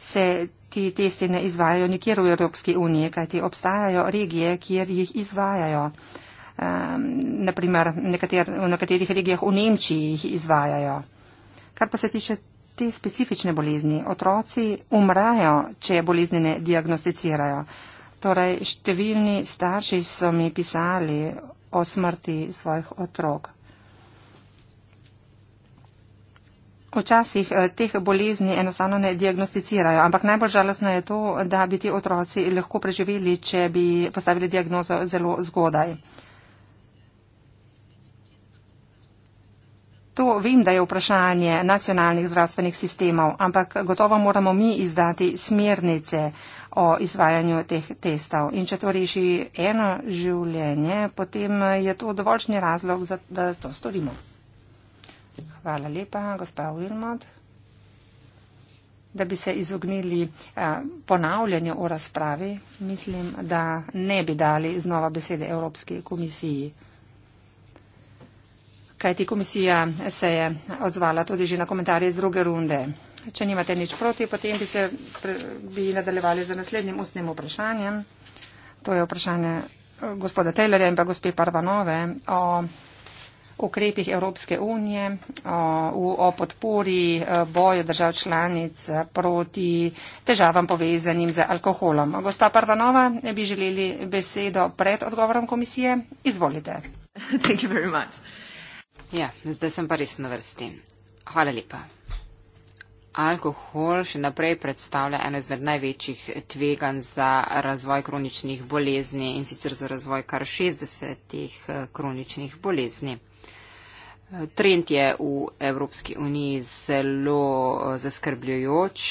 se ti testi ne izvajajo nikjer v Evropski uniji, kajti obstajajo regije, kjer jih izvajajo. Ehm, Naprimer, nekater, v nekaterih regijah v Nemčiji jih izvajajo. Kar pa se tiče te specifične bolezni, otroci umrajo, če bolezni ne diagnosticirajo. Torej, številni starši so mi pisali o smrti svojih otrok. Včasih eh, teh bolezni enostavno ne diagnosticirajo, ampak najbolj žalostno je to, da bi ti otroci lahko preživeli, če bi postavili diagnozo zelo zgodaj. To vem, da je vprašanje nacionalnih zdravstvenih sistemov, ampak gotovo moramo mi izdati smernice, o izvajanju teh testov. In če to reši eno življenje, potem je to dovoljšnji razlog, za, da to storimo. Hvala lepa, gospa Wilmot. Da bi se izognili eh, ponavljanju o razpravi, mislim, da ne bi dali znova besede Evropski komisiji. Kajti komisija se je odzvala tudi že na komentarje z druge runde. Če nimate nič proti, potem bi se bi nadaljevali z naslednjim ustnim vprašanjem. To je vprašanje eh, gospoda Taylorja in pa gospe Parvanove o ukrepih Evropske unije, o, o podpori eh, boju držav članic eh, proti težavam povezanim z alkoholom. Gospa Parvanova, bi želeli besedo pred odgovorom komisije? Izvolite. <laughs> Ja, zdaj sem pa res na vrsti. Hvala lepa alkohol še naprej predstavlja eno izmed največjih tveganj za razvoj kroničnih bolezni in sicer za razvoj kar 60 eh, kroničnih bolezni. Eh, trend je v Evropski uniji zelo eh, zaskrbljujoč.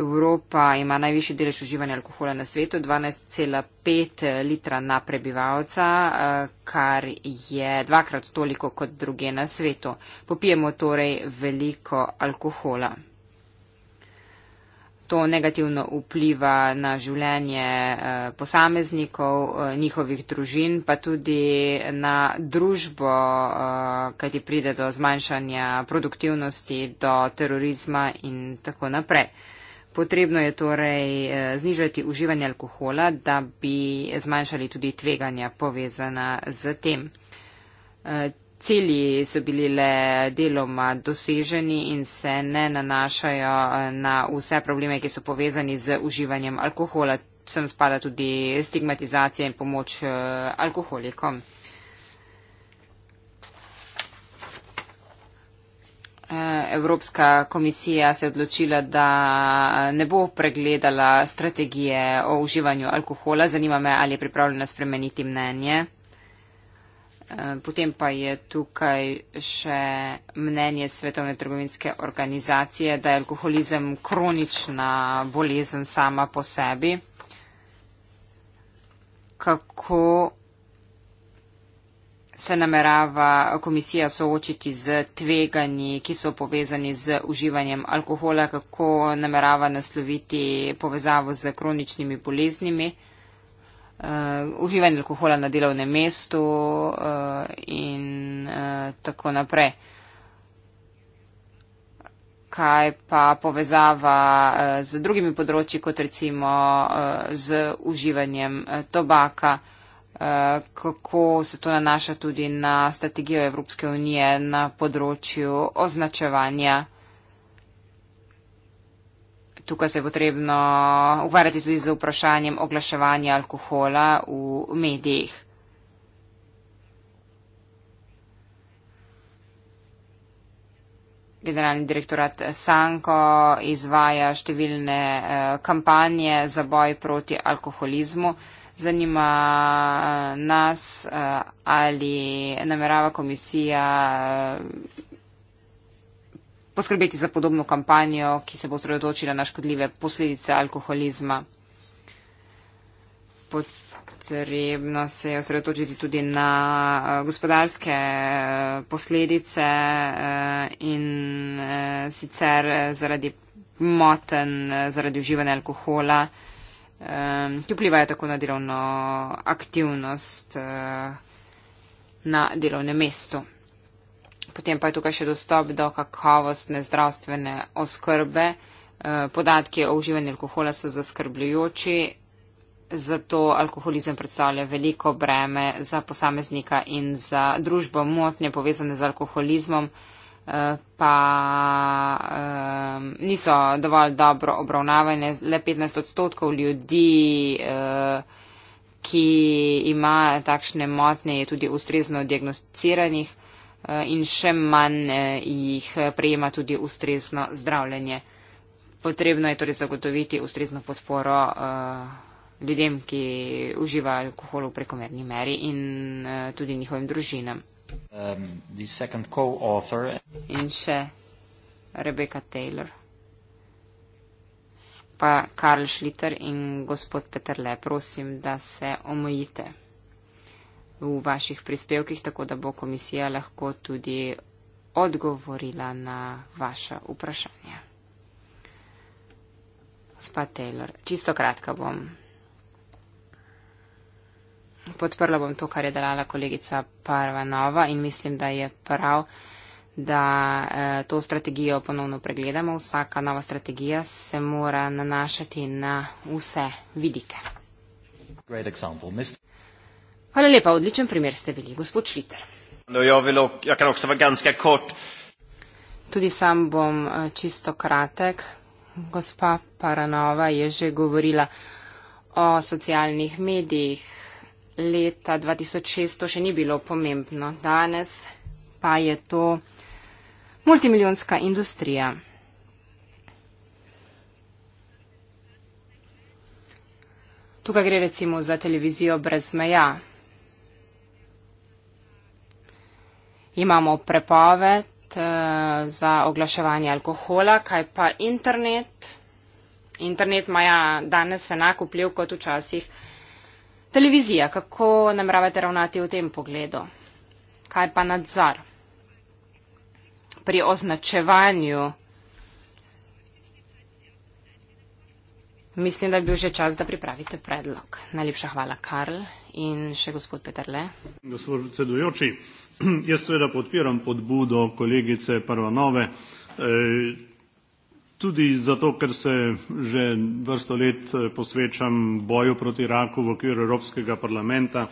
Evropa ima najvišji delež uživanja alkohola na svetu, 12,5 eh, litra na prebivalca, eh, kar je dvakrat toliko kot druge na svetu. Popijemo torej veliko alkohola. To negativno vpliva na življenje eh, posameznikov, njihovih družin, pa tudi na družbo, kajti pride do zmanjšanja produktivnosti, do terorizma in tako naprej. Potrebno je torej eh, znižati uživanje alkohola, da bi zmanjšali tudi tveganja povezana z tem. Eh, cilji so bili le deloma doseženi in se ne nanašajo eh, na vse probleme, ki so povezani z uživanjem alkohola. Sem spada tudi stigmatizacija in pomoč alkoholikom. Eh, Evropska komisija se je odločila, da ne bo pregledala strategije o uživanju alkohola. Zanima me, ali je pripravljena spremeniti mnenje. Eh, potem pa je tukaj še mnenje Svetovne trgovinske organizacije, da je alkoholizem kronična bolezen sama po sebi. Kako se namerava komisija soočiti z tveganji, ki so povezani z uživanjem alkohola, kako namerava nasloviti povezavo z kroničnimi boleznimi, uh, uživanje alkohola na delovnem mestu uh, in uh, tako naprej. Kaj pa povezava uh, z drugimi področji, kot recimo uh, z uživanjem uh, tobaka? kako se to nanaša tudi na strategijo Evropske unije na področju označevanja. Tukaj se je potrebno ukvarjati tudi z vprašanjem oglaševanja alkohola v medijih. Generalni direktorat Sanko izvaja številne eh, kampanje za boj proti alkoholizmu. Zanima eh, nas, eh, ali namerava komisija eh, poskrbeti za podobno kampanjo, ki se bo sredotočila na škodljive posledice alkoholizma. Potrebno se je osredotočiti tudi na gospodarske posledice in sicer zaradi moten, zaradi uživanja alkohola um, ki vplivajo tako na delovno aktivnost uh, na delovnem mestu. Potem pa je tukaj še dostop do kakovostne zdravstvene oskrbe. Eh, podatki o uživanju alkohola so zaskrbljujoči, zato alkoholizem predstavlja veliko breme za posameznika in za družbo. Motnje povezane z alkoholizmom uh, Eh, pa uh, niso dovolj dobro obravnavane. Le 15 odstotkov ljudi, uh, ki ima takšne motnje, je tudi ustrezno diagnosticiranih uh, in še manj uh, jih prejema tudi ustrezno zdravljenje. Potrebno je torej zagotoviti ustrezno podporo uh, ljudem, ki uživajo alkohol v prekomerni meri in uh, tudi njihovim družinam. Um, in še Rebeka Taylor, pa Karl Schlitter in gospod Peterle, prosim, da se omojite v vaših prispevkih, tako da bo komisija lahko tudi odgovorila na vaše vprašanje. Gospa Taylor, čisto kratka bom podprla bom to, kar je delala kolegica Parvanova in mislim, da je prav, da eh, to strategijo ponovno pregledamo. Vsaka nova strategija se mora nanašati na vse vidike. Hvala lepa, odličen primer ste bili, gospod Šliter. No, ja, ja, Tudi sam bom eh, čisto kratek. Gospa Paranova je že govorila o socialnih medijih, leta 2006 to še ni bilo pomembno. Danes pa je to multimiljonska industrija. Tukaj gre recimo za televizijo brez meja. Imamo prepoved uh, za oglaševanje alkohola, kaj pa internet. Internet ima ja danes enako vpliv kot včasih. Televizija, kako nameravate ravnati v tem pogledu? Kaj pa nadzor pri označevanju? Mislim, da je bil že čas, da pripravite predlog. Najlepša hvala, Karl in še gospod Petrle. Gospod predsedujoči, <clears throat> jaz seveda podpiram podbudo kolegice Prvanove. Eh, Tudi zato, ker se že vrsto let eh, posvečam boju proti raku v okviru Evropskega parlamenta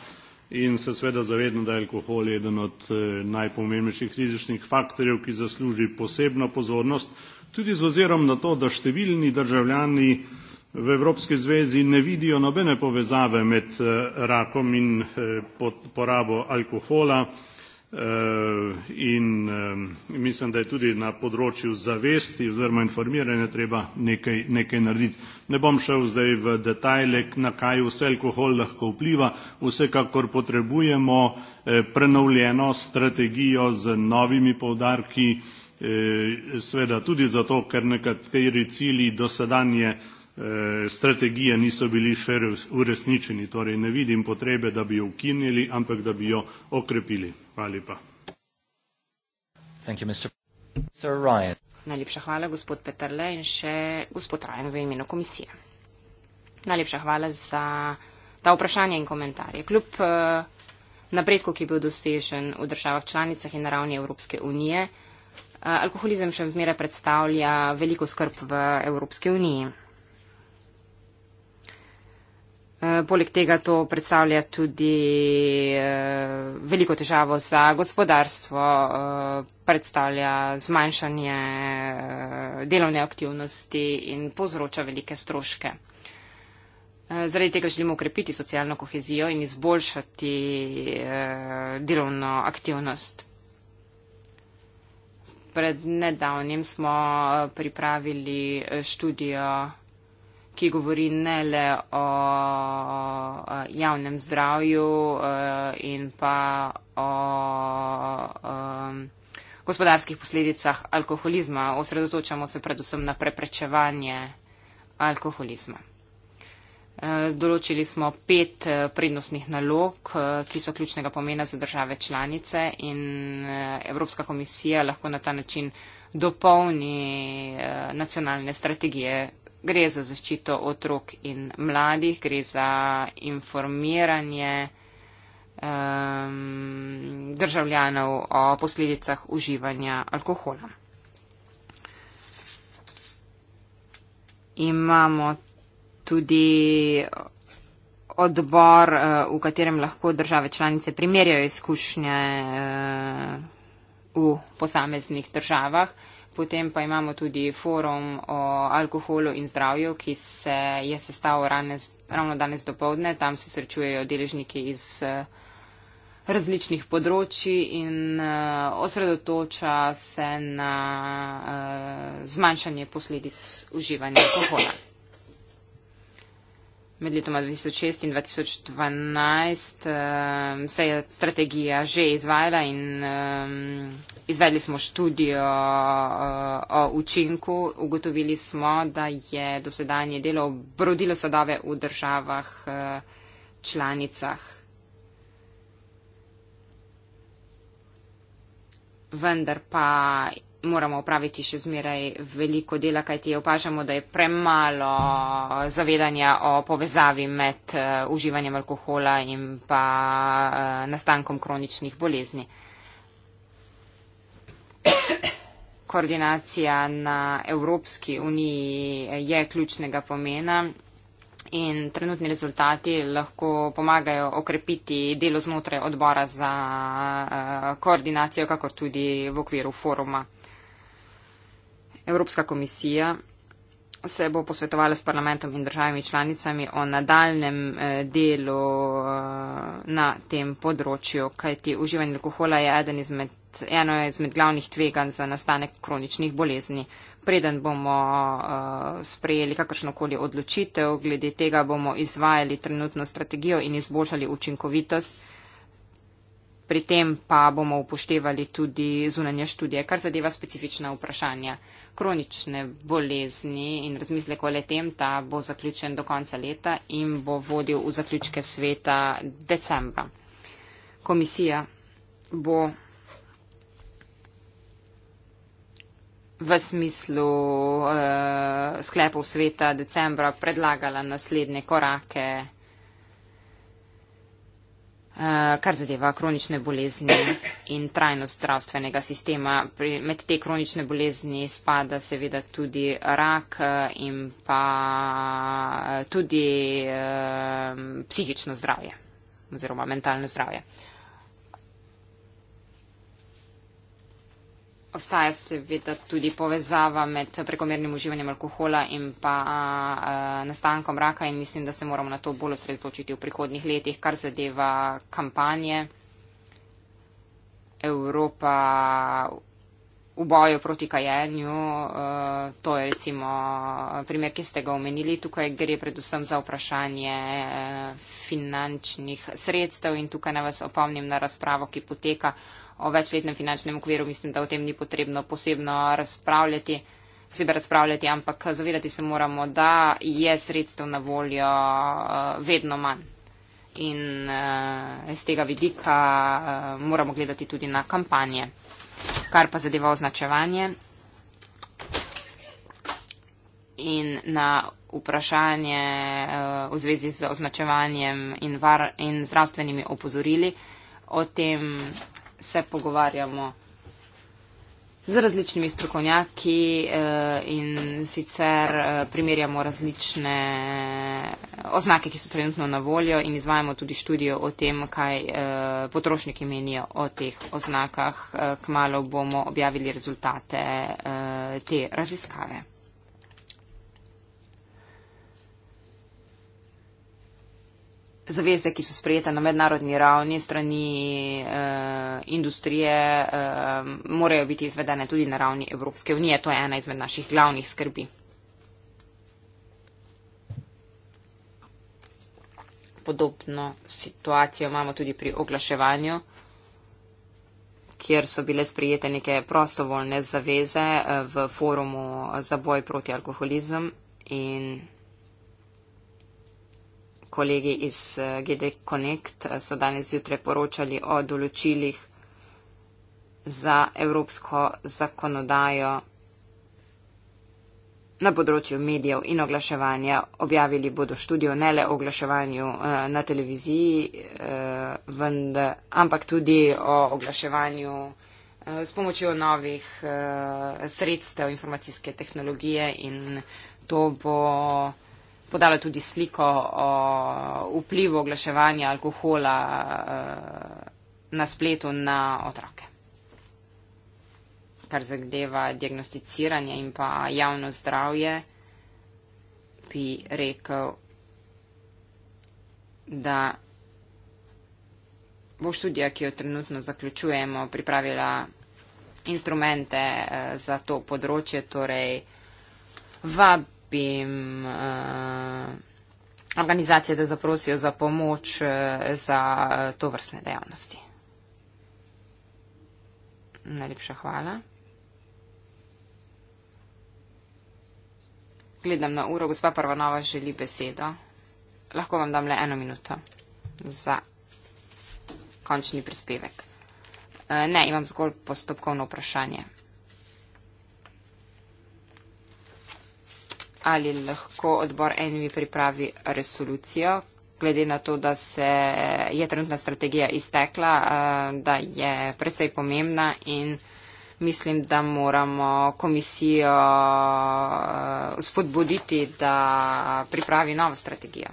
in se sveda zavedam, da je alkohol eden od eh, najpomembnejših rizičnih faktorjev, ki zasluži posebno pozornost, tudi z ozirom na to, da številni državljani v Evropski zvezi ne vidijo nobene povezave med eh, rakom in porabo alkohola. Eh, in ehm, mislim, da je tudi na področju zavesti oziroma informiranja treba nekaj, nekaj narediti. Ne bom šel zdaj v detajle, na kaj vse alkohol lahko vpliva. Vsekakor potrebujemo eh, prenovljeno strategijo z novimi poudarki, eh, seveda tudi zato, ker nekateri cilji dosedanje Eh, strategije niso bili še uresničeni. Torej ne vidim potrebe, da bi jo ukinili, ampak da bi jo okrepili. Hvala lepa. Najlepša hvala, gospod Petrle in še gospod Rajan v imenu komisije. Najlepša hvala za ta vprašanja in komentarje. Kljub eh, napredku, ki je bil dosežen v državah članicah in na ravni Evropske unije, eh, alkoholizem še vzmeraj predstavlja veliko skrb v Evropske uniji. Eh, poleg tega to predstavlja tudi eh, veliko težavo za gospodarstvo, eh, predstavlja zmanjšanje delovne aktivnosti in povzroča velike stroške. Zaradi tega želimo ukrepiti socialno kohezijo in izboljšati delovno aktivnost. Pred nedavnim smo pripravili študijo ki govori ne le o javnem zdravju e, in pa o e, gospodarskih posledicah alkoholizma. Osredotočamo se predvsem na preprečevanje alkoholizma. E, določili smo pet prednostnih nalog, ki so ključnega pomena za države članice in Evropska komisija lahko na ta način dopolni nacionalne strategije gre za zaščito otrok in mladih, gre za informiranje um, državljanov o posledicah uživanja alkohola. Imamo tudi odbor, uh, v katerem lahko države članice primerjajo izkušnje uh, v posameznih državah. Potem pa imamo tudi forum o alkoholu in zdravju, ki se je sestavil ranes, ravno danes dopovdne. Tam se srečujejo deležniki iz eh, različnih področji in uh, osredotoča se na uh, zmanjšanje posledic uživanja alkohola med letoma 2006 in 2012 uh, ehm, se je strategija že izvajala in um, izvedli smo študijo uh, o učinku. Ugotovili smo, da je dosedanje delo obrodilo sadove v državah uh, članicah. Vendar pa moramo opraviti še zmeraj veliko dela, kajti opažamo, da je premalo zavedanja o povezavi med eh, uživanjem alkohola in pa eh, nastankom kroničnih bolezni. Koordinacija na Evropski uniji je ključnega pomena in trenutni rezultati lahko pomagajo okrepiti delo znotraj odbora za eh, koordinacijo, kakor tudi v okviru foruma. Evropska komisija se bo posvetovala s parlamentom in državami članicami o nadaljem eh, delu eh, na tem področju, kajti uživanje alkohola je eden izmed, eno izmed glavnih tveganj za nastanek kroničnih bolezni. Preden bomo eh, sprejeli kakršnokoli odločitev, glede tega bomo izvajali trenutno strategijo in izboljšali učinkovitost pri tem pa bomo upoštevali tudi zunanje študije, kar zadeva specifična vprašanja. Kronične bolezni in razmisleko le tem, ta bo zaključen do konca leta in bo vodil v zaključke sveta decembra. Komisija bo v smislu uh, sklepov sveta decembra predlagala naslednje korake. Eh, kar zadeva kronične bolezni in trajnost zdravstvenega sistema. Pri, med te kronične bolezni spada seveda tudi rak eh, in pa eh, tudi uh, psihično zdravje oziroma mentalno zdravje. Uh, Obstaja seveda tudi povezava med prekomernim uživanjem alkohola in pa a, a, nastankom raka in mislim, da se moramo na to bolj osredotočiti v prihodnih letih, kar zadeva kampanje Evropa v boju proti kajenju. A, to je recimo primer, ki ste ga omenili. Tukaj gre predvsem za vprašanje a, finančnih sredstev in tukaj ne vas opomnim na razpravo, ki poteka o večletnem finančnem okviru mislim, da o tem ni potrebno posebno razpravljati, posebej razpravljati, ampak zavedati se moramo, da je sredstev na voljo eh, vedno manj. In eh, z tega vidika eh, moramo gledati tudi na kampanje. Kar pa zadeva označevanje in na vprašanje v zvezi z označevanjem in, var, in zdravstvenimi opozorili o tem, se pogovarjamo z različnimi strokovnjaki eh, in sicer eh, primerjamo različne oznake, ki so trenutno na voljo in izvajamo tudi študijo o tem, kaj eh, potrošniki menijo o teh oznakah. Kmalo bomo objavili rezultate te raziskave. zaveze, ki so sprejete na mednarodni ravni strani eh, industrije, eh, morajo biti izvedene tudi na ravni Evropske unije. To je ena izmed naših glavnih skrbi. Podobno situacijo imamo tudi pri oglaševanju, kjer so bile sprejete neke prostovoljne zaveze eh, v forumu za boj proti alkoholizmu in kolegi iz eh, GD Connect eh, so danes zjutraj poročali o določilih za evropsko zakonodajo na področju medijev in oglaševanja. Objavili bodo študijo ne le o oglaševanju eh, na televiziji, ampak tudi o oglaševanju s pomočjo novih sredstev informacijske tehnologije in to bo podala tudi sliko o vplivu oglaševanja alkohola eh, na spletu na otroke. Kar zadeva diagnosticiranje in pa javno zdravje, bi rekel, da bo študija, ki jo trenutno zaključujemo, pripravila instrumente eh, za to področje, torej vab skupim uh, eh, organizacije, da zaprosijo za pomoč uh, za uh, eh, to vrstne dejavnosti. Najlepša hvala. Gledam na uro, gospa Prvanova želi besedo. Lahko vam dam le eno minuto za končni prispevek. Ne, imam zgolj postopkovno vprašanje. ali lahko odbor enovi pripravi resolucijo, glede na to, da se je trenutna strategija iztekla, eh, da je precej pomembna in mislim, da moramo komisijo eh, spodbuditi, da pripravi novo strategijo.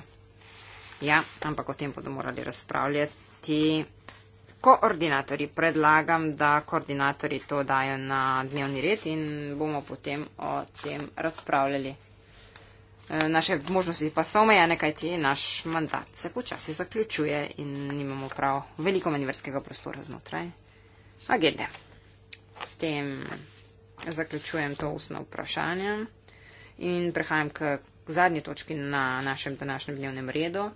Ja, ampak o tem bodo morali razpravljati. Koordinatorji predlagam, da koordinatorji to dajo na dnevni red in bomo potem o tem razpravljali. Eh, naše možnosti pa so omejene, kajti naš mandat se počasi zaključuje in nimamo prav veliko manjverskega prostora znotraj agende. S tem zaključujem to ustno vprašanje in prehajam k zadnji točki na našem današnjem dnevnem redu.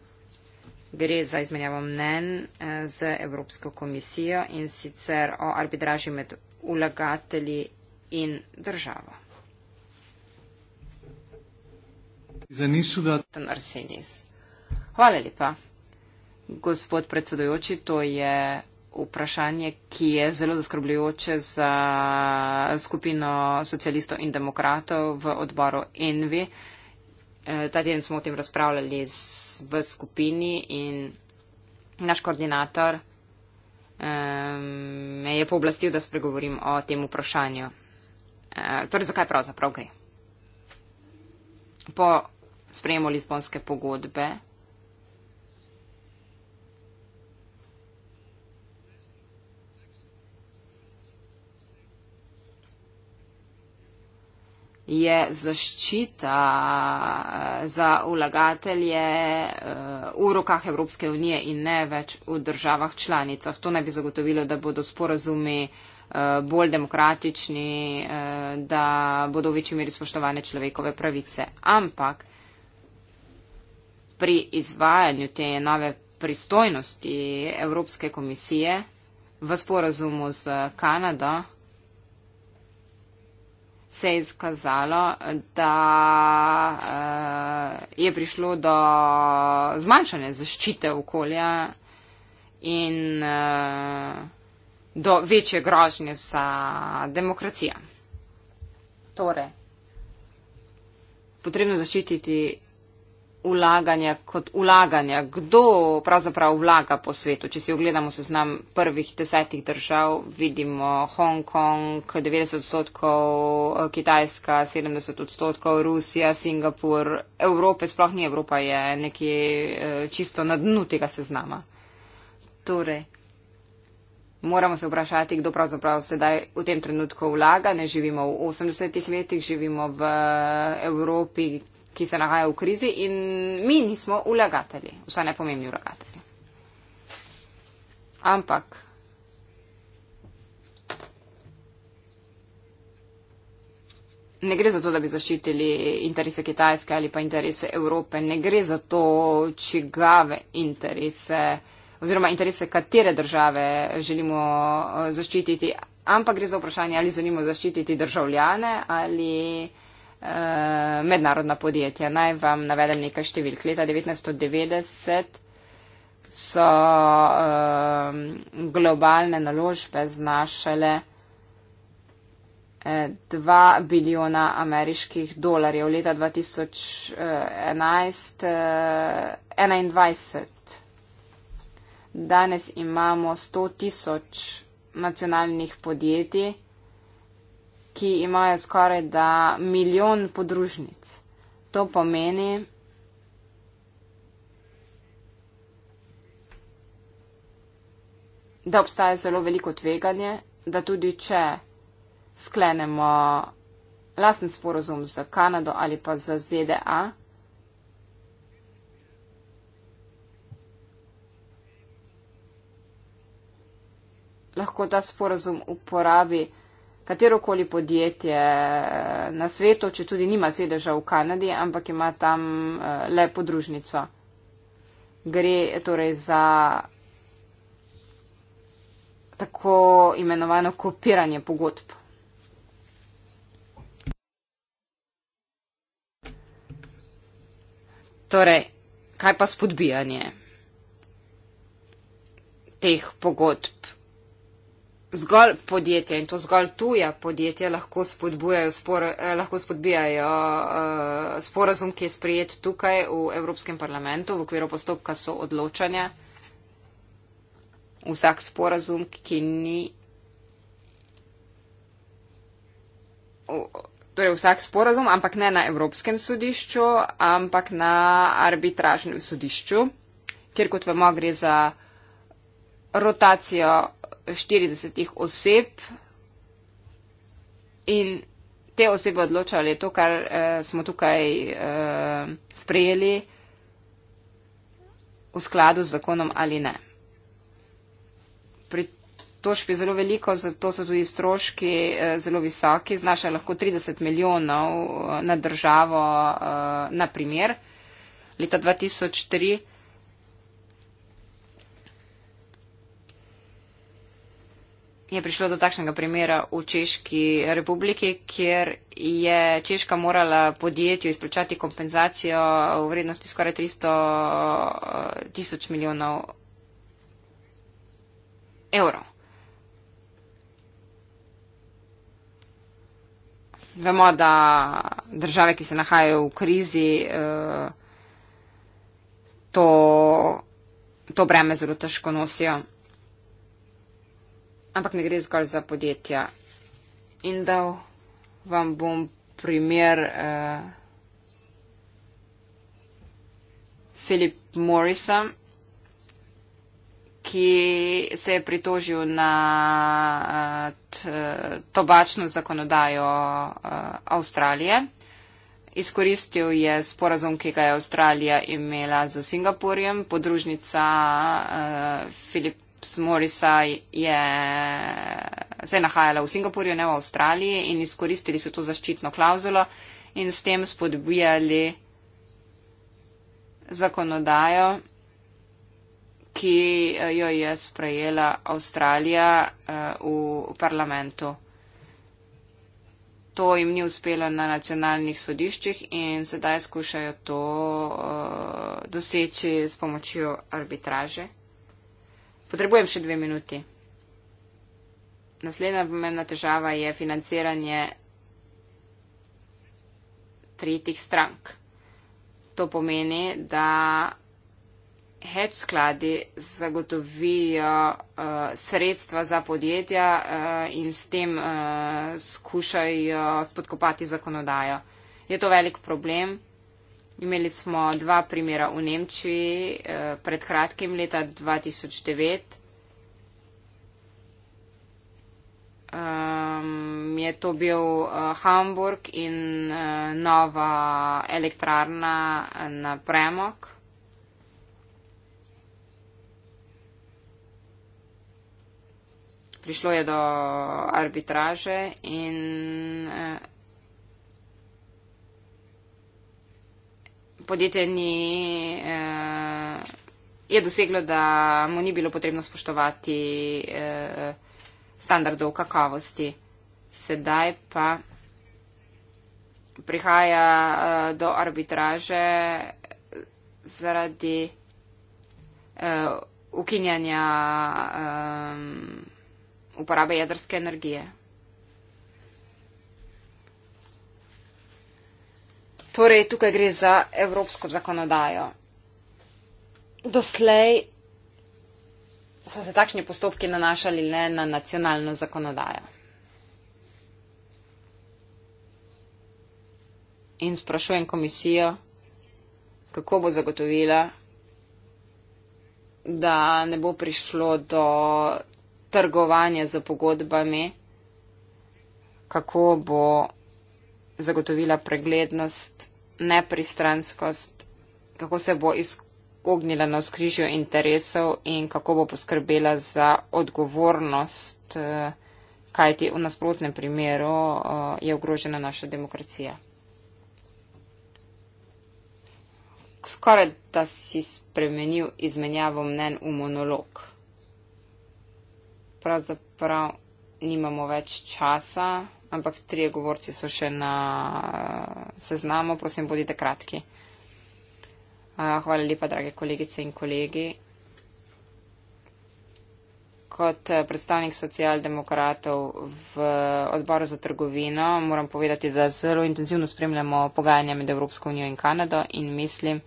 Gre za izmenjavo mnen eh, z Evropsko komisijo in sicer o arbitraži med ulagateli in državo. Arsenis. Hvala lepa. Gospod predsedojoči, to je vprašanje, ki je zelo zaskrbljujoče za skupino socialistov in demokratov v odboru Envi. E, ta teden smo o tem razpravljali v skupini in naš koordinator e, me je pooblastil, da spregovorim o tem vprašanju. E, torej, zakaj pravzaprav gre? Po sprejemu Lizbonske pogodbe. je zaščita eh, za vlagatelje eh, v rokah Evropske unije in ne več v državah članicah. To naj bi zagotovilo, da bodo sporazumi eh, bolj demokratični, da bodo v večji meri spoštovane človekove pravice. Ampak pri izvajanju te nove pristojnosti Evropske komisije v sporazumu z Kanado se je izkazalo, da eh, je prišlo do zmanjšanja zaščite okolja in eh, do večje grožnje za demokracijo. Torej, potrebno zaščititi vlaganja kot vlaganja. Kdo pravzaprav vlaga po svetu? Če si ogledamo seznam prvih desetih držav, vidimo Hongkong 90 odstotkov, eh, Kitajska 70 odstotkov, Rusija, Singapur, Evrope, sploh ni Evropa, je nekje eh, čisto na dnu tega seznama. Torej. Moramo se vprašati, kdo pravzaprav sedaj v tem trenutku vlaga. Ne živimo v 80-ih letih, živimo v eh, Evropi, ki se nahaja v krizi in mi nismo vlagatelji, vsaj nepomembni vlagatelji. Ampak. Ne gre za to, da bi zaščitili interese Kitajske ali pa interese Evrope, ne gre za to, čigave interese oziroma interese katere države želimo eh, zaščititi, ampak gre za vprašanje, ali želimo zaščititi državljane ali. Eh, mednarodna podjetja. Naj vam navedem nekaj številk. Leta 1990 so um, globalne naložbe znašale 2 eh, bilijona ameriških dolarjev. Leta 2011 uh, 21. Danes imamo 100 tisoč nacionalnih podjetij ki imajo skoraj da milijon podružnic. To pomeni, da obstaja zelo veliko tveganje, da tudi če sklenemo lasten sporozum za Kanado ali pa za ZDA, lahko ta sporozum uporabi katerokoli podjetje na svetu, če tudi nima sedeža v Kanadi, ampak ima tam eh, le podružnico. Gre torej za tako imenovano kopiranje pogodb. Torej, kaj pa spodbijanje teh pogodb? zgolj podjetja in to zgolj tuja podjetja lahko, spor, eh, lahko spodbijajo eh, sporazum, ki je sprejet tukaj v Evropskem parlamentu v okviru postopka so odločanja. Vsak sporazum, ki ni. Torej, vsak sporazum, ampak ne na Evropskem sodišču, ampak na arbitražnem sodišču, kjer kot vemo gre za rotacijo 40 oseb in te osebe odločali to, kar eh, smo tukaj eh, sprejeli v skladu z zakonom ali ne. Pritožb je zelo veliko, zato so tudi stroški eh, zelo visoki, znaša lahko 30 milijonov eh, na državo eh, na primer. Leta 2003 je prišlo do takšnega primera v Češki republiki, kjer je Češka morala podjetju izplačati kompenzacijo v vrednosti skoraj 300 eh, tisoč milijonov evrov. Vemo, da države, ki se nahajajo v krizi, eh, to, to breme zelo težko nosijo ampak ne gre zgolj za podjetja. In da vam bom primer uh, Philip Morrisa, ki se je pritožil na uh, t, tobačno zakonodajo uh, Avstralije. Izkoristil je sporazum, ki ga je Avstralija imela z Singapurjem, podružnica uh, Philip Phelps Morisa je se je nahajala v Singapurju, ne v Avstraliji in izkoristili so to zaščitno klauzulo in s tem spodbijali zakonodajo, ki eh, jo je sprejela Avstralija eh, v parlamentu. To jim ni uspelo na nacionalnih sodiščih in sedaj skušajo to uh, doseči s pomočjo arbitraže. Potrebujem še dve minuti. Naslednja pomembna težava je financiranje tretjih strank. To pomeni, da hedge skladi zagotovijo uh, sredstva za podjetja uh, in s tem uh, skušajo spodkopati zakonodajo. Je to velik problem? Imeli smo dva primera v Nemčiji eh, pred kratkim leta 2009. Um, ehm, je to bil uh, Hamburg in uh, nova elektrarna na premok. Prišlo je do arbitraže in uh, podjetje ni, eh, je doseglo, da mu ni bilo potrebno spoštovati eh, standardov kakovosti. Sedaj pa prihaja eh, do arbitraže eh, zaradi eh, ukinjanja eh, uporabe jedrske energije. Torej, tukaj gre za evropsko zakonodajo. Doslej so se takšni postopki nanašali le na nacionalno zakonodajo. In sprašujem komisijo, kako bo zagotovila, da ne bo prišlo do trgovanja z pogodbami, kako bo zagotovila preglednost, nepristranskost, kako se bo izognila na skrižju interesov in kako bo poskrbela za odgovornost, eh, kajti v nasprotnem primeru eh, je ogrožena naša demokracija. Skoraj da si spremenil izmenjavo mnen v monolog. Pravzaprav nimamo več časa ampak trije govorci so še na eh, seznamu. Prosim, bodite kratki. Hvala lepa, drage kolegice in kolegi. Kot eh, predstavnik socialdemokratov v odboru za trgovino moram povedati, da zelo intenzivno spremljamo pogajanja med Evropsko unijo in Kanado in mislim,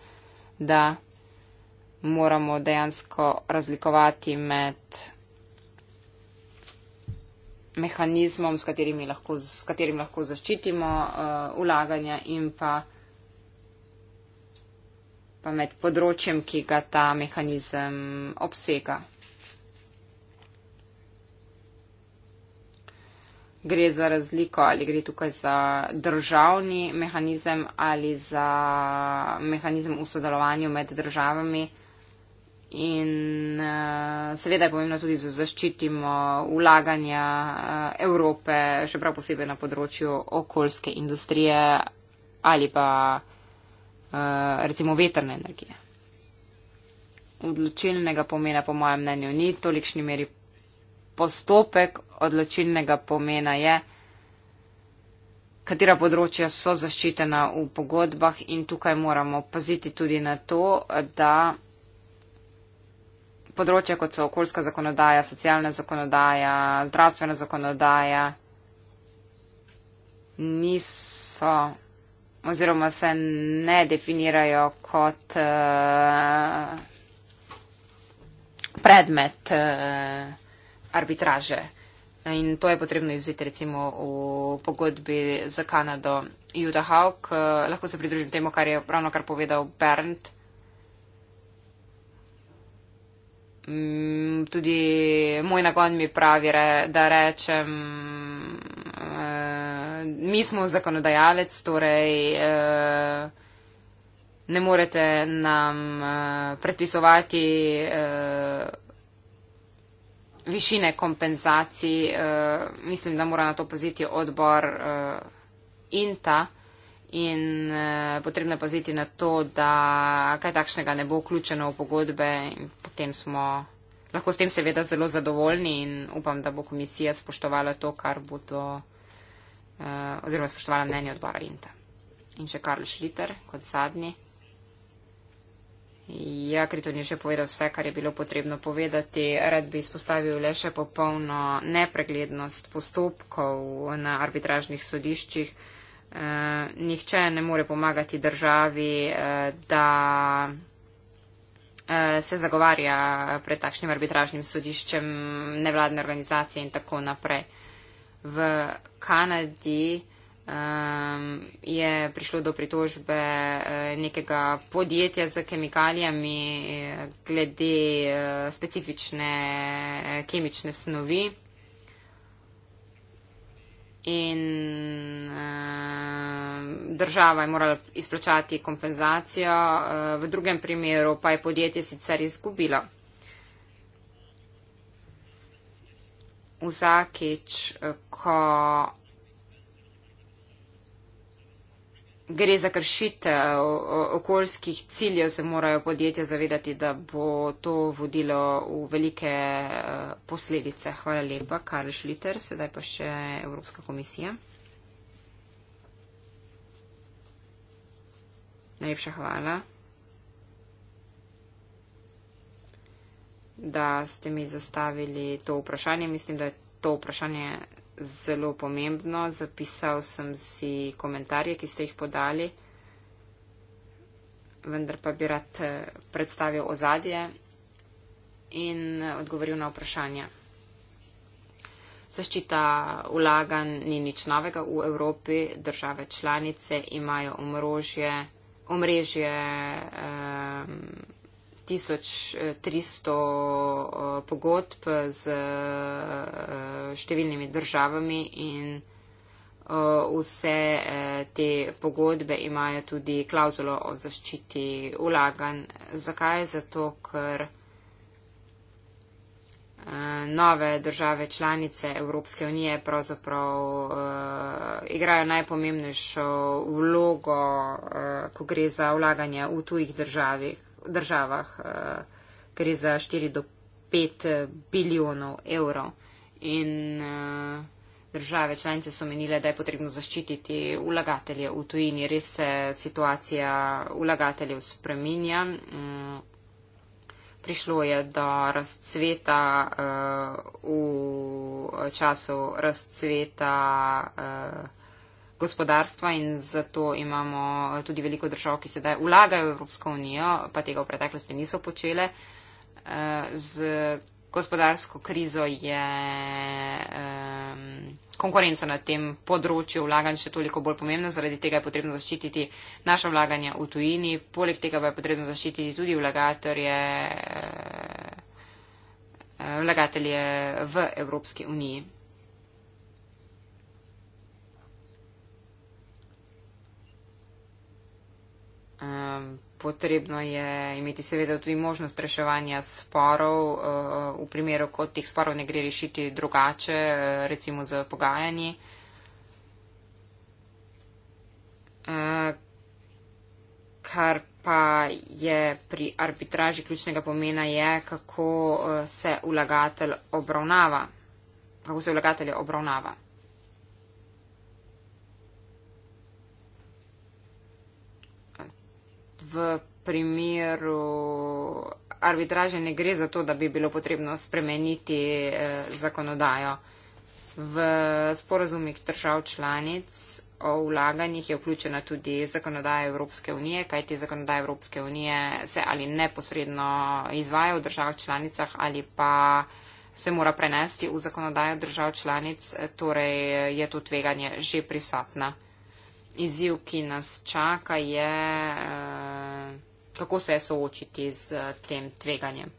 da moramo dejansko razlikovati med mehanizmom, s katerim lahko, s katerim lahko zaščitimo uh, ulaganja in pa, pa med področjem, ki ga ta mehanizem obsega. Gre za razliko, ali gre tukaj za državni mehanizem ali za mehanizem v sodelovanju med državami in uh, seveda je pomembno tudi za zaščitimo ulaganja uh, eh, Evrope, še prav posebej na področju okoljske industrije ali pa uh, recimo veterne energije. Odločilnega pomena po mojem mnenju ni tolikšni meri postopek, odločilnega pomena je, katera področja so zaščitena v pogodbah in tukaj moramo paziti tudi na to, da področja, kot so okoljska zakonodaja, socialna zakonodaja, zdravstvena zakonodaja, niso oziroma se ne definirajo kot uh, predmet uh, arbitraže. In to je potrebno izuzeti recimo v pogodbi za Kanado. Juda Hawk, uh, eh, lahko se pridružim temu, kar je ravno kar povedal Bernd. Uh, Mm, tudi moj nagon mi pravi, re, da rečem, uh, mi smo zakonodajalec, torej uh, ne morete nam uh, predpisovati uh, višine kompenzacij. Uh, mislim, da mora na to paziti odbor uh, INTA. Uh, in eh, potrebno je paziti na to, da kaj takšnega ne bo vključeno v pogodbe in potem smo lahko s tem seveda zelo zadovoljni in upam, da bo komisija spoštovala to, kar bo to, eh, oziroma spoštovala mnenje odbora Inta. In še Karl Šliter kot zadnji. Ja, Kriton je že povedal vse, kar je bilo potrebno povedati. Rad bi izpostavil le še popolno nepreglednost postopkov na arbitražnih sodiščih eh, nihče ne more pomagati državi, eh, da eh, se zagovarja pred takšnim arbitražnim sodiščem nevladne organizacije in tako naprej. V Kanadi eh, je prišlo do pritožbe eh, nekega podjetja z kemikalijami eh, glede eh, specifične eh, kemične snovi. In eh, država je morala izplačati kompenzacijo, eh, v drugem primeru pa je podjetje sicer izgubilo. Vsakič, eh, ko gre za kršitev eh, okoljskih ciljev, se morajo podjetja zavedati, da bo to vodilo v velike posledice. Hvala lepa, Karl Šliter, sedaj pa še Evropska komisija. najlepša hvala, da ste mi zastavili to vprašanje. Mislim, da je to vprašanje zelo pomembno. Zapisal sem si komentarje, ki ste jih podali, vendar pa bi rad eh, predstavil ozadje in eh, odgovoril na vprašanje. Zaščita vlaganj ni nič novega v Evropi, države članice imajo omrožje omrežje um, 1300 uh, pogodb z uh, številnimi državami in uh, vse uh, te pogodbe imajo tudi klauzulo o zaščiti ulagan. Zakaj? Zato, ker nove države članice Evropske unije pravzaprav uh, igrajo najpomembnejšo vlogo, uh, ko gre za vlaganje v tujih državih, državah. Uh, gre za 4 do 5 bilijonov evrov in uh, države članice so menile, da je potrebno zaščititi vlagatelje v tujini. Res se situacija vlagateljev spreminja. Um, prišlo je do razcveta eh, v času razcveta eh, gospodarstva in zato imamo tudi veliko držav, ki sedaj vlagajo v Evropsko unijo, pa tega v preteklosti niso počele. Eh, z gospodarsko krizo je um, konkurenca na tem področju vlaganj še toliko bolj pomembna, zaradi tega je potrebno zaščititi naše vlaganje v tujini, poleg tega pa je potrebno zaščititi tudi vlagatelje, uh, vlagatelje v Evropski uniji. Um, potrebno je imeti seveda tudi možnost reševanja sporov eh, v primeru, ko teh sporov ne gre rešiti drugače, eh, recimo z pogajanji. Eh, kar pa je pri arbitraži ključnega pomena je, kako se vlagatelj obravnava. Kako se vlagatelj obravnava. primeru arbitraže ne gre za to, da bi bilo potrebno spremeniti eh, zakonodajo. V sporazumih držav članic o vlaganjih je vključena tudi zakonodaja Evropske unije, kajti zakonodaja Evropske unije se ali neposredno izvaja v državah članicah ali pa se mora prenesti v zakonodajo držav članic, torej je to tveganje že prisotno izziv, ki nas čaka, je, eh, kako se je soočiti z eh, tem tveganjem.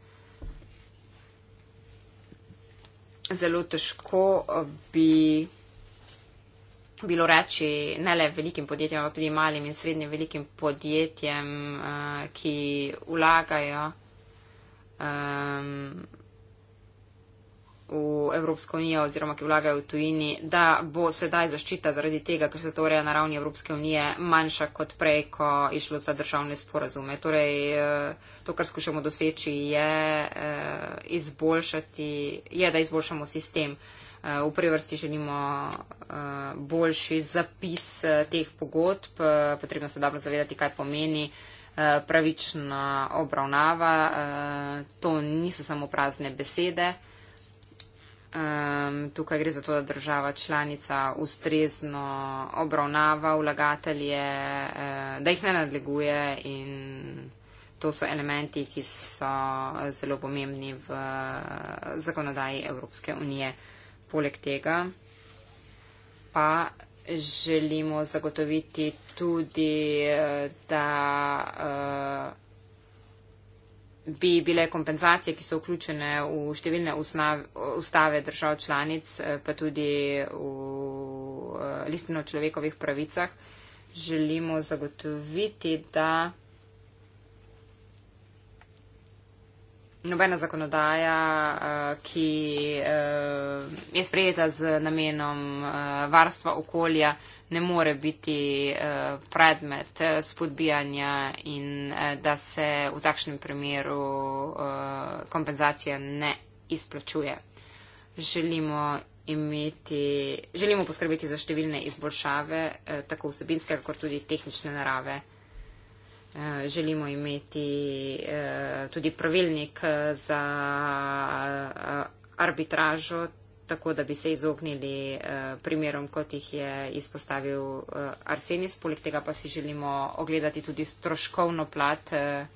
Zelo težko eh, bi bilo reči ne le velikim podjetjem, ampak tudi malim in srednjim velikim podjetjem, ki vlagajo. Ehm, v Evropsko unijo oziroma ki vlagajo v tujini, da bo sedaj zaščita zaradi tega, ker se to ureja na ravni Evropske unije, manjša kot prej, ko je šlo za državne sporazume. Torej, eh, to, kar skušamo doseči, je, eh, je, da izboljšamo sistem. Eh, v prvi vrsti želimo boljši zapis teh pogodb, potrebno se dobro zavedati, kaj pomeni pravična obravnava. To niso samo prazne besede. Um, tukaj gre za to, da država članica ustrezno obravnava vlagatelje, uh, da jih ne nadleguje in to so elementi, ki so zelo pomembni v uh, zakonodaji Evropske unije. Poleg tega pa želimo zagotoviti tudi, uh, da. Uh, bi bile kompenzacije, ki so vključene v številne usnave, ustave držav članic, eh, pa tudi v eh, listino človekovih pravicah, želimo zagotoviti, da nobena zakonodaja, eh, ki je sprejeta z namenom varstva okolja, ne more biti eh, predmet eh, spodbijanja in eh, da se v takšnem primeru kompenzacija ne izplačuje. Želimo, imeti, želimo poskrbeti za številne izboljšave, tako vsebinske, kot tudi tehnične narave. Želimo imeti tudi pravilnik za arbitražo tako, da bi se izognili eh, primerom, kot jih je izpostavil eh, Arsenis. Poleg tega pa si želimo ogledati tudi stroškovno plat. Eh,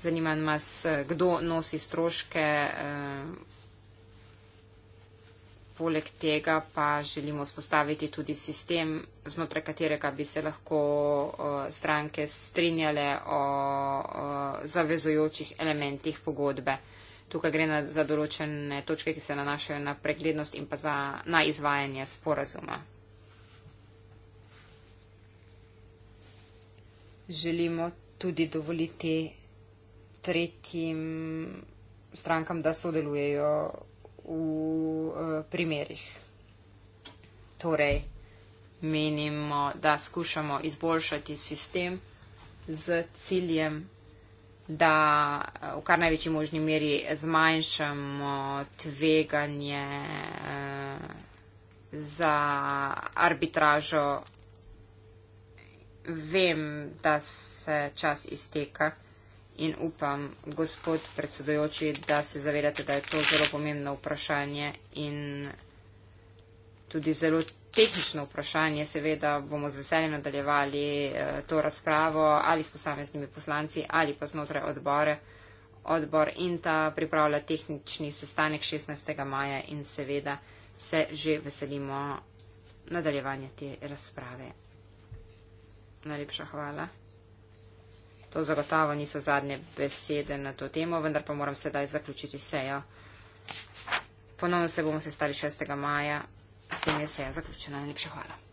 zanima nas, eh, kdo nosi stroške. Eh, poleg tega pa želimo spostaviti tudi sistem, znotraj katerega bi se lahko eh, stranke strinjale o, o zavezojočih elementih pogodbe tukaj gre na, za določene točke, ki se nanašajo na preglednost in pa za, na izvajanje sporazuma. Želimo tudi dovoliti tretjim strankam, da sodelujejo v uh, eh, primerjih. Torej, menimo, da skušamo izboljšati sistem z ciljem da eh, v kar največji možni meri zmanjšamo tveganje eh, za arbitražo. Vem, da se čas izteka in upam, gospod predsedojoči, da se zavedate, da je to zelo pomembno vprašanje in tudi zelo tehnično vprašanje, seveda bomo z veseljem nadaljevali eh, to razpravo ali s posameznimi poslanci ali pa znotraj odbore. Odbor INTA pripravlja tehnični sestanek 16. maja in seveda se že veselimo nadaljevanja te razprave. Najlepša hvala. To zagotavo niso zadnje besede na to temo, vendar pa moram sedaj zaključiti sejo. Ponovno se bomo sestali 6. maja. S tem je seja zaključena. Najlepša hvala.